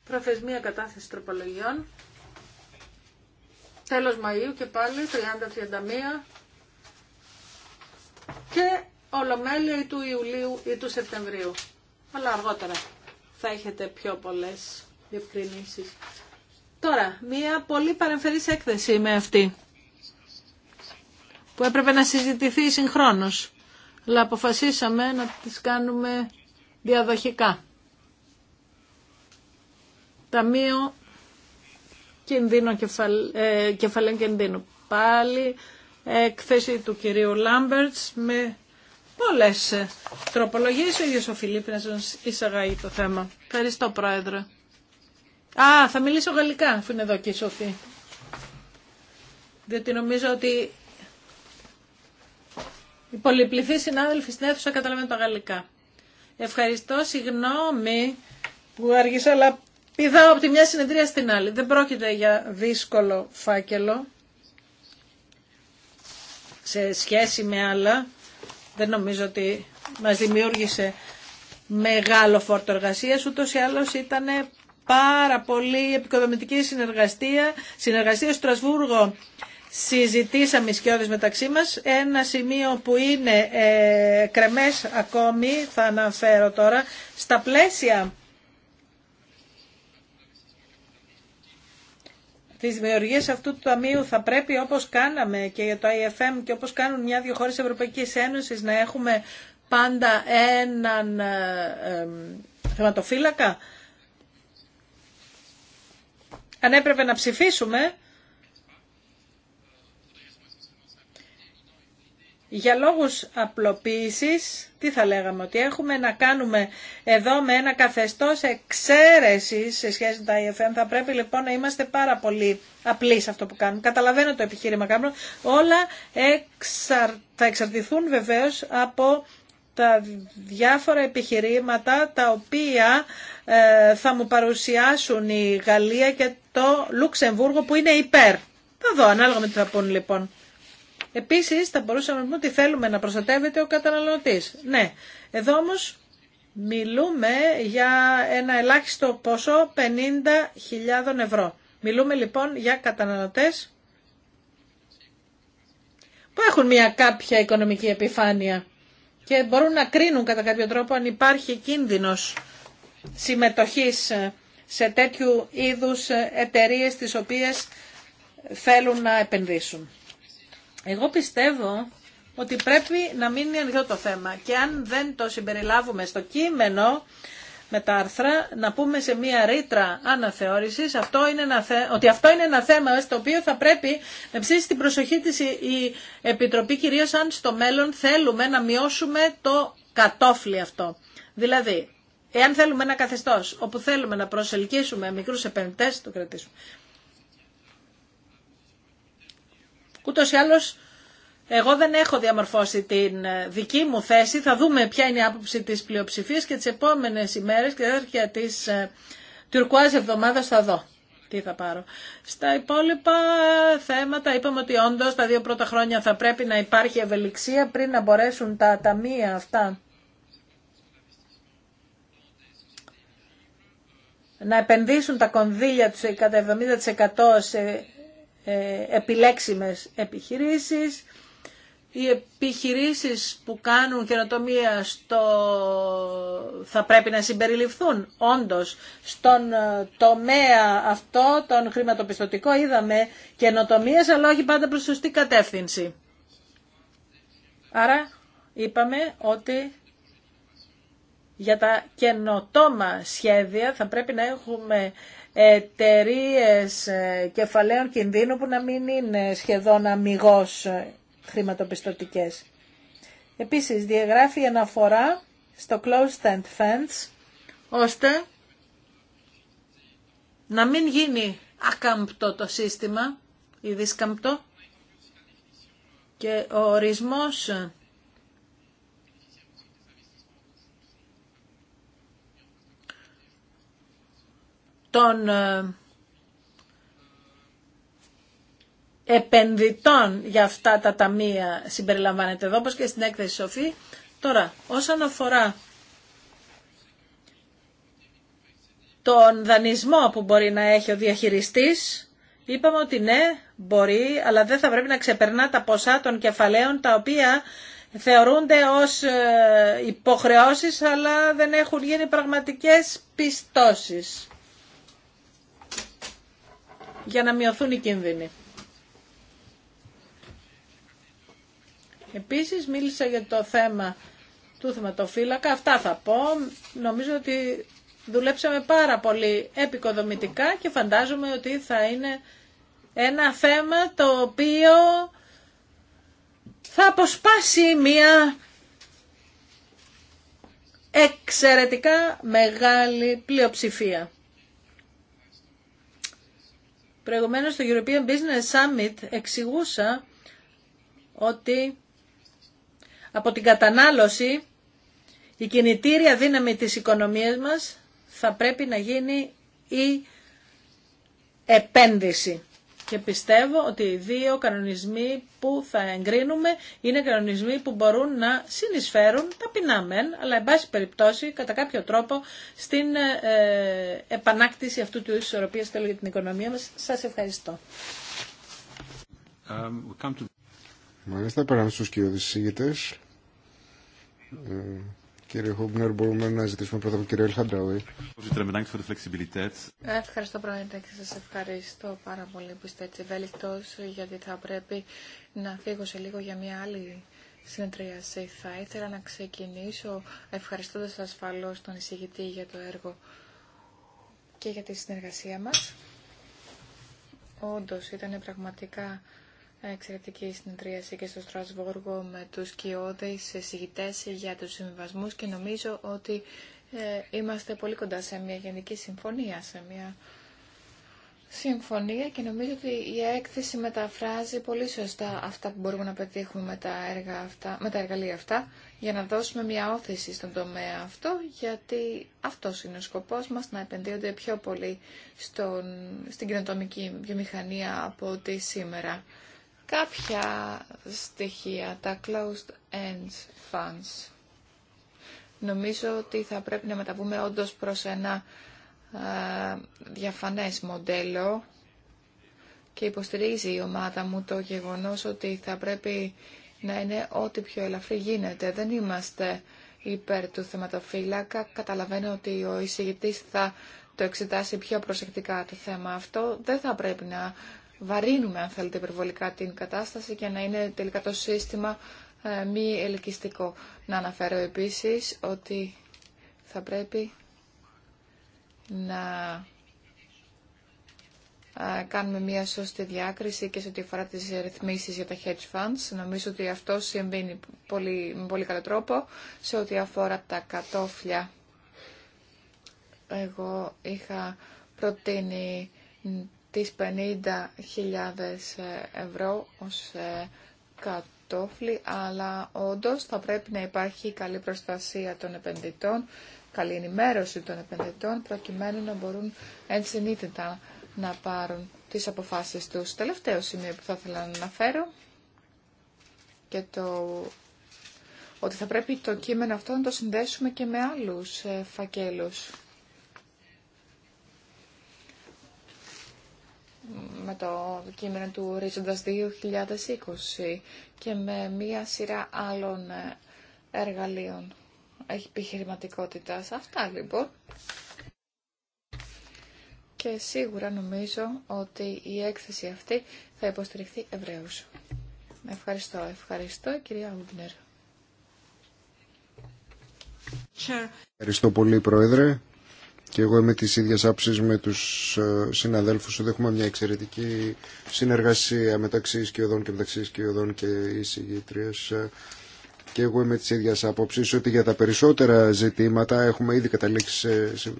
Προθεσμία κατάθεση τροπολογιών τέλος Μαΐου και πάλι 30-31 και ολομέλεια ή του Ιουλίου ή του Σεπτεμβρίου. Αλλά αργότερα θα έχετε πιο πολλές διευκρινήσεις. Τώρα, μία πολύ παρεμφερής έκθεση με αυτή που έπρεπε να συζητηθεί συγχρόνως. Αλλά αποφασίσαμε να τις κάνουμε διαδοχικά. Ταμείο κινδύνων ε, κεφαλαίων κινδύνου. Πάλι έκθεση του κυρίου Λάμπερτς με πολλές τροπολογίες. Ο ίδιος ο Φιλίπ να το θέμα. Ευχαριστώ πρόεδρε. Α, θα μιλήσω γαλλικά αφού είναι εδώ και η Σοφή. Διότι νομίζω ότι οι πολυπληθοί συνάδελφοι στην αίθουσα καταλαβαίνουν τα γαλλικά. Ευχαριστώ, συγγνώμη που άργησα, αλλά πηδάω από τη μια συνεδρία στην άλλη. Δεν πρόκειται για δύσκολο φάκελο σε σχέση με άλλα. Δεν νομίζω ότι μας δημιούργησε μεγάλο φόρτο εργασίας, ούτως ή άλλως ήταν πάρα πολύ επικοδομητική συνεργασία. Συνεργασία στο Στρασβούργο συζητήσαμε οι μεταξύ μας. Ένα σημείο που είναι ε, κρεμές ακόμη, θα αναφέρω τώρα, στα πλαίσια τις δημιουργίε αυτού του ταμείου θα πρέπει όπως κάναμε και για το IFM και όπως κάνουν μια-δυο χώρες Ευρωπαϊκής Ένωσης να έχουμε πάντα έναν ε, θεματοφύλακα. Αν έπρεπε να ψηφίσουμε Για λόγους απλοποίησης, τι θα λέγαμε, ότι έχουμε να κάνουμε εδώ με ένα καθεστώς εξαίρεση σε σχέση με τα IFM. Θα πρέπει λοιπόν να είμαστε πάρα πολύ απλοί σε αυτό που κάνουμε. Καταλαβαίνω το επιχείρημα κάνουμε. Όλα εξαρ... θα εξαρτηθούν βεβαίως από τα διάφορα επιχειρήματα τα οποία ε, θα μου παρουσιάσουν η Γαλλία και το Λουξεμβούργο που είναι υπέρ. Θα δω ανάλογα με τι θα πούν λοιπόν. Επίσης θα μπορούσαμε να πούμε ότι θέλουμε να προστατεύεται ο καταναλωτής. Ναι, εδώ όμω μιλούμε για ένα ελάχιστο ποσό 50.000 ευρώ. Μιλούμε λοιπόν για καταναλωτές που έχουν μια κάποια οικονομική επιφάνεια και μπορούν να κρίνουν κατά κάποιο τρόπο αν υπάρχει κίνδυνος συμμετοχής σε τέτοιου είδους εταιρείες τις οποίες θέλουν να επενδύσουν. Εγώ πιστεύω ότι πρέπει να μείνει ανοιχτό το θέμα και αν δεν το συμπεριλάβουμε στο κείμενο με τα άρθρα, να πούμε σε μία ρήτρα αναθεώρησης αυτό είναι ότι αυτό είναι ένα θέμα στο οποίο θα πρέπει να ψήσει την προσοχή της η Επιτροπή κυρίως αν στο μέλλον θέλουμε να μειώσουμε το κατόφλι αυτό. Δηλαδή, εάν θέλουμε ένα καθεστώς όπου θέλουμε να προσελκύσουμε μικρούς επενδυτές, το κρατήσουμε. Ούτω ή άλλω, εγώ δεν έχω διαμορφώσει την ε, δική μου θέση. Θα δούμε ποια είναι η άποψη της πλειοψηφία και τις επόμενες ημέρες και διάρκεια της ε, τουρκουάζ εβδομάδας θα δω τι θα πάρω. Στα υπόλοιπα ε, θέματα είπαμε ότι όντω τα δύο πρώτα χρόνια θα πρέπει να υπάρχει ευελιξία πριν να μπορέσουν τα ταμεία αυτά να επενδύσουν τα κονδύλια τους κατά 70% σε ε, επιλέξιμες επιχειρήσεις. Οι επιχειρήσεις που κάνουν καινοτομία στο... θα πρέπει να συμπεριληφθούν όντως στον ε, τομέα αυτό, τον χρηματοπιστωτικό είδαμε καινοτομίε, αλλά όχι πάντα προς σωστή κατεύθυνση. Άρα είπαμε ότι για τα καινοτόμα σχέδια θα πρέπει να έχουμε εταιρείε ε, κεφαλαίων κινδύνου που να μην είναι σχεδόν αμυγός ε, χρηματοπιστωτικές. Επίσης, διαγράφει αναφορά στο closed end fence, ώστε να μην γίνει ακαμπτό το σύστημα ή δισκαμπτό και ο ορισμός των ε, επενδυτών για αυτά τα ταμεία συμπεριλαμβάνεται εδώ, όπως και στην έκθεση Σοφή. Τώρα, όσον αφορά τον δανεισμό που μπορεί να έχει ο διαχειριστής, είπαμε ότι ναι, μπορεί, αλλά δεν θα πρέπει να ξεπερνά τα ποσά των κεφαλαίων τα οποία θεωρούνται ως ε, υποχρεώσεις αλλά δεν έχουν γίνει πραγματικές πιστώσεις για να μειωθούν οι κίνδυνοι. Επίσης μίλησα για το θέμα του θεματοφύλακα. Αυτά θα πω. Νομίζω ότι δουλέψαμε πάρα πολύ επικοδομητικά και φαντάζομαι ότι θα είναι ένα θέμα το οποίο θα αποσπάσει μία εξαιρετικά μεγάλη πλειοψηφία. Προηγουμένως στο European Business Summit εξηγούσα ότι από την κατανάλωση η κινητήρια δύναμη της οικονομίας μας θα πρέπει να γίνει η επένδυση. Και πιστεύω ότι οι δύο κανονισμοί που θα εγκρίνουμε είναι κανονισμοί που μπορούν να συνεισφέρουν ταπεινά μεν, αλλά εν πάση περιπτώσει κατά κάποιο τρόπο στην ε, επανάκτηση αυτού του ισορροπίας θέλω για την οικονομία μας. Σας ευχαριστώ. Um, to... Μάλιστα, περάμε στους Κύριε Χούμπνερ, μπορούμε να ζητήσουμε πρώτα από τον κύριο Ελχαντράουι. Ευχαριστώ, Πρόεδρε, και σα ευχαριστώ πάρα πολύ που είστε έτσι ευέλικτο, γιατί θα πρέπει να φύγω σε λίγο για μια άλλη συνεδρίαση. Θα ήθελα να ξεκινήσω ευχαριστώντα ασφαλώ τον εισηγητή για το έργο και για τη συνεργασία μα. Όντω, ήταν πραγματικά εξαιρετική συνεδρίαση και στο Στρασβόργο με τους κοιόδες εισηγητές για τους συμβιβασμούς και νομίζω ότι ε, είμαστε πολύ κοντά σε μια γενική συμφωνία, σε μια συμφωνία και νομίζω ότι η έκθεση μεταφράζει πολύ σωστά αυτά που μπορούμε να πετύχουμε με τα, έργα αυτά, με τα εργαλεία αυτά για να δώσουμε μια όθηση στον τομέα αυτό γιατί αυτός είναι ο σκοπός μας να επενδύονται πιο πολύ στον, στην κοινοτομική βιομηχανία από ότι σήμερα κάποια στοιχεία, τα closed ends funds. Νομίζω ότι θα πρέπει να μεταβούμε όντως προς ένα ε, διαφανές μοντέλο και υποστηρίζει η ομάδα μου το γεγονός ότι θα πρέπει να είναι ό,τι πιο ελαφρύ γίνεται. Δεν είμαστε υπέρ του θεματοφύλακα. Καταλαβαίνω ότι ο εισηγητής θα το εξετάσει πιο προσεκτικά το θέμα αυτό. Δεν θα πρέπει να βαρύνουμε, αν θέλετε, υπερβολικά την κατάσταση και να είναι τελικά το σύστημα ε, μη ελκυστικό. Να αναφέρω επίσης ότι θα πρέπει να ε, κάνουμε μια σωστή διάκριση και σε ό,τι αφορά τις ρυθμίσεις για τα hedge funds. Νομίζω ότι αυτό συμβαίνει πολύ, με πολύ καλό τρόπο σε ό,τι αφορά τα κατόφλια. Εγώ είχα προτείνει τις 50.000 ε, ευρώ ως ε, κατόφλι, αλλά όντως θα πρέπει να υπάρχει καλή προστασία των επενδυτών, καλή ενημέρωση των επενδυτών, προκειμένου να μπορούν ενσυνείδητα να πάρουν τις αποφάσεις τους. Τελευταίο σημείο που θα ήθελα να αναφέρω και το ότι θα πρέπει το κείμενο αυτό να το συνδέσουμε και με άλλους ε, φακέλους. με το κείμενο του Ρίζοντα 2020 και με μία σειρά άλλων ε, εργαλείων επιχειρηματικότητα. Αυτά λοιπόν. Και σίγουρα νομίζω ότι η έκθεση αυτή θα υποστηριχθεί ευρέως. Ευχαριστώ. Ευχαριστώ κυρία Ούμπνερ. Ευχαριστώ πολύ Πρόεδρε. Και εγώ είμαι τη ίδια άψη με του ε, συναδέλφου ότι έχουμε μια εξαιρετική συνεργασία μεταξύ σκιωδών και μεταξύ σκιωδών και εισηγήτρια. Ε, και εγώ είμαι τη ίδια άποψη ότι για τα περισσότερα ζητήματα έχουμε ήδη καταλήξει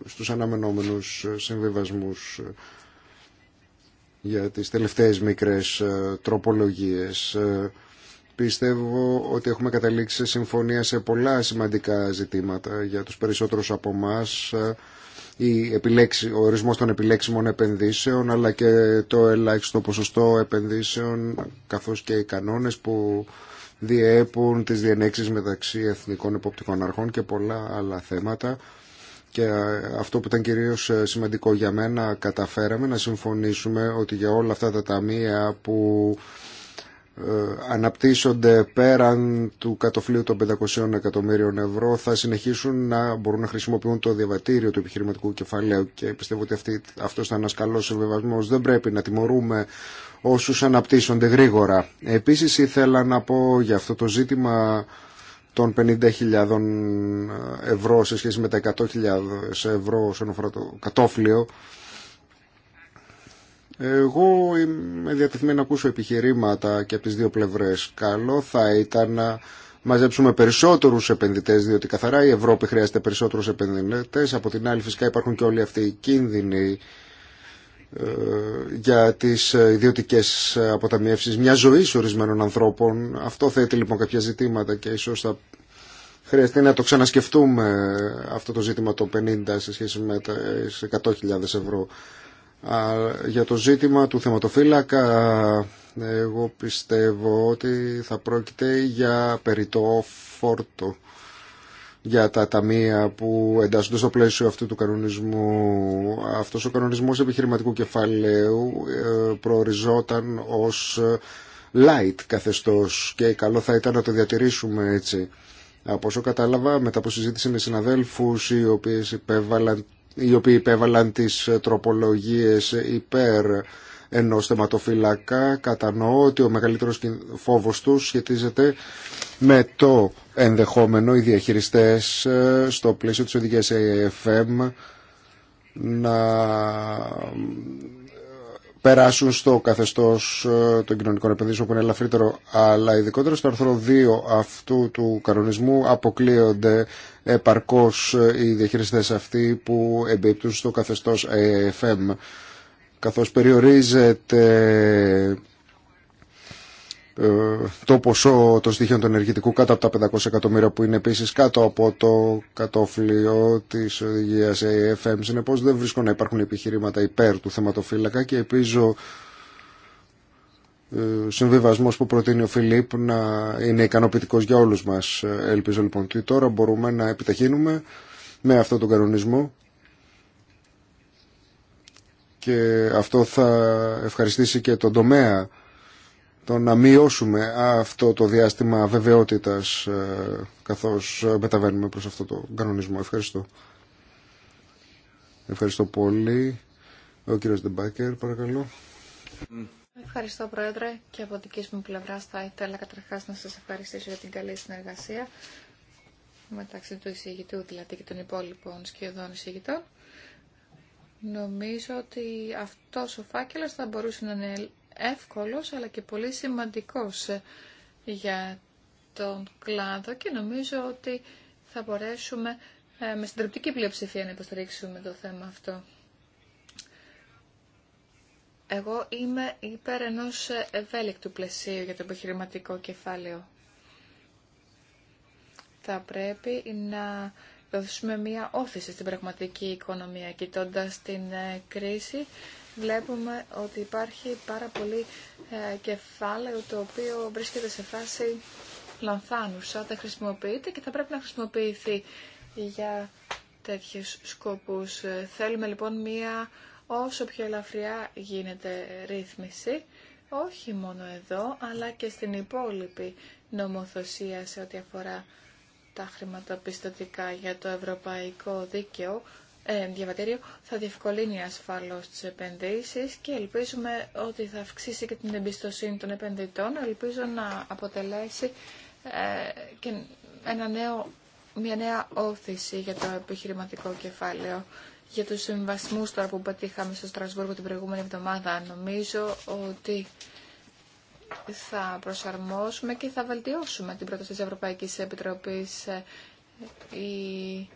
στου αναμενόμενου ε, συμβιβασμού για τι τελευταίε μικρές τροπολογίε. Πιστεύω ότι έχουμε καταλήξει σε συμφωνία σε πολλά σημαντικά ζητήματα για τους περισσότερους από εμά η επιλέξη, ο ορισμός των επιλέξιμων επενδύσεων αλλά και το ελάχιστο ποσοστό επενδύσεων καθώς και οι κανόνες που διέπουν τις διενέξεις μεταξύ εθνικών υποπτικών αρχών και πολλά άλλα θέματα και αυτό που ήταν κυρίως ε, σημαντικό για μένα καταφέραμε να συμφωνήσουμε ότι για όλα αυτά τα ταμεία που ε, αναπτύσσονται πέραν του κατοφλίου των 500 εκατομμύριων ευρώ θα συνεχίσουν να μπορούν να χρησιμοποιούν το διαβατήριο του επιχειρηματικού κεφαλαίου και πιστεύω ότι αυτή, αυτός θα είναι ένας καλός Δεν πρέπει να τιμωρούμε όσους αναπτύσσονται γρήγορα. Επίσης ήθελα να πω για αυτό το ζήτημα των 50.000 ευρώ σε σχέση με τα 100.000 ευρώ όσον αφορά το κατόφλιο εγώ είμαι διατεθειμένη να ακούσω επιχειρήματα και από τις δύο πλευρές. Καλό θα ήταν να μαζέψουμε περισσότερους επενδυτές, διότι καθαρά η Ευρώπη χρειάζεται περισσότερους επενδυτές. Από την άλλη φυσικά υπάρχουν και όλοι αυτοί οι κίνδυνοι ε, για τις ιδιωτικέ αποταμιεύσεις μια ζωή ορισμένων ανθρώπων. Αυτό θέτει λοιπόν κάποια ζητήματα και ίσως θα χρειαστεί να το ξανασκεφτούμε αυτό το ζήτημα το 50 σε σχέση με τα 100.000 ε, ευρώ για το ζήτημα του θεματοφύλακα ε, εγώ πιστεύω ότι θα πρόκειται για περιττό φόρτο για τα ταμεία που εντάσσονται στο πλαίσιο αυτού του κανονισμού. Αυτός ο κανονισμός επιχειρηματικού κεφαλαίου ε, προοριζόταν ως light καθεστώς και καλό θα ήταν να το διατηρήσουμε έτσι. Από όσο κατάλαβα, μετά από συζήτηση με συναδέλφους οι οποίες υπέβαλαν οι οποίοι υπέβαλαν τις ε, τροπολογίες υπέρ ενό θεματοφύλακα. Κατανοώ ότι ο μεγαλύτερος φόβος τους σχετίζεται με το ενδεχόμενο οι διαχειριστές ε, στο πλαίσιο της οδηγίας AFM να περάσουν στο καθεστώς ε, των κοινωνικών επενδύσεων που είναι ελαφρύτερο αλλά ειδικότερα στο άρθρο 2 αυτού του κανονισμού αποκλείονται επαρκώς ε, οι διαχειριστές αυτοί που εμπίπτουν στο καθεστώς FM ε καθώς περιορίζεται ε, το ποσό των στοιχείων του ενεργητικού κάτω από τα 500 εκατομμύρια που είναι επίσης κάτω από το κατόφλιο της οδηγίας AFM. Συνεπώς δεν βρίσκω να υπάρχουν επιχειρήματα υπέρ του θεματοφύλακα και επίζω. Ε, συμβιβασμό που προτείνει ο Φιλίπ να είναι ικανοποιητικό για όλους μας. Ε, ελπίζω λοιπόν ότι τώρα μπορούμε να επιταχύνουμε με αυτόν τον κανονισμό και αυτό θα ευχαριστήσει και τον τομέα το να μειώσουμε αυτό το διάστημα βεβαιότητας ε, καθώς μεταβαίνουμε προς αυτό το κανονισμό. Ευχαριστώ. Ευχαριστώ πολύ. Ο κύριος Ντεμπάκερ, παρακαλώ. Ευχαριστώ, Πρόεδρε, και από δική μου πλευρά θα ήθελα καταρχά να σα ευχαριστήσω για την καλή συνεργασία μεταξύ του εισηγητού δηλαδή και των υπόλοιπων σχεδόν εισηγητών. Νομίζω ότι αυτός ο φάκελος θα μπορούσε να είναι εύκολος αλλά και πολύ σημαντικός για τον κλάδο και νομίζω ότι θα μπορέσουμε ε, με συντριπτική πλειοψηφία να υποστηρίξουμε το θέμα αυτό. Εγώ είμαι υπέρ ενό ευέλικτου πλαισίου για το επιχειρηματικό κεφάλαιο. Θα πρέπει να δώσουμε μία όθηση στην πραγματική οικονομία. Κοιτώντας την ε, κρίση, βλέπουμε ότι υπάρχει πάρα πολύ ε, κεφάλαιο το οποίο βρίσκεται σε φάση λανθάνουσα, δεν χρησιμοποιείται και θα πρέπει να χρησιμοποιηθεί για τέτοιους σκοπούς. Ε, θέλουμε λοιπόν μία όσο πιο ελαφριά γίνεται ρύθμιση, όχι μόνο εδώ, αλλά και στην υπόλοιπη νομοθεσία σε ό,τι αφορά τα χρηματοπιστωτικά για το ευρωπαϊκό δίκαιο, ε, διαβατήριο, θα διευκολύνει ασφαλώς τις επενδύσεις και ελπίζουμε ότι θα αυξήσει και την εμπιστοσύνη των επενδυτών. Ελπίζω να αποτελέσει ε, και ένα νέο, μια νέα όθηση για το επιχειρηματικό κεφάλαιο για τους συμβασμούς τώρα που πετύχαμε στο Στρασβούργο την προηγούμενη εβδομάδα. Νομίζω ότι θα προσαρμόσουμε και θα βελτιώσουμε την πρόταση της Ευρωπαϊκής Επιτροπής. Οι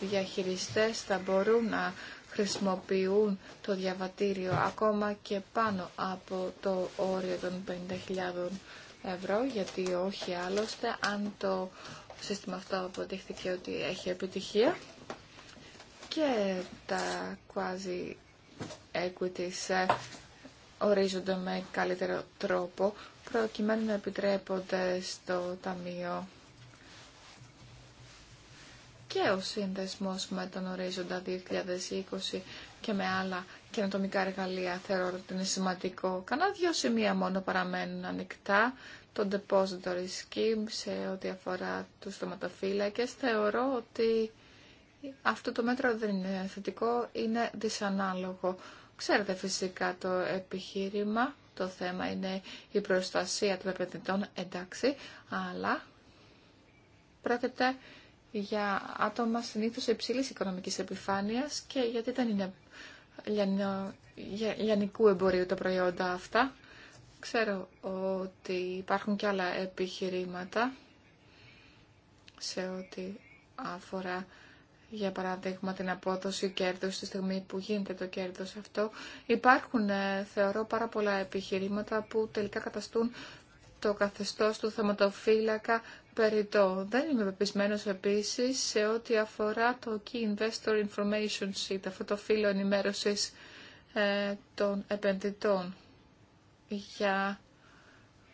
διαχειριστές θα μπορούν να χρησιμοποιούν το διαβατήριο ακόμα και πάνω από το όριο των 50.000 ευρώ, γιατί όχι άλλωστε, αν το σύστημα αυτό αποδείχθηκε ότι έχει επιτυχία και τα quasi equities ε, ορίζονται με καλύτερο τρόπο προκειμένου να επιτρέπονται στο Ταμείο και ο σύνδεσμος με τον ορίζοντα 2020 και με άλλα καινοτομικά εργαλεία θεωρώ ότι είναι σημαντικό. Κανά δύο σημεία μόνο παραμένουν ανοιχτά. Το depository scheme σε ό,τι αφορά τους στοματοφύλακες θεωρώ ότι αυτό το μέτρο δεν είναι θετικό, είναι δυσανάλογο. Ξέρετε φυσικά το επιχείρημα, το θέμα είναι η προστασία των επενδυτών, εντάξει, αλλά πρόκειται για άτομα συνήθως υψηλής οικονομικής επιφάνειας και γιατί δεν είναι λιανικού εμπορίου τα προϊόντα αυτά. Ξέρω ότι υπάρχουν και άλλα επιχειρήματα σε ό,τι αφορά για παράδειγμα την απόδοση κέρδους στη στιγμή που γίνεται το κέρδος αυτό. Υπάρχουν, ε, θεωρώ, πάρα πολλά επιχειρήματα που τελικά καταστούν το καθεστώς του θεματοφύλακα περιττό. Δεν είμαι πεπισμένος επίσης σε ό,τι αφορά το Key Investor Information Sheet, αυτό το φύλλο ενημέρωσης ε, των επενδυτών για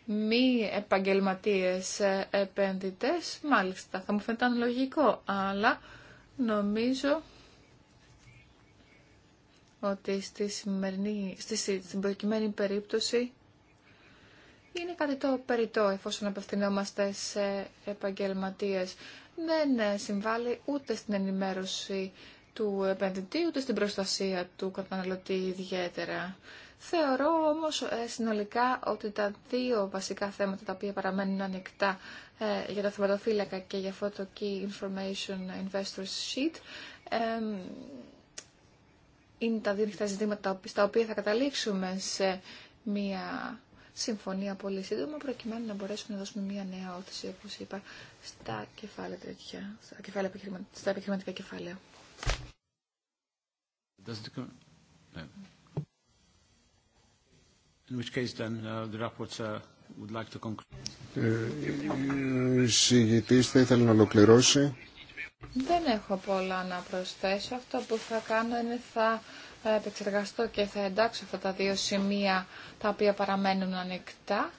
μη επαγγελματίες ε, επενδυτές, μάλιστα θα μου φαίνεται λογικό, αλλά Νομίζω ότι στη σημερινή, στη, στην προκειμένη περίπτωση είναι κάτι το περιττό εφόσον απευθυνόμαστε σε επαγγελματίες. Δεν συμβάλλει ούτε στην ενημέρωση του επενδυτή, ούτε στην προστασία του καταναλωτή ιδιαίτερα. Θεωρώ όμως ε, συνολικά ότι τα δύο βασικά θέματα τα οποία παραμένουν ανοιχτά ε, για τα θεματοφύλακα και για το Key Information Investors Sheet είναι τα δύο νυχτά ζητήματα στα οποία θα καταλήξουμε σε μια συμφωνία πολύ σύντομα προκειμένου να μπορέσουμε να δώσουμε μια νέα όθηση, όπως είπα, στα, κεφάλαια, στα, κεφάλαια, στα επιχειρηματικά κεφάλαια. In which case then uh, the rapporteur would like to conclude. Ε, Δεν έχω πολλά να προσθέσω. Αυτό που θα κάνω είναι θα επεξεργαστώ και θα εντάξω αυτά τα δύο σημεία τα οποία παραμένουν ανοιχτά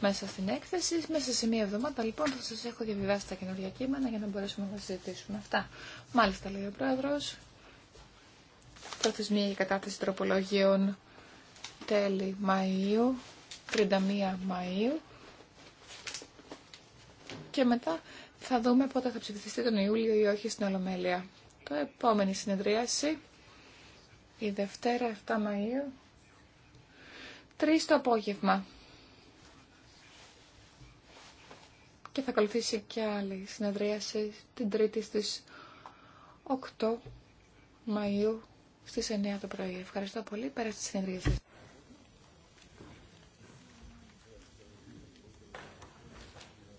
μέσα στην έκθεση. Μέσα σε μία εβδομάδα λοιπόν θα σας έχω διαβιβάσει τα καινούργια κείμενα για να μπορέσουμε να συζητήσουμε αυτά. Μάλιστα λέει ο Πρόεδρος. Προθεσμία για κατάθεση τροπολογίων τέλη Μαΐου, 31 Μαΐου και μετά θα δούμε πότε θα ψηφιστεί τον Ιούλιο ή όχι στην Ολομέλεια. Το επόμενη συνεδρίαση, η Δευτέρα 7 Μαΐου, 3 το απόγευμα. Και θα ακολουθήσει και άλλη συνεδρίαση την Τρίτη στις 8 Μαΐου στις 9 το πρωί. Ευχαριστώ πολύ. Πέρα στη συνεδρίαση.